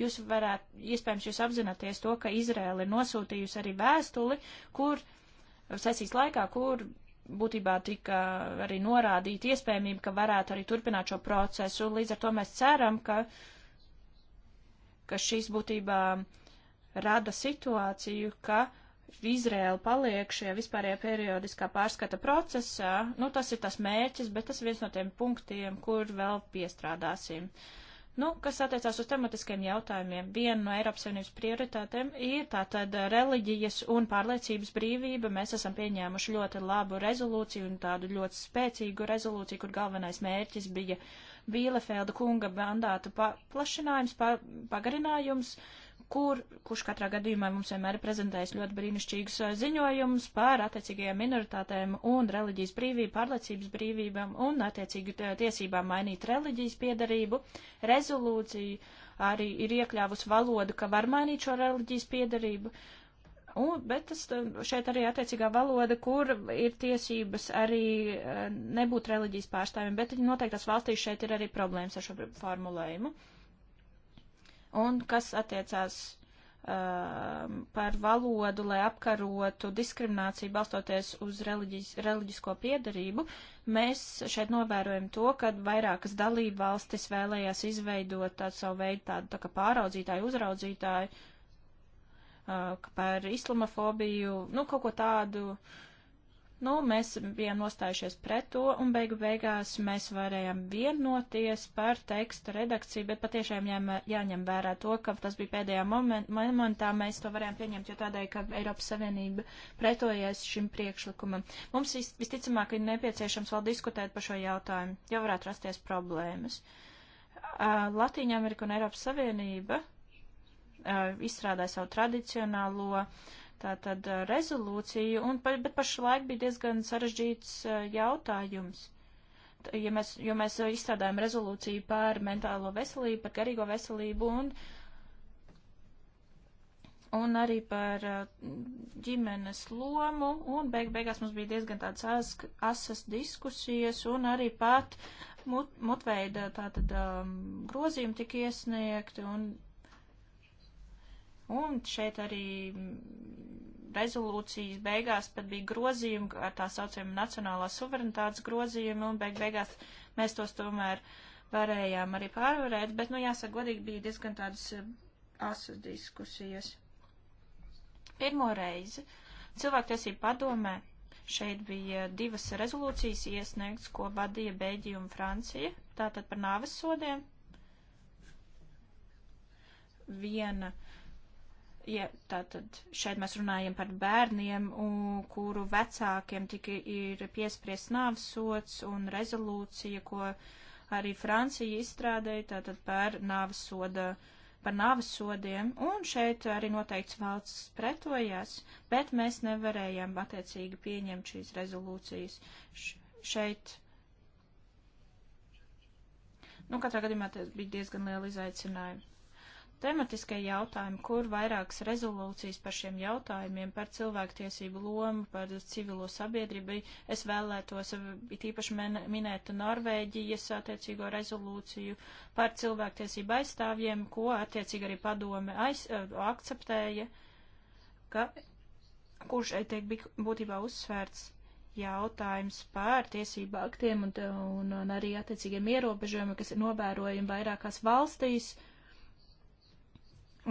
Jūs varētu, iespējams, jūs apzināties to, ka Izrēla ir nosūtījusi arī vēstuli, kur sesijas laikā, kur būtībā tika arī norādīta iespējamība, ka varētu arī turpināt šo procesu. Līdz ar to mēs ceram, ka, ka šīs būtībā rada situāciju, ka Izrēla paliek šajā vispārējā periodiskā pārskata procesā. Nu, tas ir tas mērķis, bet tas viens no tiem punktiem, kur vēl piestrādāsim. Uh, Nu, kas attiecās uz tematiskiem jautājumiem, viena no Eiropas Savienības prioritātēm ir tātad reliģijas un pārliecības brīvība. Mēs esam pieņēmuši ļoti labu rezolūciju un tādu ļoti spēcīgu rezolūciju, kur galvenais mērķis bija Bīlefelda kunga mandātu pa plašinājums, pa pagarinājums. Uh, kur, kurš katrā gadījumā mums vienmēr ir prezentējis ļoti brīnišķīgus ziņojumus par attiecīgajām minoritātēm un reliģijas brīvību, pārliecības brīvībām un attiecīgi tiesībām mainīt reliģijas piedarību. Rezolūcija arī ir iekļāvusi valodu, ka var mainīt šo reliģijas piedarību. Un, bet tas šeit arī attiecīgā valoda, kur ir tiesības arī nebūt reliģijas pārstāvjiem, bet noteiktās valstīs šeit ir arī problēmas ar šo formulējumu. Uh, un kas attiecās uh, par valodu, lai apkarotu diskrimināciju balstoties uz reliģis, reliģisko piedarību, mēs šeit novērojam to, ka vairākas dalība valstis vēlējās izveidot tādu savu veidu tādu tā kā pāraudzītāju, uzraudzītāju uh, par islamofobiju, nu kaut ko tādu, uh, Nu, mēs bijām nostājušies pret to, un beigu beigās mēs varējām vienoties par teksta redakciju, bet patiešām jāņem, jāņem vērā to, ka tas bija pēdējā moment, momentā, mēs to varējām pieņemt, jo tādēļ, ka Eiropas Savienība pretojies šim priekšlikumam. Mums vis, visticamāk ir nepieciešams vēl diskutēt par šo jautājumu, jo jau varētu rasties problēmas. Uh, Latīņa Amerika un Eiropas Savienība uh, izstrādāja savu tradicionālo uh, tātad rezolūciju, un, bet pašlaik bija diezgan sarežģīts jautājums. Ja mēs, jo mēs izstrādājam rezolūciju par mentālo veselību, par garīgo veselību un, un arī par ģimenes lomu, un beig, beigās mums bija diezgan tāds as, asas diskusijas, un arī pat mut, mutveida tātad um, grozījumi tika iesniegti, un Un šeit arī rezolūcijas beigās pat bija grozījumi ar tā saucajumu nacionālā suverenitātes grozījumu, un beig beigās mēs tos tomēr varējām arī pārvarēt, bet, nu, jāsaka, godīgi bija diezgan tādas eh, asas diskusijas. Pirmo reizi cilvēktiesību padomē šeit bija divas rezolūcijas iesniegts, ko vadīja Beļģija un Francija, tātad par nāves sodiem. Viena uh, ja, tātad šeit mēs runājam par bērniem, un, kuru vecākiem tika ir piespriezt nāvsots un rezolūcija, ko arī Francija izstrādēja, tātad par nāvsoda, par nāvsodiem, un šeit arī noteikts valsts pretojās, bet mēs nevarējām attiecīgi pieņemt šīs rezolūcijas šeit. Nu, katrā gadījumā tas bija diezgan liela izaicinājuma tematiskie jautājumi, kur vairākas rezolūcijas par šiem jautājumiem, par cilvēktiesību lomu, par civilo sabiedrību. Es vēlētos eh, tīpaši minēt Norvēģijas attiecīgo rezolūciju par cilvēktiesību aizstāvjiem, ko attiecīgi arī padome aiz, eh, akceptēja, ka, kurš šeit eh, tiek būtībā uzsvērts jautājums par tiesību aktiem un, un, un arī attiecīgiem ierobežojumiem, kas ir novērojami vairākās valstīs. Uh,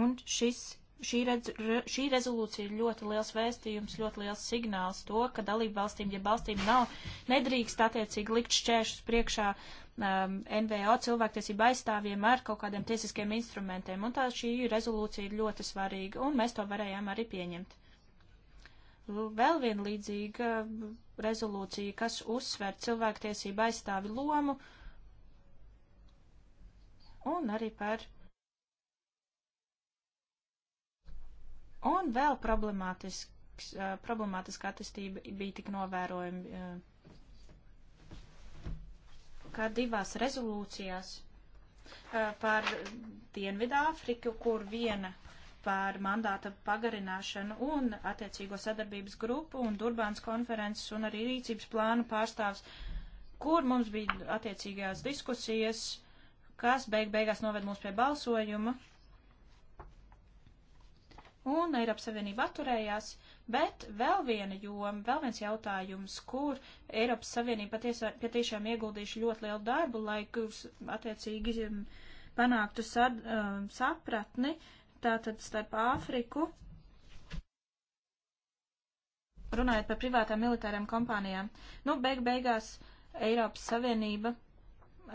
Un šis šī, redz, šī rezolūcija ir ļoti liels vēstījums, ļoti liels signāls to, ka dalību valstīm, ja valstīm nav, nedrīkst attiecīgi likt šķēršus priekšā um, NVO cilvēktiesību aizstāvjiem ar kaut kādiem tiesiskiem instrumentiem. Un tā šī rezolūcija ir ļoti svarīga, un mēs to varējām arī pieņemt. Vēl viena līdzīga rezolūcija, kas uzsver cilvēktiesību aizstāvi lomu, un arī par uh, Un vēl eh, problemātiska attīstība bija tik novērojama, eh, kā divās rezolūcijās eh, par Dienvidāfriku, kur viena par mandāta pagarināšanu un attiecīgo sadarbības grupu un Durbāns konferences un arī rīcības plānu pārstāvs, kur mums bija attiecīgās diskusijas, kas beig beigās noved mūs pie balsojuma un Eiropas Savienība atturējās, bet vēl viena joma, vēl viens jautājums, kur Eiropas Savienība patiesā, patiešām ieguldījuši ļoti lielu darbu, lai attiecīgi um, panāktu sad, um, sapratni, tātad starp Āfriku, runājot par privātām militārām kompānijām. Nu, beig beigās Eiropas Savienība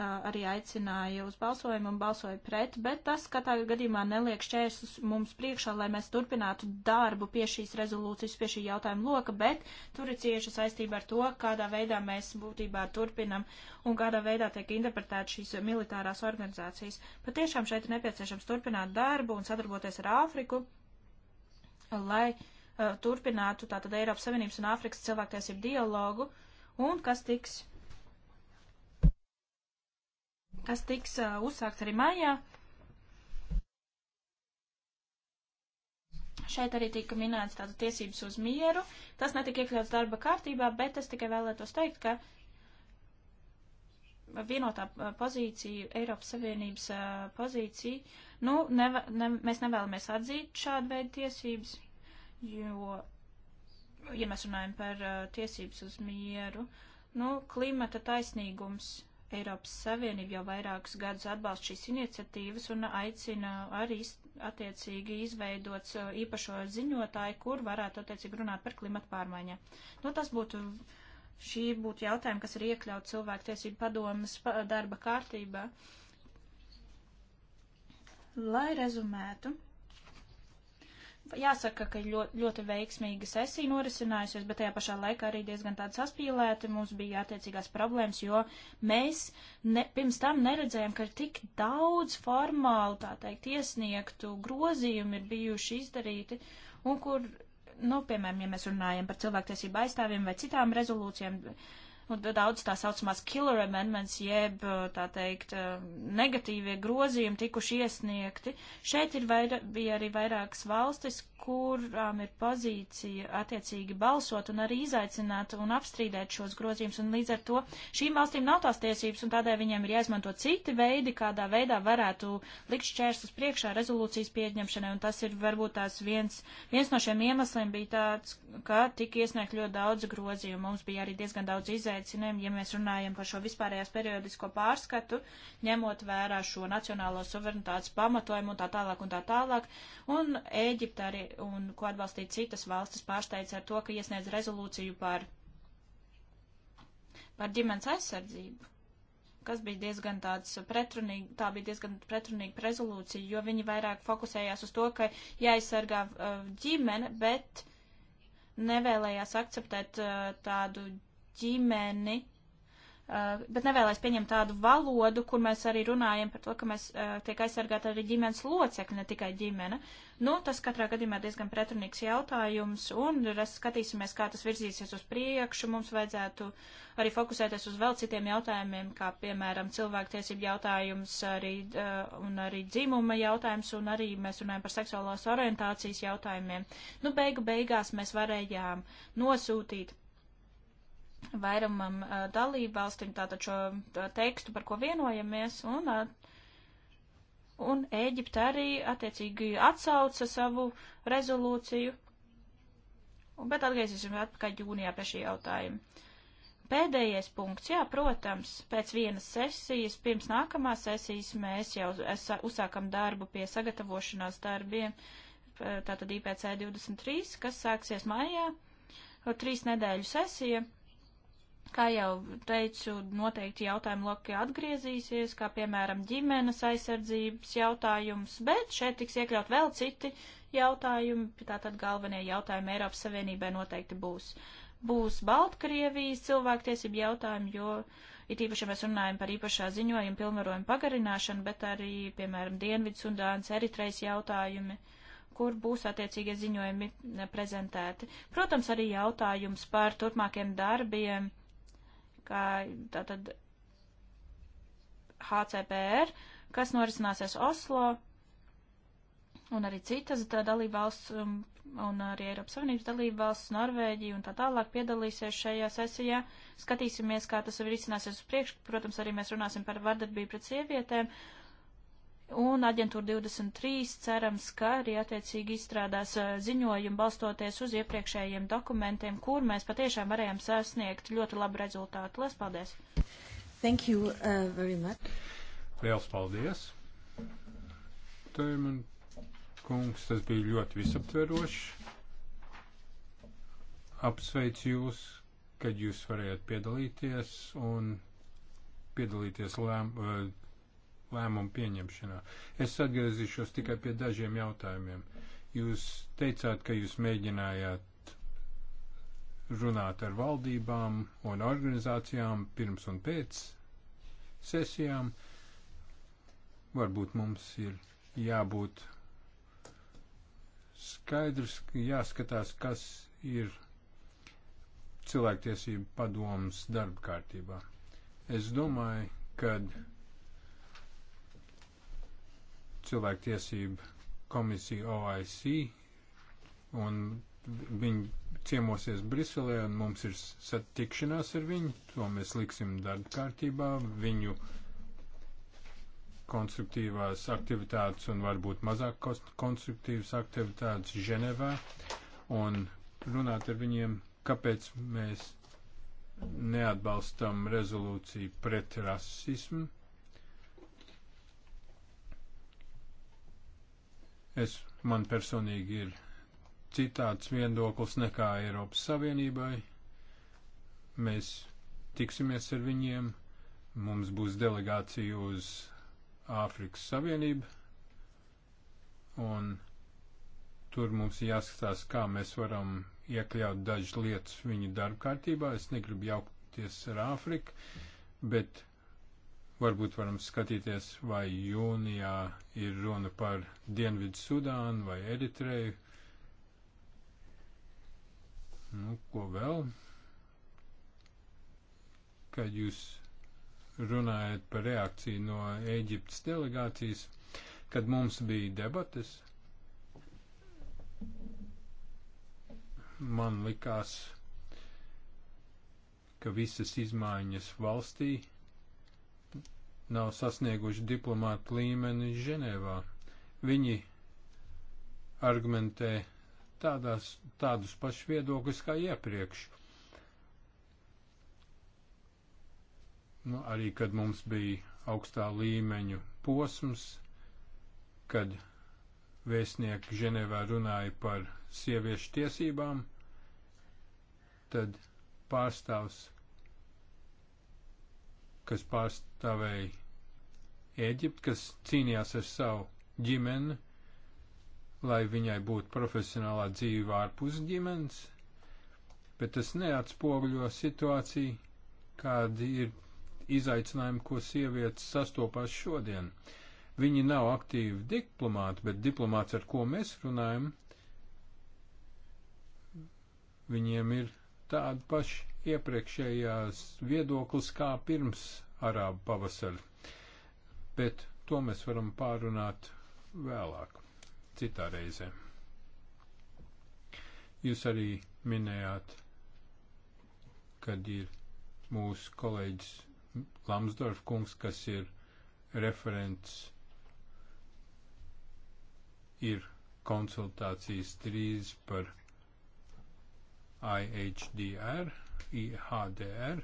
arī aicināja uz balsojumu un balsoja pret, bet tas katrā gadījumā neliek šķērsus mums priekšā, lai mēs turpinātu darbu pie šīs rezolūcijas, pie šī jautājuma loka, bet tur ir cieša saistība ar to, kādā veidā mēs būtībā turpinam un kādā veidā tiek interpretēt šīs militārās organizācijas. Patiešām šeit ir nepieciešams turpināt darbu un sadarboties ar Āfriku, lai uh, turpinātu tātad Eiropas Savienības un Āfrikas cilvēktiesību dialogu un kas tiks kas tiks uh, uzsākts arī maijā. Šeit arī tika minēts tāda tiesības uz mieru. Tas netika iekļauts darba kārtībā, bet es tikai vēlētos teikt, ka vienotā pozīcija, Eiropas Savienības uh, pozīcija, nu, neva, ne, mēs nevēlamies atzīt šādu veidu tiesības, jo, ja mēs runājam par uh, tiesības uz mieru, nu, klimata taisnīgums Eiropas Savienība jau vairākus gadus atbalsta šīs iniciatīvas un aicina arī attiecīgi izveidot uh, īpašo ziņotāju, kur varētu attiecīgi runāt par klimatu pārmaiņā. Nu, tas būtu, šī būtu jautājumi, kas ir iekļaut cilvēktiesību padomas darba kārtībā. Lai rezumētu, Jāsaka, ka ļoti, ļoti veiksmīga sesija norisinājusies, bet tajā pašā laikā arī diezgan tāda saspīlēta. Mums bija attiecīgās problēmas, jo mēs ne, pirms tam neredzējām, ka tik daudz formāli, tā teikt, iesniegtu grozījumi ir bijuši izdarīti un kur, nu, piemēram, ja mēs runājam par cilvēktiesību aizstāvjiem vai citām rezolūcijām, uh, nu, daudz tā saucamās killer amendments, jeb, uh, tā teikt, uh, negatīvie grozījumi tikuši iesniegti. Šeit ir vaira, bija arī vairākas valstis, kurām ir pozīcija attiecīgi balsot un arī izaicināt un apstrīdēt šos grozījumus, un līdz ar to šīm valstīm nav tās tiesības, un tādēļ viņiem ir jāizmanto citi veidi, kādā veidā varētu likt šķērsus priekšā rezolūcijas pieņemšanai, un tas ir varbūt tās viens, viens no šiem iemesliem bija tāds, ka tika iesniegt ļoti daudz grozījumu, mums bija arī diezgan daudz izaicinājums izaicinājumu, ja mēs runājam par šo vispārējās periodisko pārskatu, ņemot vērā šo nacionālo suverenitātes pamatojumu un tā tālāk un tā tālāk. Un Ēģipta arī, un ko atbalstīja citas valstis, pārsteidz ar to, ka iesniedz rezolūciju par, par ģimenes aizsardzību kas bija diezgan tāds pretrunīgi, tā bija diezgan pretrunīga rezolūcija, jo viņi vairāk fokusējās uz to, ka jāaizsargā uh, ģimene, bet nevēlējās akceptēt uh, tādu ģimeni, eh, bet nevēlas pieņemt tādu valodu, kur mēs arī runājam par to, ka mēs eh, tiek aizsargāti arī ģimenes locekļi, ne tikai ģimene. Nu, tas katrā gadījumā diezgan pretrunīgs jautājums, un skatīsimies, kā tas virzīsies uz priekšu. Mums vajadzētu arī fokusēties uz vēl citiem jautājumiem, kā piemēram cilvēktiesību jautājums, arī, eh, un arī dzimuma jautājums, un arī mēs runājam par seksuālās orientācijas jautājumiem. Nu, beigu beigās mēs varējām nosūtīt vairumam dalību valstīm tātad šo tekstu, par ko vienojamies, un, un Ēģipte arī attiecīgi atsauca savu rezolūciju, un, bet atgriezīsimies atpakaļ jūnijā pie šī jautājuma. Pēdējais punkts, jā, protams, pēc vienas sesijas, pirms nākamās sesijas mēs jau uzsākam darbu pie sagatavošanās darbiem, tātad IPC 23, kas sāksies maijā, trīs nedēļu sesija. Kā jau teicu, noteikti jautājumu loki atgriezīsies, kā piemēram ģimenes aizsardzības jautājums, bet šeit tiks iekļaut vēl citi jautājumi, tātad galvenie jautājumi Eiropas Savienībai noteikti būs. Būs Baltkrievijas cilvēktiesību jautājumi, jo it īpaši mēs runājam par īpašā ziņojuma pilnvarojumu pagarināšanu, bet arī, piemēram, Dienvidsundāns, Eritrejas jautājumi kur būs attiecīgie ziņojumi prezentēti. Protams, arī jautājums par turpmākiem darbiem kā tātad HCPR, kas norisināsies Oslo un arī citas dalība valsts un, um, un arī Eiropas Savienības dalība valsts, Norvēģija un tā tālāk piedalīsies šajā sesijā. Skatīsimies, kā tas risināsies uz priekšu. Protams, arī mēs runāsim par vardarbību pret sievietēm Un aģentūra 23 cerams, ka arī attiecīgi izstrādās ziņojumu balstoties uz iepriekšējiem dokumentiem, kur mēs patiešām varējām sasniegt ļoti labu rezultātu. Lielas paldies! Thank you uh, very much. Lielas paldies! Tēman kungs, tas bija ļoti visaptveroši. Apsveicu jūs, kad jūs varējāt piedalīties un piedalīties lēmumu lēmumu pieņemšanā. Es atgriezīšos tikai pie dažiem jautājumiem. Jūs teicāt, ka jūs mēģinājāt runāt ar valdībām un organizācijām pirms un pēc sesijām. Varbūt mums ir jābūt skaidrs, jāskatās, kas ir cilvēktiesību padomas darba kārtībā. Es domāju, ka cilvēktiesību komisiju OIC un viņi ciemosies Briselē un mums ir satikšanās ar viņu, to mēs liksim darba kārtībā, viņu konstruktīvās aktivitātes un varbūt mazāk konstruktīvas aktivitātes Ženevā un runāt ar viņiem, kāpēc mēs neatbalstam rezolūciju pret rasismu Es, man personīgi ir citāds viedoklis nekā Eiropas Savienībai. Mēs tiksimies ar viņiem, mums būs delegācija uz Āfrikas Savienību, un tur mums jāskatās, kā mēs varam iekļaut dažas lietas viņu darba kārtībā. Es negribu jaukties ar Āfriku, bet Varbūt varam skatīties, vai jūnijā ir runa par Dienvidu Sudānu vai Eritreju. Nu, ko vēl? Kad jūs runājat par reakciju no Ēģiptes delegācijas, kad mums bija debates, man likās, ka visas izmaiņas valstī nav sasnieguši diplomātu līmeni Ženēvā. Viņi argumentē tādās, tādus pašus viedokļus kā iepriekš. Nu, arī kad mums bija augstā līmeņu posms, kad vēstnieki Ženēvā runāja par sieviešu tiesībām, tad pārstāvs kas pārstāvēja Ēģipti, kas cīnījās ar savu ģimeni, lai viņai būtu profesionālā dzīve ārpus ģimenes, bet tas neatspoguļo situāciju, kādi ir izaicinājumi, ko sievietes sastopās šodien. Viņi nav aktīvi diplomāti, bet diplomāts, ar ko mēs runājam, viņiem ir tādi paši iepriekšējās viedoklis kā pirms arābu pavasara, bet to mēs varam pārunāt vēlāk, citā reizē. Jūs arī minējāt, kad ir mūsu kolēģis Lamsdorf kungs, kas ir referents, ir konsultācijas trīs par IHDR IHDR.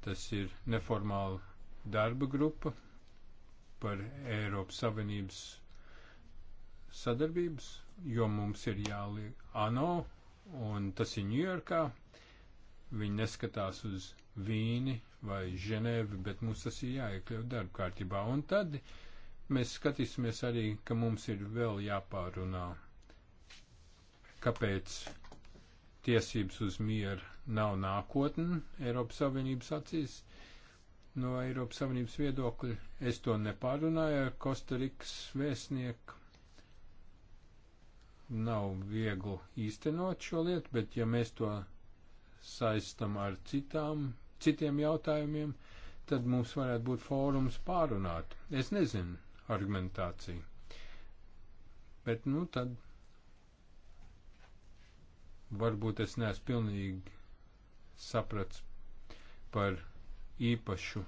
Tas ir neformāla darba grupa par Eiropas Savienības sadarbības, jo mums ir jāliek ANO, un tas ir Ņujorkā. Viņi neskatās uz Vīni vai Ženēvi, bet mums tas ir jāiekļaut darba kārtībā. Un tad mēs skatīsimies arī, ka mums ir vēl jāpārunā, kāpēc tiesības uz mieru nav nākotne Eiropas Savienības acīs. No Eiropas Savienības viedokļa es to nepārunāju ar Kostarikas vēstnieku. Nav viegli īstenot šo lietu, bet ja mēs to saistam ar citām, citiem jautājumiem, tad mums varētu būt fórums pārunāt. Es nezinu argumentāciju. Bet, nu, tad Varbūt es neesmu pilnīgi saprats par īpašu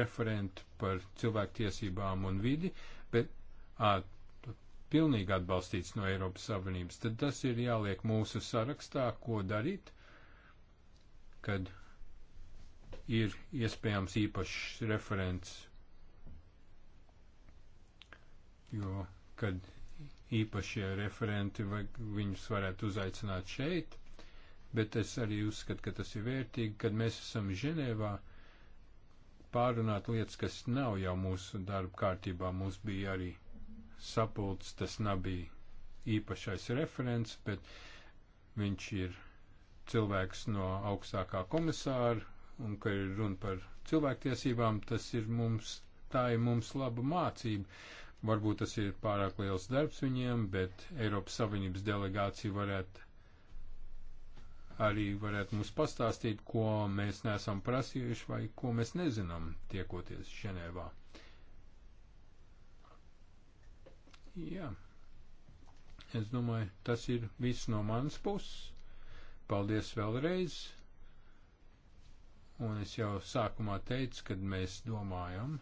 referentu par cilvēktiesībām un vidi, bet ā, pilnīgi atbalstīts no Eiropas Savienības, tad tas ir jāliek mūsu sarakstā, ko darīt, kad ir iespējams īpašs referents, jo, kad īpašie referenti, vai viņus varētu uzaicināt šeit, bet es arī uzskatu, ka tas ir vērtīgi, kad mēs esam Ženēvā pārunāt lietas, kas nav jau mūsu darba kārtībā. Mums bija arī sapulcs, tas nebija īpašais referents, bet viņš ir cilvēks no augstākā komisāra, un ka ir runa par cilvēktiesībām, tas ir mums, tā ir mums laba mācība Varbūt tas ir pārāk liels darbs viņiem, bet Eiropas Savienības delegācija varētu arī varētu mums pastāstīt, ko mēs neesam prasījuši vai ko mēs nezinām tiekoties Ženēvā. Jā, es domāju, tas ir viss no manas puses. Paldies vēlreiz. Un es jau sākumā teicu, kad mēs domājam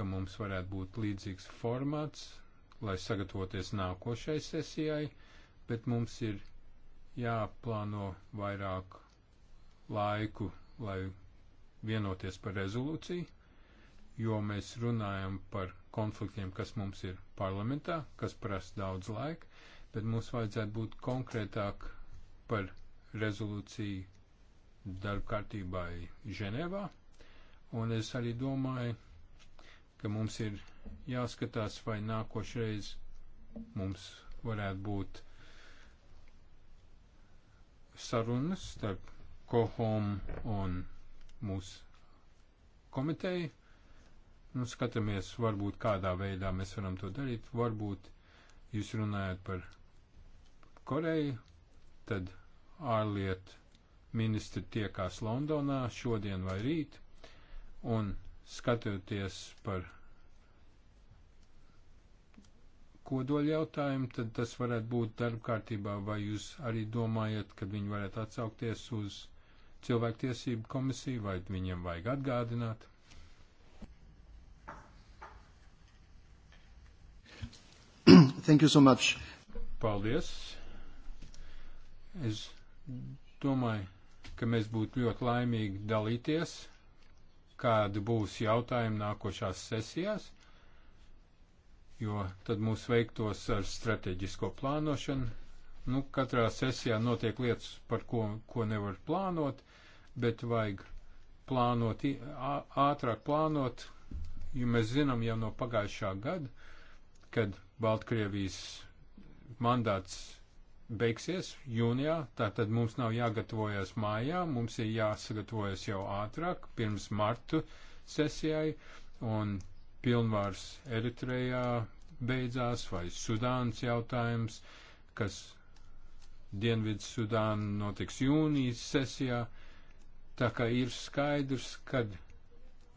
ka mums varētu būt līdzīgs formāts, lai sagatavoties nākošai sesijai, bet mums ir jāplāno vairāk laiku, lai vienoties par rezolūciju, jo mēs runājam par konfliktiem, kas mums ir parlamentā, kas prasa daudz laika, bet mums vajadzētu būt konkrētāk par rezolūciju darba kārtībai Ženevā. Un es arī domāju, ka mums ir jāskatās, vai nākošreiz mums varētu būt sarunas starp kohom un mūsu komiteju. Nu, skatāmies, varbūt kādā veidā mēs varam to darīt. Varbūt jūs runājat par Koreju, tad ārlietu ministri tiekās Londonā šodien vai rīt, un skatoties par kodoļu jautājumu, tad tas varētu būt darba kārtībā, vai jūs arī domājat, ka viņi varētu atsaukties uz cilvēktiesību komisiju, vai viņiem vajag atgādināt? Thank you so much. Paldies. Es domāju, ka mēs būtu ļoti laimīgi dalīties kādi būs jautājumi nākošās sesijās, jo tad mūs veiktos ar strateģisko plānošanu. Nu, katrā sesijā notiek lietas, par ko, ko nevar plānot, bet vajag plānot, ātrāk plānot, jo mēs zinām jau no pagājušā gada, kad Baltkrievijas mandāts beigsies jūnijā, tātad mums nav jāgatavojas mājā, mums ir jāsagatavojas jau ātrāk, pirms martu sesijai, un pilnvārs Eritrejā beidzās, vai Sudāns jautājums, kas Dienvids Sudāna notiks jūnijas sesijā, tā kā ir skaidrs, kad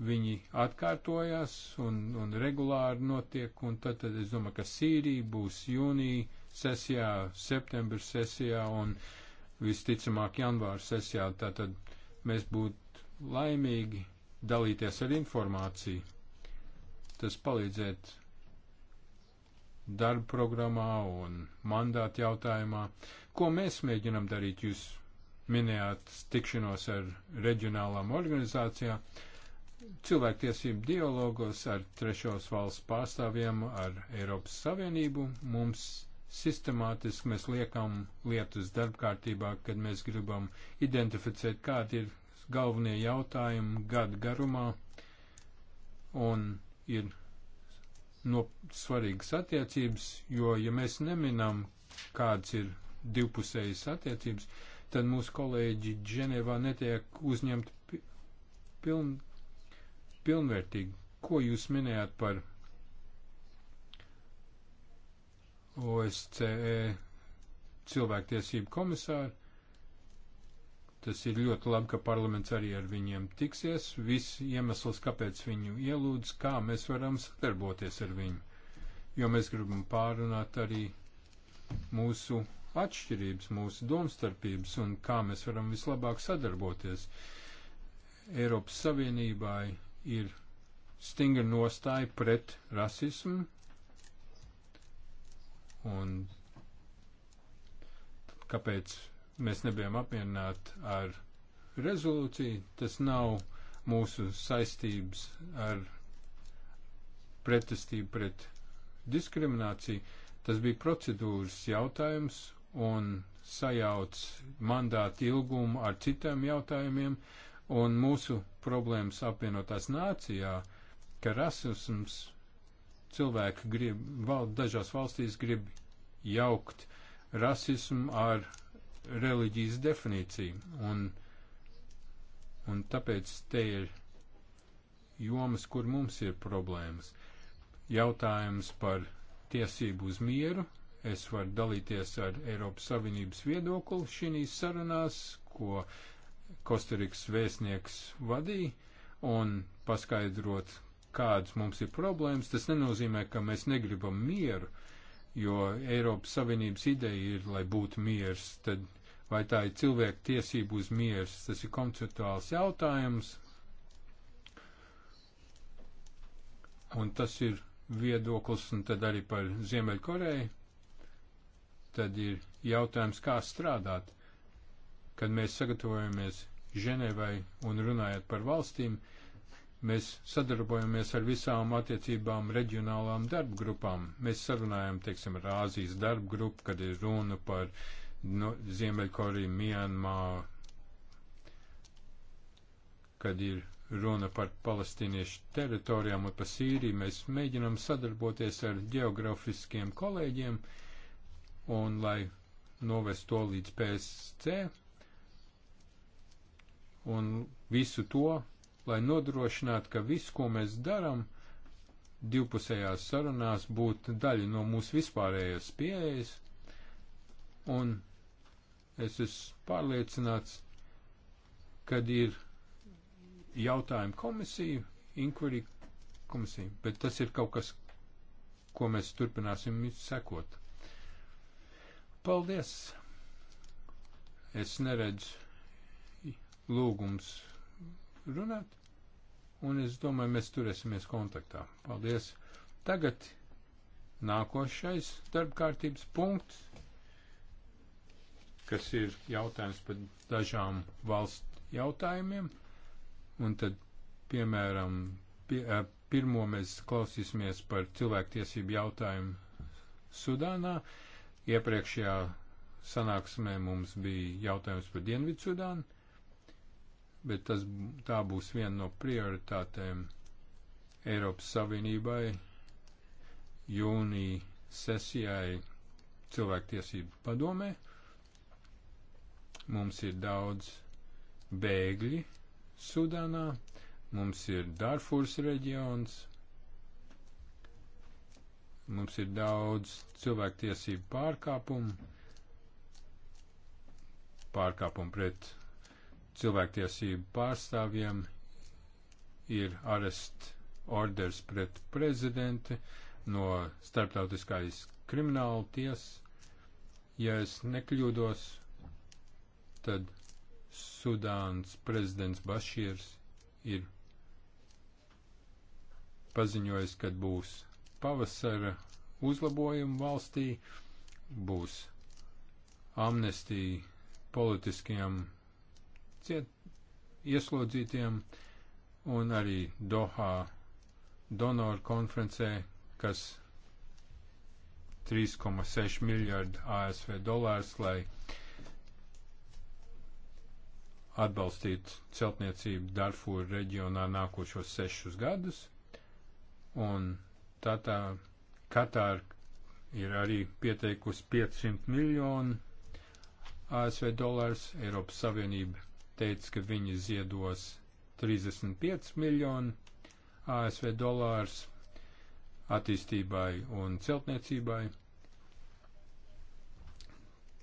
viņi atkārtojās un, un regulāri notiek, un tad, tad es domāju, ka Sīrija būs jūnija sesijā, septembra sesijā un visticamāk janvāra sesijā, tātad mēs būtu laimīgi dalīties ar informāciju. Tas palīdzēt darba programmā un mandāta jautājumā. Ko mēs mēģinam darīt? Jūs minējāt tikšanos ar reģionālām organizācijām, cilvēktiesību dialogos ar trešos valsts pārstāvjiem, ar Eiropas Savienību. Mums sistemātiski mēs liekam lietas darbkārtībā, kad mēs gribam identificēt, kādi ir galvenie jautājumi gadu garumā un ir no svarīgas attiecības, jo ja mēs neminam, kāds ir divpusējas attiecības, tad mūsu kolēģi Ženevā netiek uzņemti piln, pilnvērtīgi. Ko jūs minējāt par OSCE cilvēktiesību komisāru. Tas ir ļoti labi, ka parlaments arī ar viņiem tiksies. Viss iemesls, kāpēc viņu ielūdz, kā mēs varam sadarboties ar viņu. Jo mēs gribam pārunāt arī mūsu atšķirības, mūsu domstarpības un kā mēs varam vislabāk sadarboties. Eiropas Savienībai ir stingra nostāja pret rasismu, Un kāpēc mēs nebijām apmierināti ar rezolūciju, tas nav mūsu saistības ar pretestību pret diskrimināciju. Tas bija procedūras jautājums un sajauc mandātu ilgumu ar citiem jautājumiem, un mūsu problēmas apvienotās nācijā, ka rasisms cilvēki grib, val, dažās valstīs grib jaukt rasismu ar reliģijas definīciju. Un, un tāpēc te ir jomas, kur mums ir problēmas. Jautājums par tiesību uz mieru. Es varu dalīties ar Eiropas Savienības viedokli šīs sarunās, ko Kostarikas vēstnieks vadīja, un paskaidrot, kādas mums ir problēmas, tas nenozīmē, ka mēs negribam mieru, jo Eiropas Savienības ideja ir, lai būtu miers, tad vai tā ir cilvēku tiesību uz miers, tas ir konceptuāls jautājums, un tas ir viedoklis, un tad arī par Ziemeļkoreju, tad ir jautājums, kā strādāt, kad mēs sagatavojamies Ženevai un runājot par valstīm, uh, Mēs sadarbojamies ar visām attiecībām reģionālām darba grupām. Mēs sarunājam, teiksim, ar Āzijas darba grupu, kad ir runa par no, nu, Ziemeļkoriju, Mianmā, kad ir runa par palestīniešu teritorijām un par Sīriju. Mēs mēģinam sadarboties ar geografiskiem kolēģiem un, lai novest to līdz PSC un visu to lai nodrošinātu, ka viss, ko mēs darām, divpusējās sarunās būtu daļa no mūsu vispārējās pieejas, un es esmu pārliecināts, kad ir jautājumi komisiju, inquiry komisiju, bet tas ir kaut kas, ko mēs turpināsim sekot. Paldies! Es neredzu lūgums runāt, un es domāju, mēs turēsimies kontaktā. Paldies! Tagad nākošais darbkārtības punkts, kas ir jautājums par dažām valstu jautājumiem, un tad, piemēram, pie, pirmo mēs klausīsimies par cilvēktiesību jautājumu Sudānā. Iepriekšējā sanāksmē mums bija jautājums par Dienvidsudānu bet tas, tā būs viena no prioritātēm Eiropas Savienībai jūnija sesijai cilvēktiesību padomē. Mums ir daudz bēgļi Sudānā, mums ir Darfūras reģions, mums ir daudz cilvēktiesību pārkāpumu, pārkāpumu pret cilvēktiesību pārstāvjiem ir arest orders pret prezidenti no starptautiskais krimināla tiesa. Ja es nekļūdos, tad Sudāns prezidents Bašīrs ir paziņojis, kad būs pavasara uzlabojumi valstī, būs amnestija politiskajam ciet ieslodzītiem un arī Dohā donoru konferencē, kas 3,6 miljārdu ASV dolārs, lai atbalstītu celtniecību Darfūra reģionā nākošos sešus gadus. Un tā tā Katāra ir arī pieteikusi 500 miljonu ASV dolārs, Eiropas Savienība teica, ka viņi ziedos 35 miljonu ASV dolārus attīstībai un celtniecībai.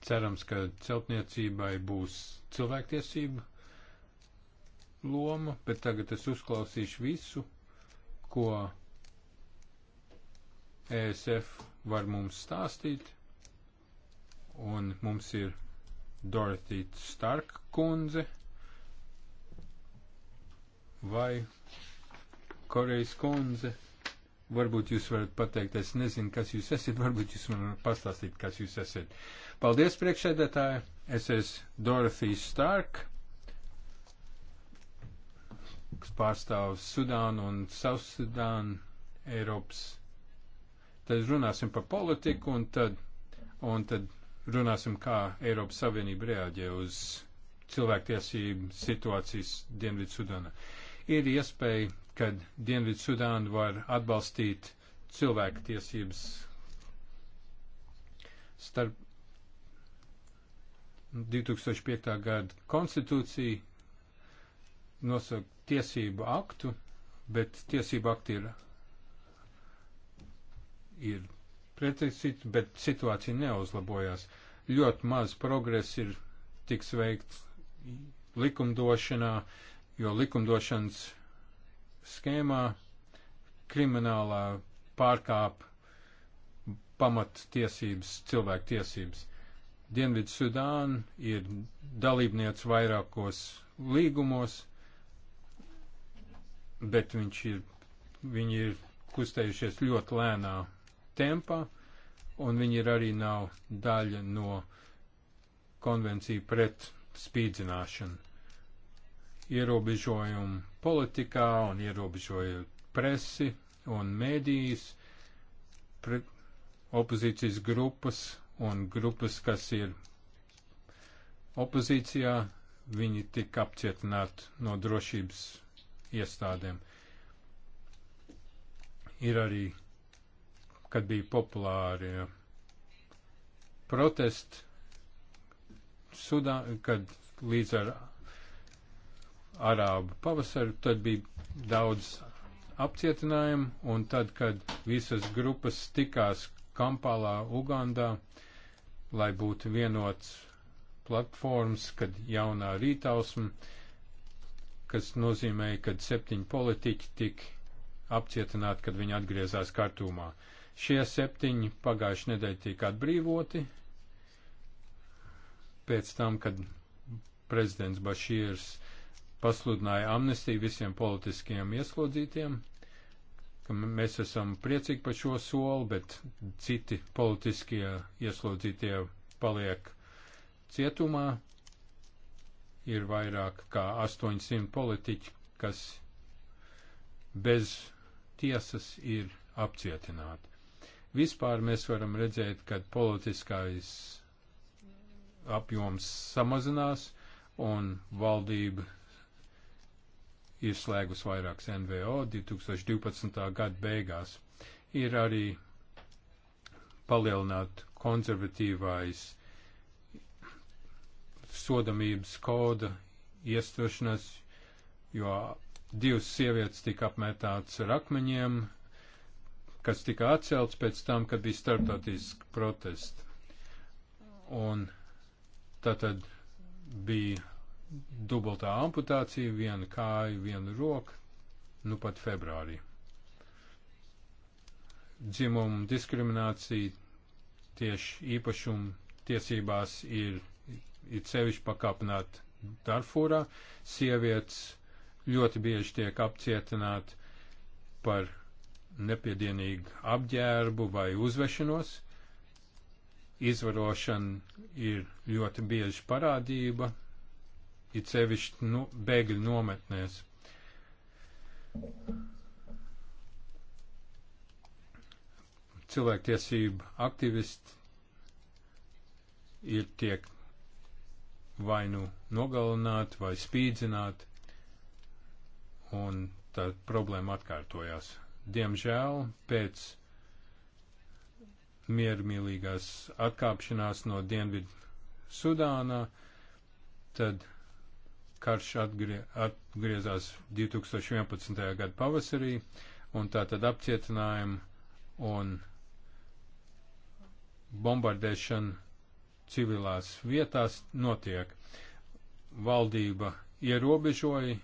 Cerams, ka celtniecībai būs cilvēktiesība loma, bet tagad es uzklausīšu visu, ko ESF var mums stāstīt. Un mums ir Dorothy Stark kundze vai Korejas kundze, varbūt jūs varat pateikt, es nezinu, kas jūs esat, varbūt jūs man varat pastāstīt, kas jūs esat. Paldies, priekšsēdētāji, es esmu Dorothy Stark, kas pārstāv Sudānu un Sausudānu Eiropas. Tad runāsim par politiku un tad, un tad runāsim, kā Eiropas Savienība reaģē uz cilvēktiesību situācijas Dienvidu Sudānā. Uh, Ir iespēja, ka Dienvidu Sudānu var atbalstīt cilvēku tiesības starp 2005. gada konstitūciju nosaka tiesību aktu, bet tiesību akti ir, ir pretesīt, bet situācija neuzlabojās. Ļoti maz progress ir tiks veikts likumdošanā, uh, jo likumdošanas skēmā kriminālā pārkāp pamattiesības, cilvēktiesības. Dienvidu Sudāna ir dalībniece vairākos līgumos, bet viņš ir, viņi ir kustējušies ļoti lēnā tempā, un viņi ir arī nav daļa no konvenciju pret spīdzināšanu ierobežojumu politikā un ierobežojot presi un mēdījus, opozīcijas grupas un grupas, kas ir opozīcijā, viņi tika apcietināti no drošības iestādēm. Ir arī, kad bija populāri protesti, Sudā, kad līdz ar arābu pavasaru, tad bija daudz apcietinājumu, un tad, kad visas grupas tikās Kampalā, Ugandā, lai būtu vienots platformas, kad jaunā rītausma, kas nozīmēja, kad septiņi politiķi tik apcietināti, kad viņi atgriezās kartūmā. Šie septiņi pagājuši nedēļ tika atbrīvoti, pēc tam, kad prezidents Bašīrs pasludināja amnestiju visiem politiskajiem ieslodzītiem, ka mēs esam priecīgi par šo soli, bet citi politiskie ieslodzītie paliek cietumā. Ir vairāk kā 800 politiķi, kas bez tiesas ir apcietināti. Vispār mēs varam redzēt, ka politiskais apjoms samazinās un valdība ir slēgus vairākas NVO 2012. gada beigās. Ir arī palielināt konservatīvais sodamības koda iesturšanas, jo divas sievietes tika apmetātas ar akmeņiem, kas tika atcelts pēc tam, kad bija startautiski protesti. Un tātad bija dubultā amputācija, viena kāja, viena roka, nu pat februārī. Dzimuma diskriminācija tieši īpašuma tiesībās ir, ir sevišķi pakāpināta Darfūrā. Sievietes ļoti bieži tiek apcietināti par nepiedienīgu apģērbu vai uzvešanos. Izvarošana ir ļoti bieži parādība it sevišķi nu, bēgļu nometnēs. Cilvēktiesību aktivisti ir tiek vai nu nogalināti, vai spīdzināti, un tad problēma atkārtojās. Diemžēl pēc miermīlīgās atkāpšanās no Dienvidu Sudānā, tad Karš atgrie, atgriezās 2011. gada pavasarī, un tā tad apcietinājumi un bombardēšana civilās vietās notiek. Valdība ierobežoja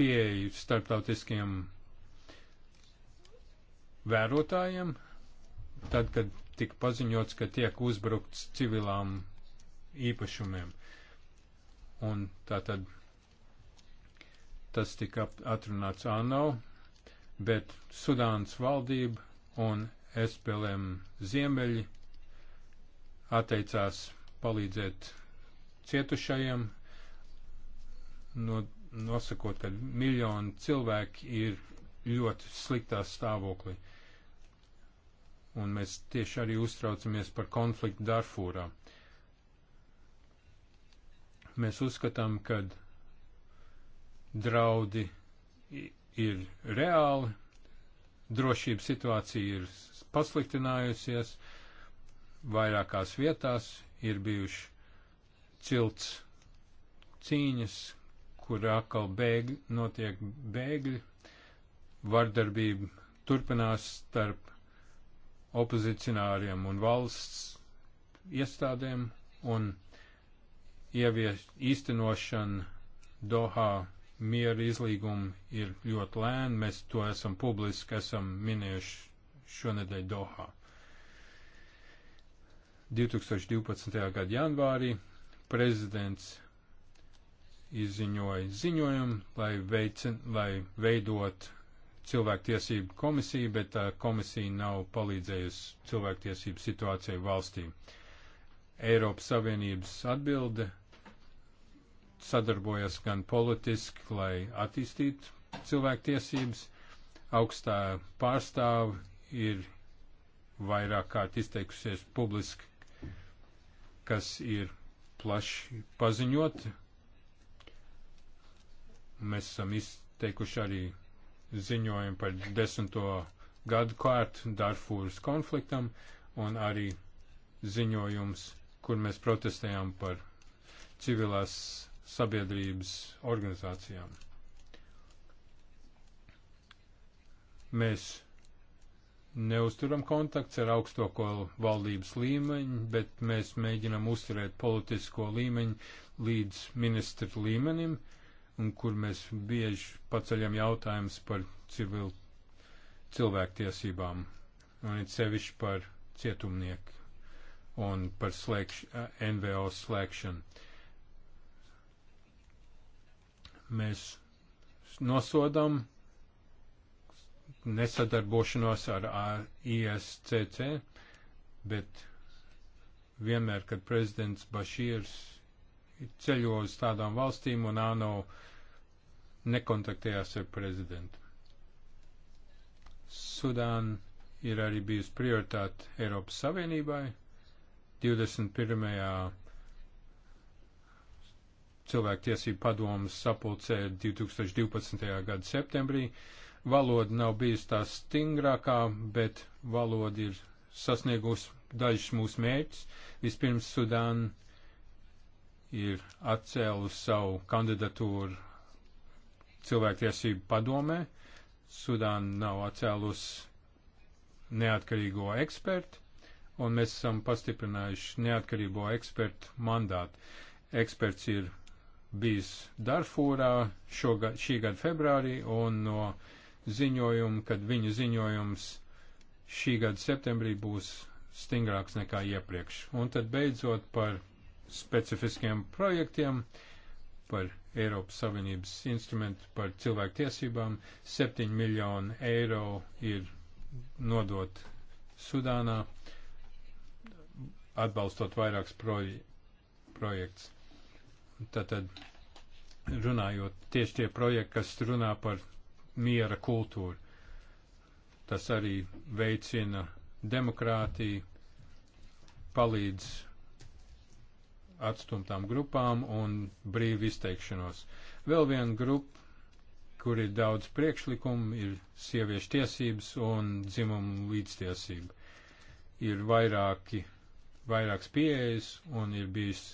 pieeju starptautiskiem vērotājiem, tad, kad tika paziņots, ka tiek uzbrukts civilām īpašumiem. Un tā tad tas tika atrunāts ANO, bet Sudānas valdība un SPLM Ziemeļi atteicās palīdzēt cietušajiem, no, nosakot, ka miljoni cilvēki ir ļoti sliktā stāvoklī. Un mēs tieši arī uztraucamies par konfliktu Darfūrā. Mēs uzskatām, ka draudi ir reāli, drošības situācija ir pasliktinājusies, vairākās vietās ir bijuši cilts cīņas, kur atkal bēgļi, notiek bēgļi, vardarbība turpinās starp opozicionāriem un valsts iestādēm, un ievies īstenošana Dohā miera izlīguma ir ļoti lēna. Mēs to esam publiski esam minējuši šonedēļ Dohā. 2012. gada janvārī prezidents izziņoja ziņojumu, lai, veicin, lai veidot cilvēktiesību komisiju, bet tā komisija nav palīdzējusi cilvēktiesību situācijai valstī. Eiropas Savienības atbilde sadarbojas gan politiski, lai attīstītu cilvēktiesības. Augstā pārstāve ir vairāk kārt izteikusies publiski, kas ir plaši paziņot. Mēs esam izteikuši arī ziņojumu par desmito gadu kārtu Darfūras konfliktam un arī ziņojums, kur mēs protestējām par civilās sabiedrības organizācijām. Mēs neusturam kontakts ar augsto valdības līmeņu, bet mēs mēģinam uzturēt politisko līmeņu līdz ministru līmenim, un kur mēs bieži paceļam jautājumus par civil, cilvēktiesībām, un it sevišķi par cietumnieku un par slēgš, eh, NVO slēgšanu. Mēs nosodam nesadarbošanos ar ISCC, bet vienmēr, kad prezidents Bašīrs ceļo uz tādām valstīm un ANO nekontaktējās ar prezidentu. Sudāna ir arī bijusi prioritāte Eiropas Savienībai. 21 cilvēktiesību padomas sapulcē 2012. gada septembrī. Valoda nav bijusi tā stingrākā, bet valoda ir sasniegusi dažus mūsu mērķus. Vispirms Sudāna ir atcēlusi savu kandidatūru cilvēktiesību padomē. Sudāna nav atcēlusi neatkarīgo ekspertu, un mēs esam pastiprinājuši neatkarīgo ekspertu mandātu. Eksperts ir bijis Darfūrā šogad, šī gada februārī un no ziņojuma, kad viņa ziņojums šī gada septembrī būs stingrāks nekā iepriekš. Un tad beidzot par specifiskiem projektiem, par Eiropas Savienības instrumentu par cilvēku tiesībām. 7 miljoni eiro ir nodot Sudānā, atbalstot vairākus proj projekts. Tātad runājot tieši tie projekti, kas runā par miera kultūru. Tas arī veicina demokrātiju, palīdz atstumtām grupām un brīvu izteikšanos. Vēl viena grupa, kur ir daudz priekšlikumu, ir sieviešu tiesības un dzimumu līdztiesība. Ir vairāki, vairāks pieejas un ir bijis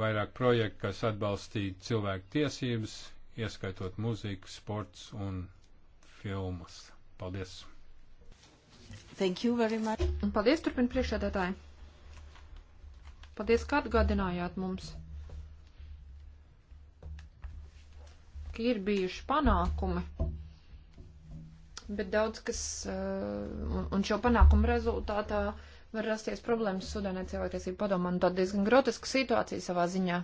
vairāk projektu, kas atbalstītu cilvēku tiesības, ieskaitot mūziku, sports un filmas. Paldies! Thank you very much. Un paldies, turpin priekšādātāji. Paldies, ka atgādinājāt mums, ka ir bijuši panākumi, bet daudz kas, eh, un šo panākumu rezultātā uh, var rasties problēmas Sudānai cilvēktiesību padomā, un tā diezgan groteska situācija savā ziņā.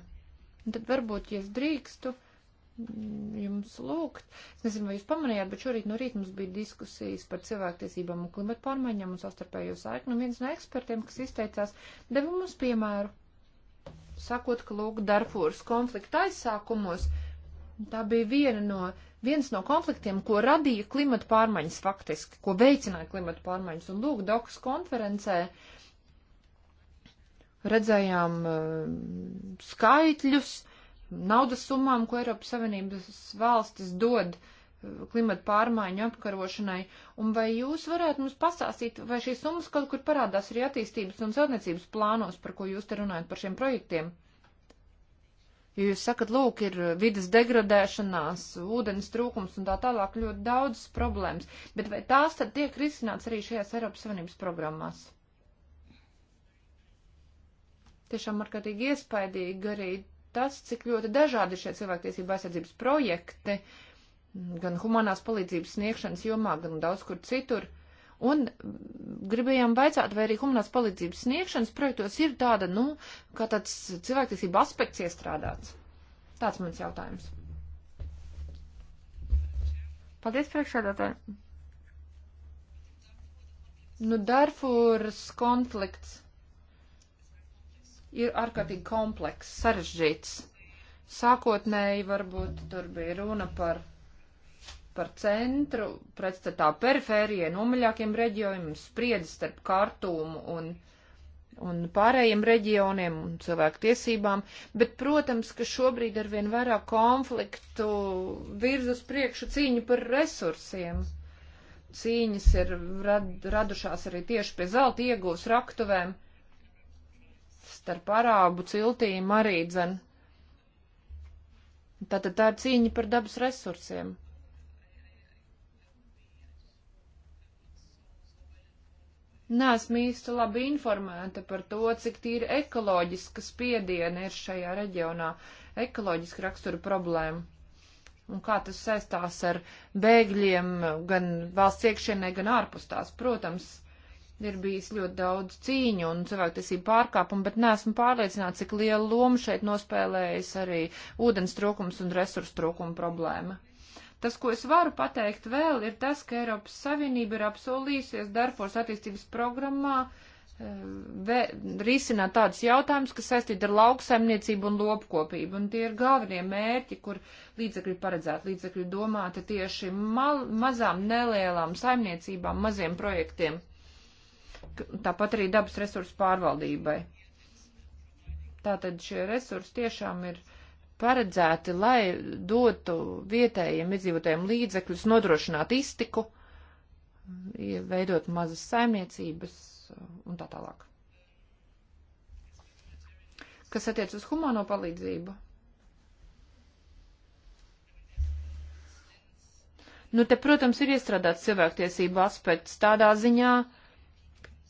Un tad varbūt, ja es drīkstu mm, jums lūgt, es nezinu, vai jūs pamanījāt, bet šorīt no rīta mums bija diskusijas par cilvēktiesībām un klimatu pārmaiņām un sastarpējo saikni, un viens no ekspertiem, kas izteicās, deva mums piemēru, sakot, ka lūk, Darfūras konflikta aizsākumos. Uh, Tā bija viena no, viens no konfliktiem, ko radīja klimata pārmaiņas faktiski, ko veicināja klimata pārmaiņas. Un lūk, Dokas konferencē redzējām uh, skaitļus, naudas summām, ko Eiropas Savienības valstis dod uh, klimata pārmaiņu apkarošanai, un vai jūs varētu mums pastāstīt, vai šīs summas kaut kur parādās arī attīstības un celtniecības plānos, par ko jūs te runājat par šiem projektiem? Jo jūs sakat, lūk, ir vidas degradēšanās, ūdens trūkums un tā tālāk ļoti daudz problēmas. Bet vai tās tad tiek risināts arī šajās Eiropas Savienības programmās? Tiešām markārtīgi iespaidīgi arī tas, cik ļoti dažādi šie cilvēktiesība aizsardzības projekti, gan humanās palīdzības sniegšanas jomā, gan daudz kur citur. Uh, Un gribējām baicāt, vai arī humanās palīdzības sniegšanas projektos ir tāda, nu, kā tāds cilvēktiesība aspekts iestrādāts. Tāds mans jautājums. Paldies priekšādātāji. Nu, Darfūras konflikts ir ārkārtīgi komplekss, sarežģīts. Sākotnēji varbūt tur bija runa par par centru pretstatā perifērijai, nomaļākiem reģioniem, spriedzi starp kārtūmu un, un pārējiem reģioniem un cilvēku tiesībām, bet, protams, ka šobrīd ar vien vairāk konfliktu virz uz priekšu cīņu par resursiem. Cīņas ir rad, radušās arī tieši pie zelta iegūs raktuvēm, starp arābu ciltīm arī dzen. Tātad tā ir cīņa par dabas resursiem. Nāsmu īsti labi informēta par to, cik tīri ekoloģiska spiediena ir šajā reģionā, ekoloģiska rakstura problēma. Un kā tas saistās ar bēgļiem gan valsts iekšienē, gan ārpus tās. Protams, ir bijis ļoti daudz cīņu un cilvēktiesību pārkāpumu, bet neesmu pārliecināta, cik lielu lomu šeit nospēlējas arī ūdens trūkums un resursu trūkuma problēma. Tas, ko es varu pateikt vēl, ir tas, ka Eiropas Savienība ir apsolījusies Darfors attīstības programmā eh, vē, risināt tādus jautājumus, kas saistīti ar lauksaimniecību un lopkopību. Un tie ir galvenie mērķi, kur līdzekļi paredzēti. Līdzekļi domāti tieši mal, mazām nelielām saimniecībām, maziem projektiem. Tāpat arī dabas resursu pārvaldībai. Tātad šie resursi tiešām ir paredzēti, lai dotu vietējiem iedzīvotājiem līdzekļus, nodrošinātu iztiku, veidot mazas saimniecības un tā tālāk. Kas attiec uz humano palīdzību? Nu, te, protams, ir iestrādāts cilvēktiesību aspekts tādā ziņā,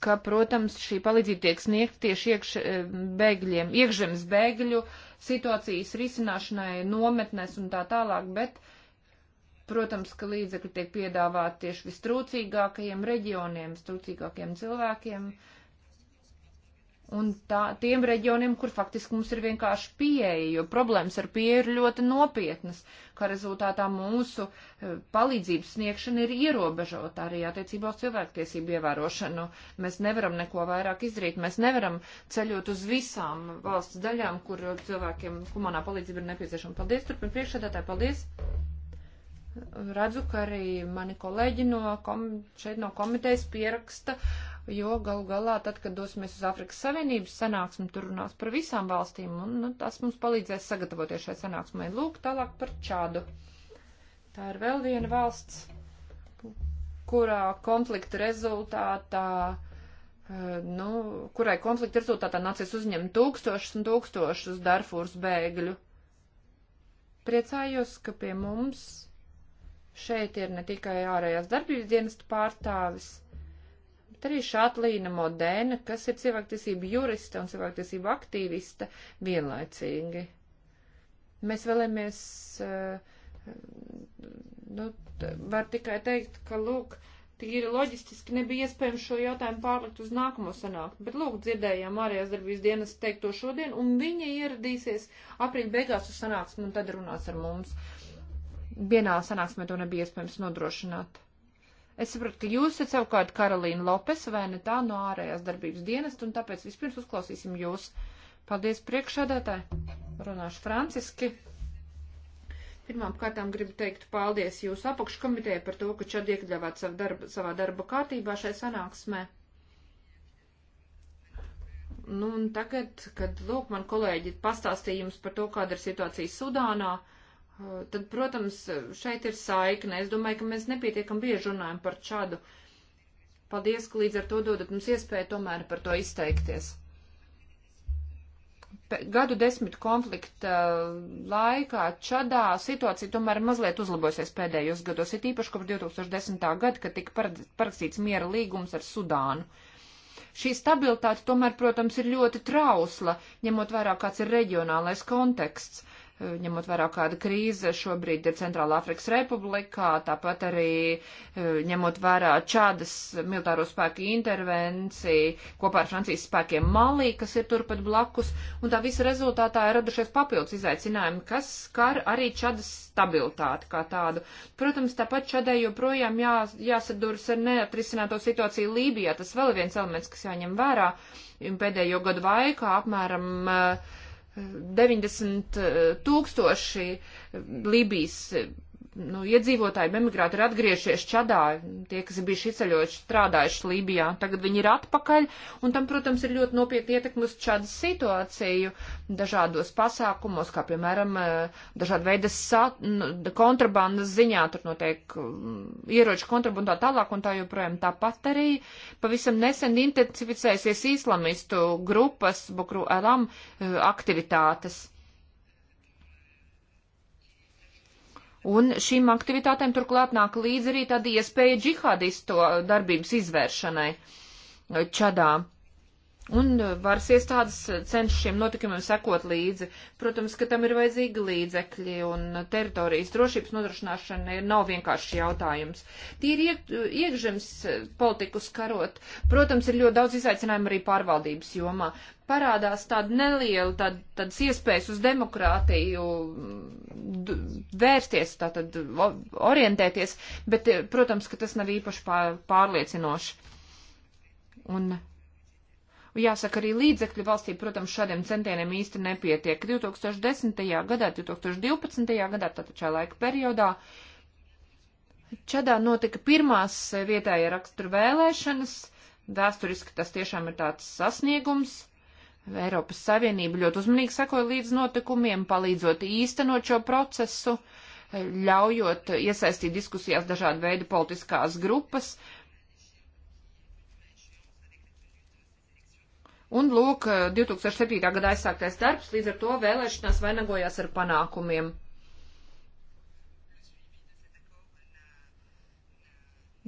ka, protams, šī palīdzība tiek sniegta tieši iekš, eh, bēgļiem, iekšzemes bēgļu uh, situācijas risināšanai nometnēs un tā tālāk, bet, protams, ka līdzekļi tiek piedāvāti tieši vistrūcīgākajiem reģioniem, strūcīgākiem cilvēkiem. Uh, un tā, tiem reģioniem, kur faktiski mums ir vienkārši pieeja, jo problēmas ar pieeju ir ļoti nopietnas, kā rezultātā mūsu eh, palīdzības sniegšana ir ierobežota arī attiecībā uz cilvēktiesību ievērošanu. Mēs nevaram neko vairāk izdarīt, mēs nevaram ceļot uz visām valsts daļām, kur cilvēkiem humanā palīdzība ir nepieciešama. Paldies, turpin priekšsēdētāji, paldies! Redzu, ka arī mani kolēģi no kom, šeit no komitejas pieraksta uh, jo gal galā, tad, kad dosimies uz Afrikas Savienības sanāksmi, tur runās par visām valstīm, un nu, tas mums palīdzēs sagatavoties šai sanāksmai. Lūk, tālāk par Čādu. Tā ir vēl viena valsts, kurā konflikta rezultātā, eh, nu, kurai konflikta rezultātā nācies uzņemt tūkstošus un tūkstošus Darfūras bēgļu. Priecājos, ka pie mums šeit ir ne tikai ārējās darbības dienestu pārstāvis, Tad arī Šātlīna Modēna, kas ir cilvēktiesība jurista un cilvēktiesība aktīvista vienlaicīgi. Mēs vēlamies, eh, nu, var tikai teikt, ka, lūk, tīri loģistiski nebija iespējams šo jautājumu pārlikt uz nākamo sanāksmi, bet lūk, dzirdējām ārējās darbības dienas teikto šodien, un viņa ieradīsies aprīļa beigās uz sanāksmi un tad runās ar mums. Vienā sanāksmē to nebija iespējams nodrošināt. Es saprotu, ka jūs esat savukārt Karolīna Lopes, vai ne tā, no ārējās darbības dienas, un tāpēc vispirms uzklausīsim jūs. Paldies priekšādātāji, runāšu franciski. Pirmām kārtām gribu teikt paldies jūsu apakškomitē par to, ka šad iekļāvāt savu darba, savā darba kārtībā šai sanāksmē. Nu, un tagad, kad, lūk, man kolēģi pastāstīja jums par to, kāda ir situācija Sudānā, uh, tad, protams, šeit ir saikne. Es domāju, ka mēs nepietiekam bieži runājam par šādu. Paldies, ka līdz ar to dodat mums iespēju tomēr par to izteikties. Gadu desmit konflikta laikā Čadā situācija tomēr mazliet uzlabojusies pēdējos gados, ir īpaši kopš 2010. gada, kad tika parakstīts miera līgums ar Sudānu šī stabilitāte tomēr, protams, ir ļoti trausla, ņemot vērā kāds ir reģionālais konteksts. Eh, ņemot vērā kāda krīze šobrīd ir Centrāla Afrikas Republikā, tāpat arī eh, ņemot vērā Čādas militāro spēku intervenciju kopā ar Francijas spēkiem Malī, kas ir turpat blakus, un tā visa rezultātā ir radušies papildus izaicinājumi, kas skar arī Čādas stabilitāti kā tādu. Protams, tāpat Čādai joprojām jā, jāsadurs ar neatrisināto situāciju Lībijā, tas vēl viens elements, kas jāņem vērā. Pēdējo gadu laikā apmēram uh, 90 eh, tūkstoši Libijas nu, iedzīvotāji, emigrāti ir atgriežies Čadā, tie, kas bija izceļojuši, strādājuši Lībijā, tagad viņi ir atpakaļ, un tam, protams, ir ļoti nopietni ietekmi uz Čadas situāciju dažādos pasākumos, kā, piemēram, eh, dažāda veida sat, kontrabandas ziņā, tur notiek mm, ieroču kontrabandā tālāk un tā joprojām. Tāpat arī pavisam nesen intensificēsies islamistu grupas Bukru Elam eh, aktivitātes Un šīm aktivitātēm turklāt nāk līdz arī tāda iespēja džihadistu darbības izvēršanai Čadā. Un uh, varas iestādes cenšas šiem notikumiem sekot līdzi. Protams, ka tam ir vajadzīgi līdzekļi, un teritorijas drošības nodrošināšana nav vienkārši jautājums. Tīri iek, uh, iekšzemes uh, politiku skarot, protams, ir ļoti daudz izaicinājumu arī pārvaldības jomā. Parādās tāda neliela, tāda, tādas iespējas uz demokrātiju mm, vērsties, tātad orientēties, bet, protams, ka tas nav īpaši pārliecinoši. Un Jāsaka, arī līdzekļi valstī, protams, šādiem centieniem īsti nepietiek. 2010. gadā, 2012. gadā, tātad šā laika periodā, Čadā notika pirmās vietējā rakstura vēlēšanas. Vēsturiski tas tiešām ir tāds sasniegums. Eiropas Savienība ļoti uzmanīgi sekoja līdz notikumiem, palīdzot īstenot šo procesu, ļaujot iesaistīt diskusijās dažādu veidu politiskās grupas, Un, lūk, 2007. Eh, gadā aizsāktais darbs, līdz ar to vēlēšanās vainagojās ar panākumiem.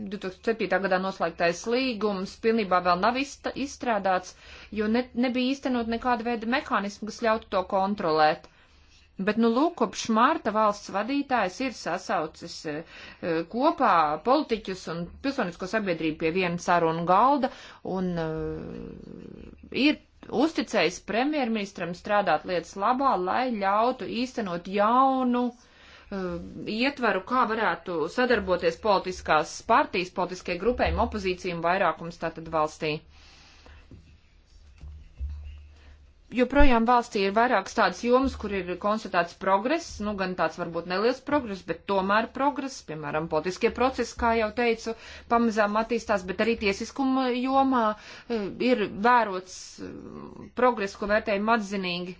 Septītā gadā noslēgtais līgums pilnībā vēl nav izstrādāts, jo ne, nebija īstenot nekāda veida mehānismu, kas ļautu to kontrolēt. Uh, Bet, nu, lūk, kopš mārta valsts vadītājs ir sasaucis e, e, kopā politiķus un pilsonisko sabiedrību pie viena sarunu galda un e, ir uzticējis premjerministram strādāt lietas labā, lai ļautu īstenot jaunu e, ietvaru, kā varētu sadarboties politiskās partijas, politiskie grupējumi, opozīcija un vairākums tātad valstī. Uh, joprojām valstī ir vairākas tādas jomas, kur ir konstatēts progress, nu gan tāds varbūt neliels progress, bet tomēr progress, piemēram, politiskie procesi, kā jau teicu, pamazām attīstās, bet arī tiesiskuma jomā eh, ir vērots eh, progress, ko vērtējam atzinīgi.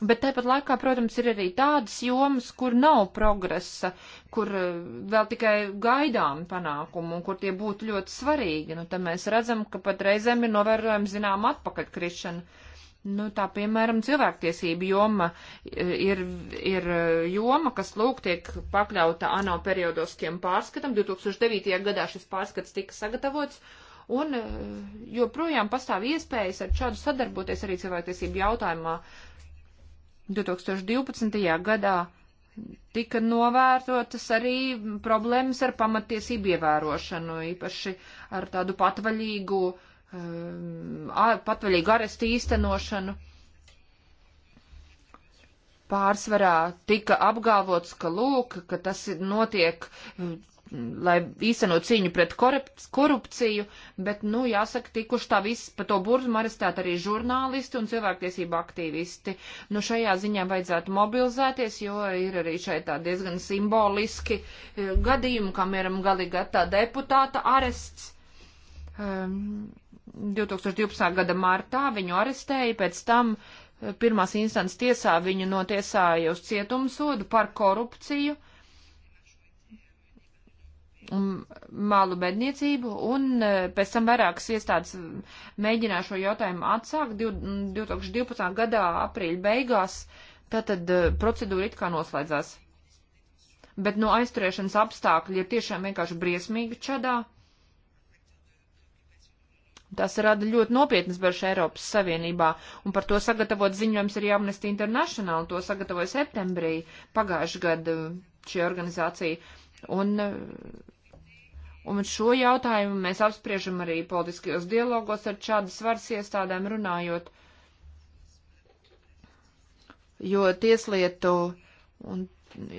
Bet tāpat laikā, protams, ir arī tādas jomas, kur nav progresa, kur eh, vēl tikai gaidām panākumu un kur tie būtu ļoti svarīgi. Nu, tad mēs redzam, ka pat reizēm ir novērojama zinām atpakaļkrišana Nu, tā piemēram, cilvēktiesība joma e, ir, ir e, joma, kas lūk tiek pakļauta ANO periodoskiem pārskatam. 2009. gadā šis pārskats tika sagatavots. Un e, joprojām pastāv iespējas ar šādu sadarboties arī cilvēktiesību jautājumā. 2012. gadā tika novērtotas arī problēmas ar pamatiesību ievērošanu, īpaši ar tādu patvaļīgu uh, um, patvaļīgu arestu īstenošanu. Pārsvarā tika apgalvots, ka lūk, ka tas notiek, um, lai īstenot cīņu pret korupciju, bet, nu, jāsaka, tikuši tā viss pa to burzumu arestēt arī žurnālisti un cilvēktiesība aktīvisti. Nu, šajā ziņā vajadzētu mobilizēties, jo ir arī šeit tā diezgan simboliski eh, gadījumi, kam ir um, galīgi tā deputāta arests. Um, 2012. gada martā viņu arestēja, pēc tam eh, pirmās instants tiesā viņu notiesāja uz cietumsodu par korupciju, mālu bedniecību, un eh, pēc tam vairākas iestādes mm, mēģināja šo jautājumu atsākt 2012. Mm, gadā aprīļa beigās, tātad eh, procedūra it kā noslēdzās. Bet no nu, aizturēšanas apstākļi ir tiešām vienkārši briesmīgi čadā. Tas rada ļoti nopietnas bažas Eiropas Savienībā, un par to sagatavot ziņojums arī Amnesty International, un to sagatavoja septembrī pagājušajā gadā uh, šī organizācija. Un, uh, un šo jautājumu mēs apspriežam arī politiskajos dialogos ar šādas varas iestādēm runājot, jo tieslietu un uh,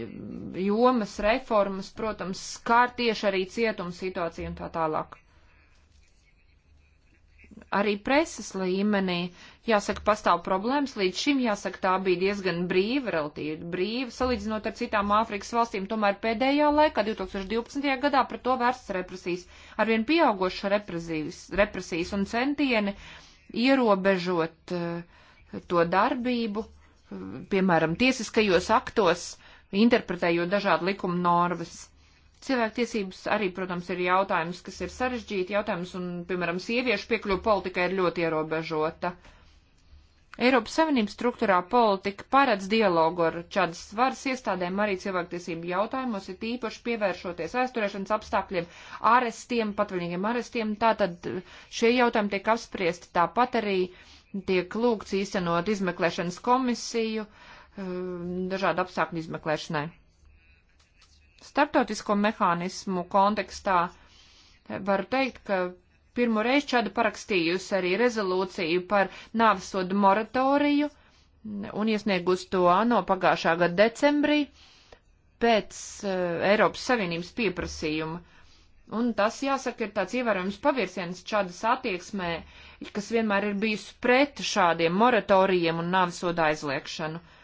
jomas reformas, protams, skār tieši arī cietuma situāciju un tā tālāk arī preses līmenī, jāsaka, pastāv problēmas. Līdz šim, jāsaka, tā bija diezgan brīva, relatīvi brīva, salīdzinot ar citām Āfrikas valstīm. Tomēr pēdējā laikā, 2012. gadā, par to vērsts represijas, arvien pieaugošas represijas, represijas un centieni ierobežot uh, to darbību, uh, piemēram, tiesiskajos aktos, interpretējot dažādu likumu normas Cilvēktiesības arī, protams, ir jautājums, kas ir sarežģīti jautājums, un, piemēram, sieviešu piekļuva politikai ir ļoti ierobežota. Eiropas Savienības struktūrā politika paredz dialogu ar čadas varas iestādēm arī cilvēktiesību jautājumos, ir tīpaši pievēršoties aizturēšanas apstākļiem, arestiem, patvaļīgiem arestiem. Tātad šie jautājumi tiek apspriesti tāpat arī tiek lūgts īstenot izmeklēšanas komisiju um, dažādu apstākļu izmeklēšanai starptautisko mehānismu kontekstā var teikt, ka pirmo reizi Čada parakstījusi arī rezolūciju par nāvesodu moratoriju un iesniegus to ANO pagājušā gada decembrī pēc uh, Eiropas Savienības pieprasījuma. Un tas, jāsaka, ir tāds ievērojams pavirsiens Čadas attieksmē, kas vienmēr ir bijis pret šādiem moratorijiem un nāvesodu aizliekšanu. Uh,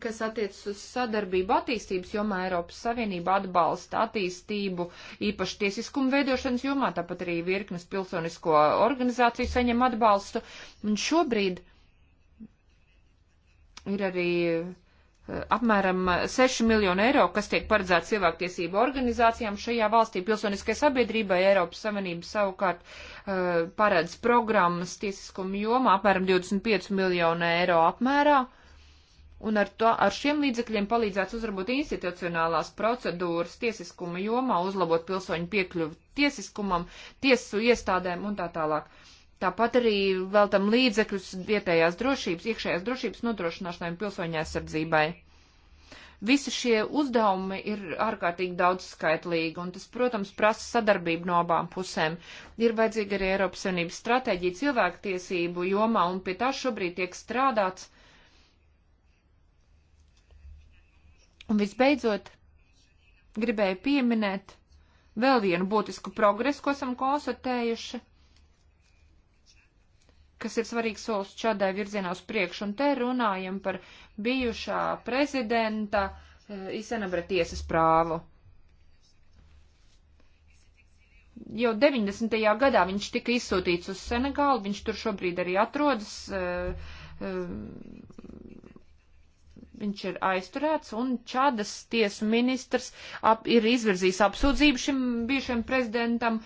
kas attiecas uz sadarbību attīstības jomā Eiropas Savienība atbalsta attīstību, īpaši tiesiskumu veidošanas jomā, tāpat arī virknes pilsonisko organizāciju saņem atbalstu. Un šobrīd ir arī eh, apmēram 6 miljonu eiro, kas tiek paredzēts cilvēktiesību organizācijām šajā valstī. Pilsoniskai sabiedrībai Eiropas Savienība savukārt eh, paredz programmas tiesiskumu jomā apmēram 25 miljonu eiro apmērā. Uh, un ar, to, ar šiem līdzekļiem palīdzēts uzrabot institucionālās procedūras tiesiskuma jomā, uzlabot pilsoņu piekļuvi tiesiskumam, tiesu iestādēm un tā tālāk. Tāpat arī veltam līdzekļus vietējās drošības, iekšējās drošības nodrošināšanai un pilsoņu aizsardzībai. Visi šie uzdevumi ir ārkārtīgi daudzskaitlīgi, un tas, protams, prasa sadarbību no abām pusēm. Ir vajadzīga arī Eiropas Savienības stratēģija cilvēktiesību jomā, un pie tā šobrīd tiek strādāts Un visbeidzot, gribēju pieminēt vēl vienu būtisku progresu, ko esam konstatējuši, kas ir svarīgs solis čādai virzienā uz priekšu, un te runājam par bijušā prezidenta eh, Isenabra tiesas prāvu. Jau 90. gadā viņš tika izsūtīts uz Senegālu, viņš tur šobrīd arī atrodas, eh, eh, viņš ir aizturēts, un Čādas tiesu ministrs ap, ir izvirzījis apsūdzību šim bijušajam prezidentam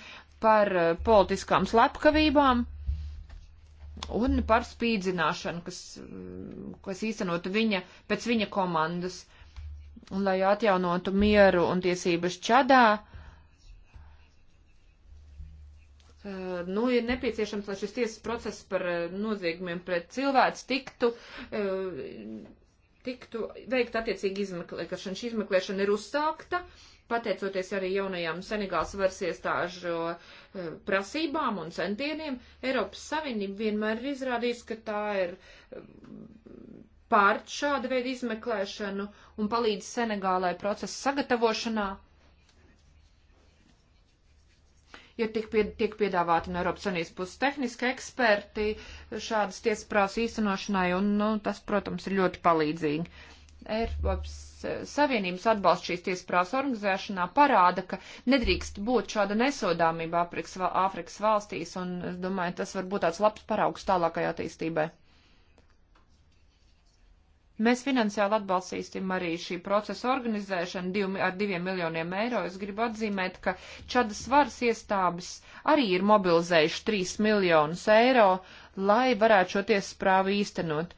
par eh, politiskām slepkavībām un par spīdzināšanu, kas, mm, kas īstenot viņa, pēc viņa komandas, un lai atjaunotu mieru un tiesības Čadā. Uh, nu, ir nepieciešams, lai šis tiesas process par uh, noziegumiem pret cilvēku tiktu uh, tiktu veikt attiecīgi izmeklēšana. Šī izmeklēšana ir uzsākta, pateicoties arī jaunajām Senegāls varas iestāžu eh, prasībām un centieniem. Eiropas Savienība vienmēr ir izrādījusi, ka tā ir eh, pārt šāda veida izmeklēšanu un palīdz Senegālai procesa sagatavošanā ir tik pie, tiek piedāvāti no Eiropas Savienības puses tehniski eksperti šādas tiesasprāvas īstenošanai, un nu, tas, protams, ir ļoti palīdzīgi. Eiropas Savienības atbalsts šīs tiesasprāvas organizēšanā parāda, ka nedrīkst būt šāda nesodāmība Āfrikas, Āfrikas valstīs, un es domāju, tas var būt tāds labs paraugs tālākai attīstībai. Mēs finansiāli atbalstīsim arī šī procesa organizēšanu div, ar diviem miljoniem eiro. Es gribu atzīmēt, ka Čadas varas iestādes arī ir mobilizējuši trīs miljonus eiro, lai varētu šo tiesasprāvu īstenot.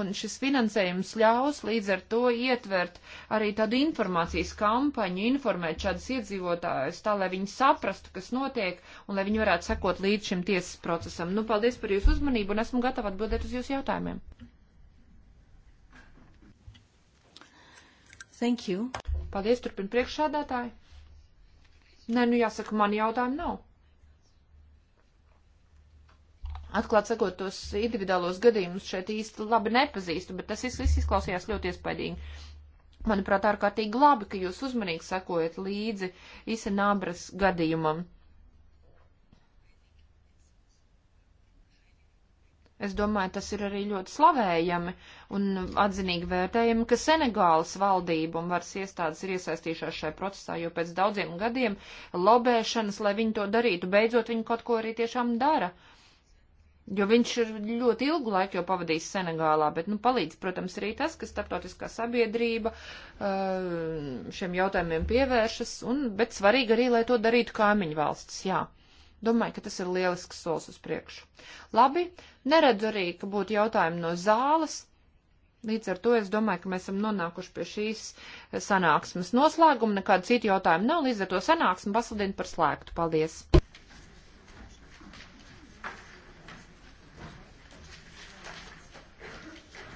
Un šis finansējums ļaus līdz ar to ietvert arī tādu informācijas kampaņu, informēt šādas iedzīvotājus, tā lai viņi saprastu, kas notiek, un lai viņi varētu sekot līdz šim tiesas procesam. Nu, paldies par jūsu uzmanību, un esmu gatava atbildēt uz jūsu jautājumiem. Thank you. Paldies, turpin priekšādātāji. Nē, nu jāsaka, man jautājumu nav. Atklāt sakot, tos individuālos gadījumus šeit īsti labi nepazīstu, bet tas viss izklausījās ļoti iespaidīgi. Manuprāt, ārkārtīgi labi, ka jūs uzmanīgi sekojat līdzi Isenābras gadījumam. Es domāju, tas ir arī ļoti slavējami un atzinīgi vērtējami, ka Senegālas valdība un varas iestādes ir iesaistījušās šajā procesā, jo pēc daudziem gadiem lobēšanas, lai viņi to darītu, beidzot viņi kaut ko arī tiešām dara. Jo viņš ir ļoti ilgu laiku jau pavadījis Senegālā, bet, nu, palīdz, protams, arī tas, ka starptautiskā sabiedrība uh, šiem jautājumiem pievēršas, un, bet svarīgi arī, lai to darītu kaimiņu valsts, jā. Domāju, ka tas ir lielisks solis uz priekšu. Labi, neredzu arī, ka būtu jautājumi no zāles. Līdz ar to es domāju, ka mēs esam nonākuši pie šīs sanāksmes noslēguma. Nekāda cita jautājuma nav, līdz ar to sanāksmi pasludinu par slēgtu. Paldies!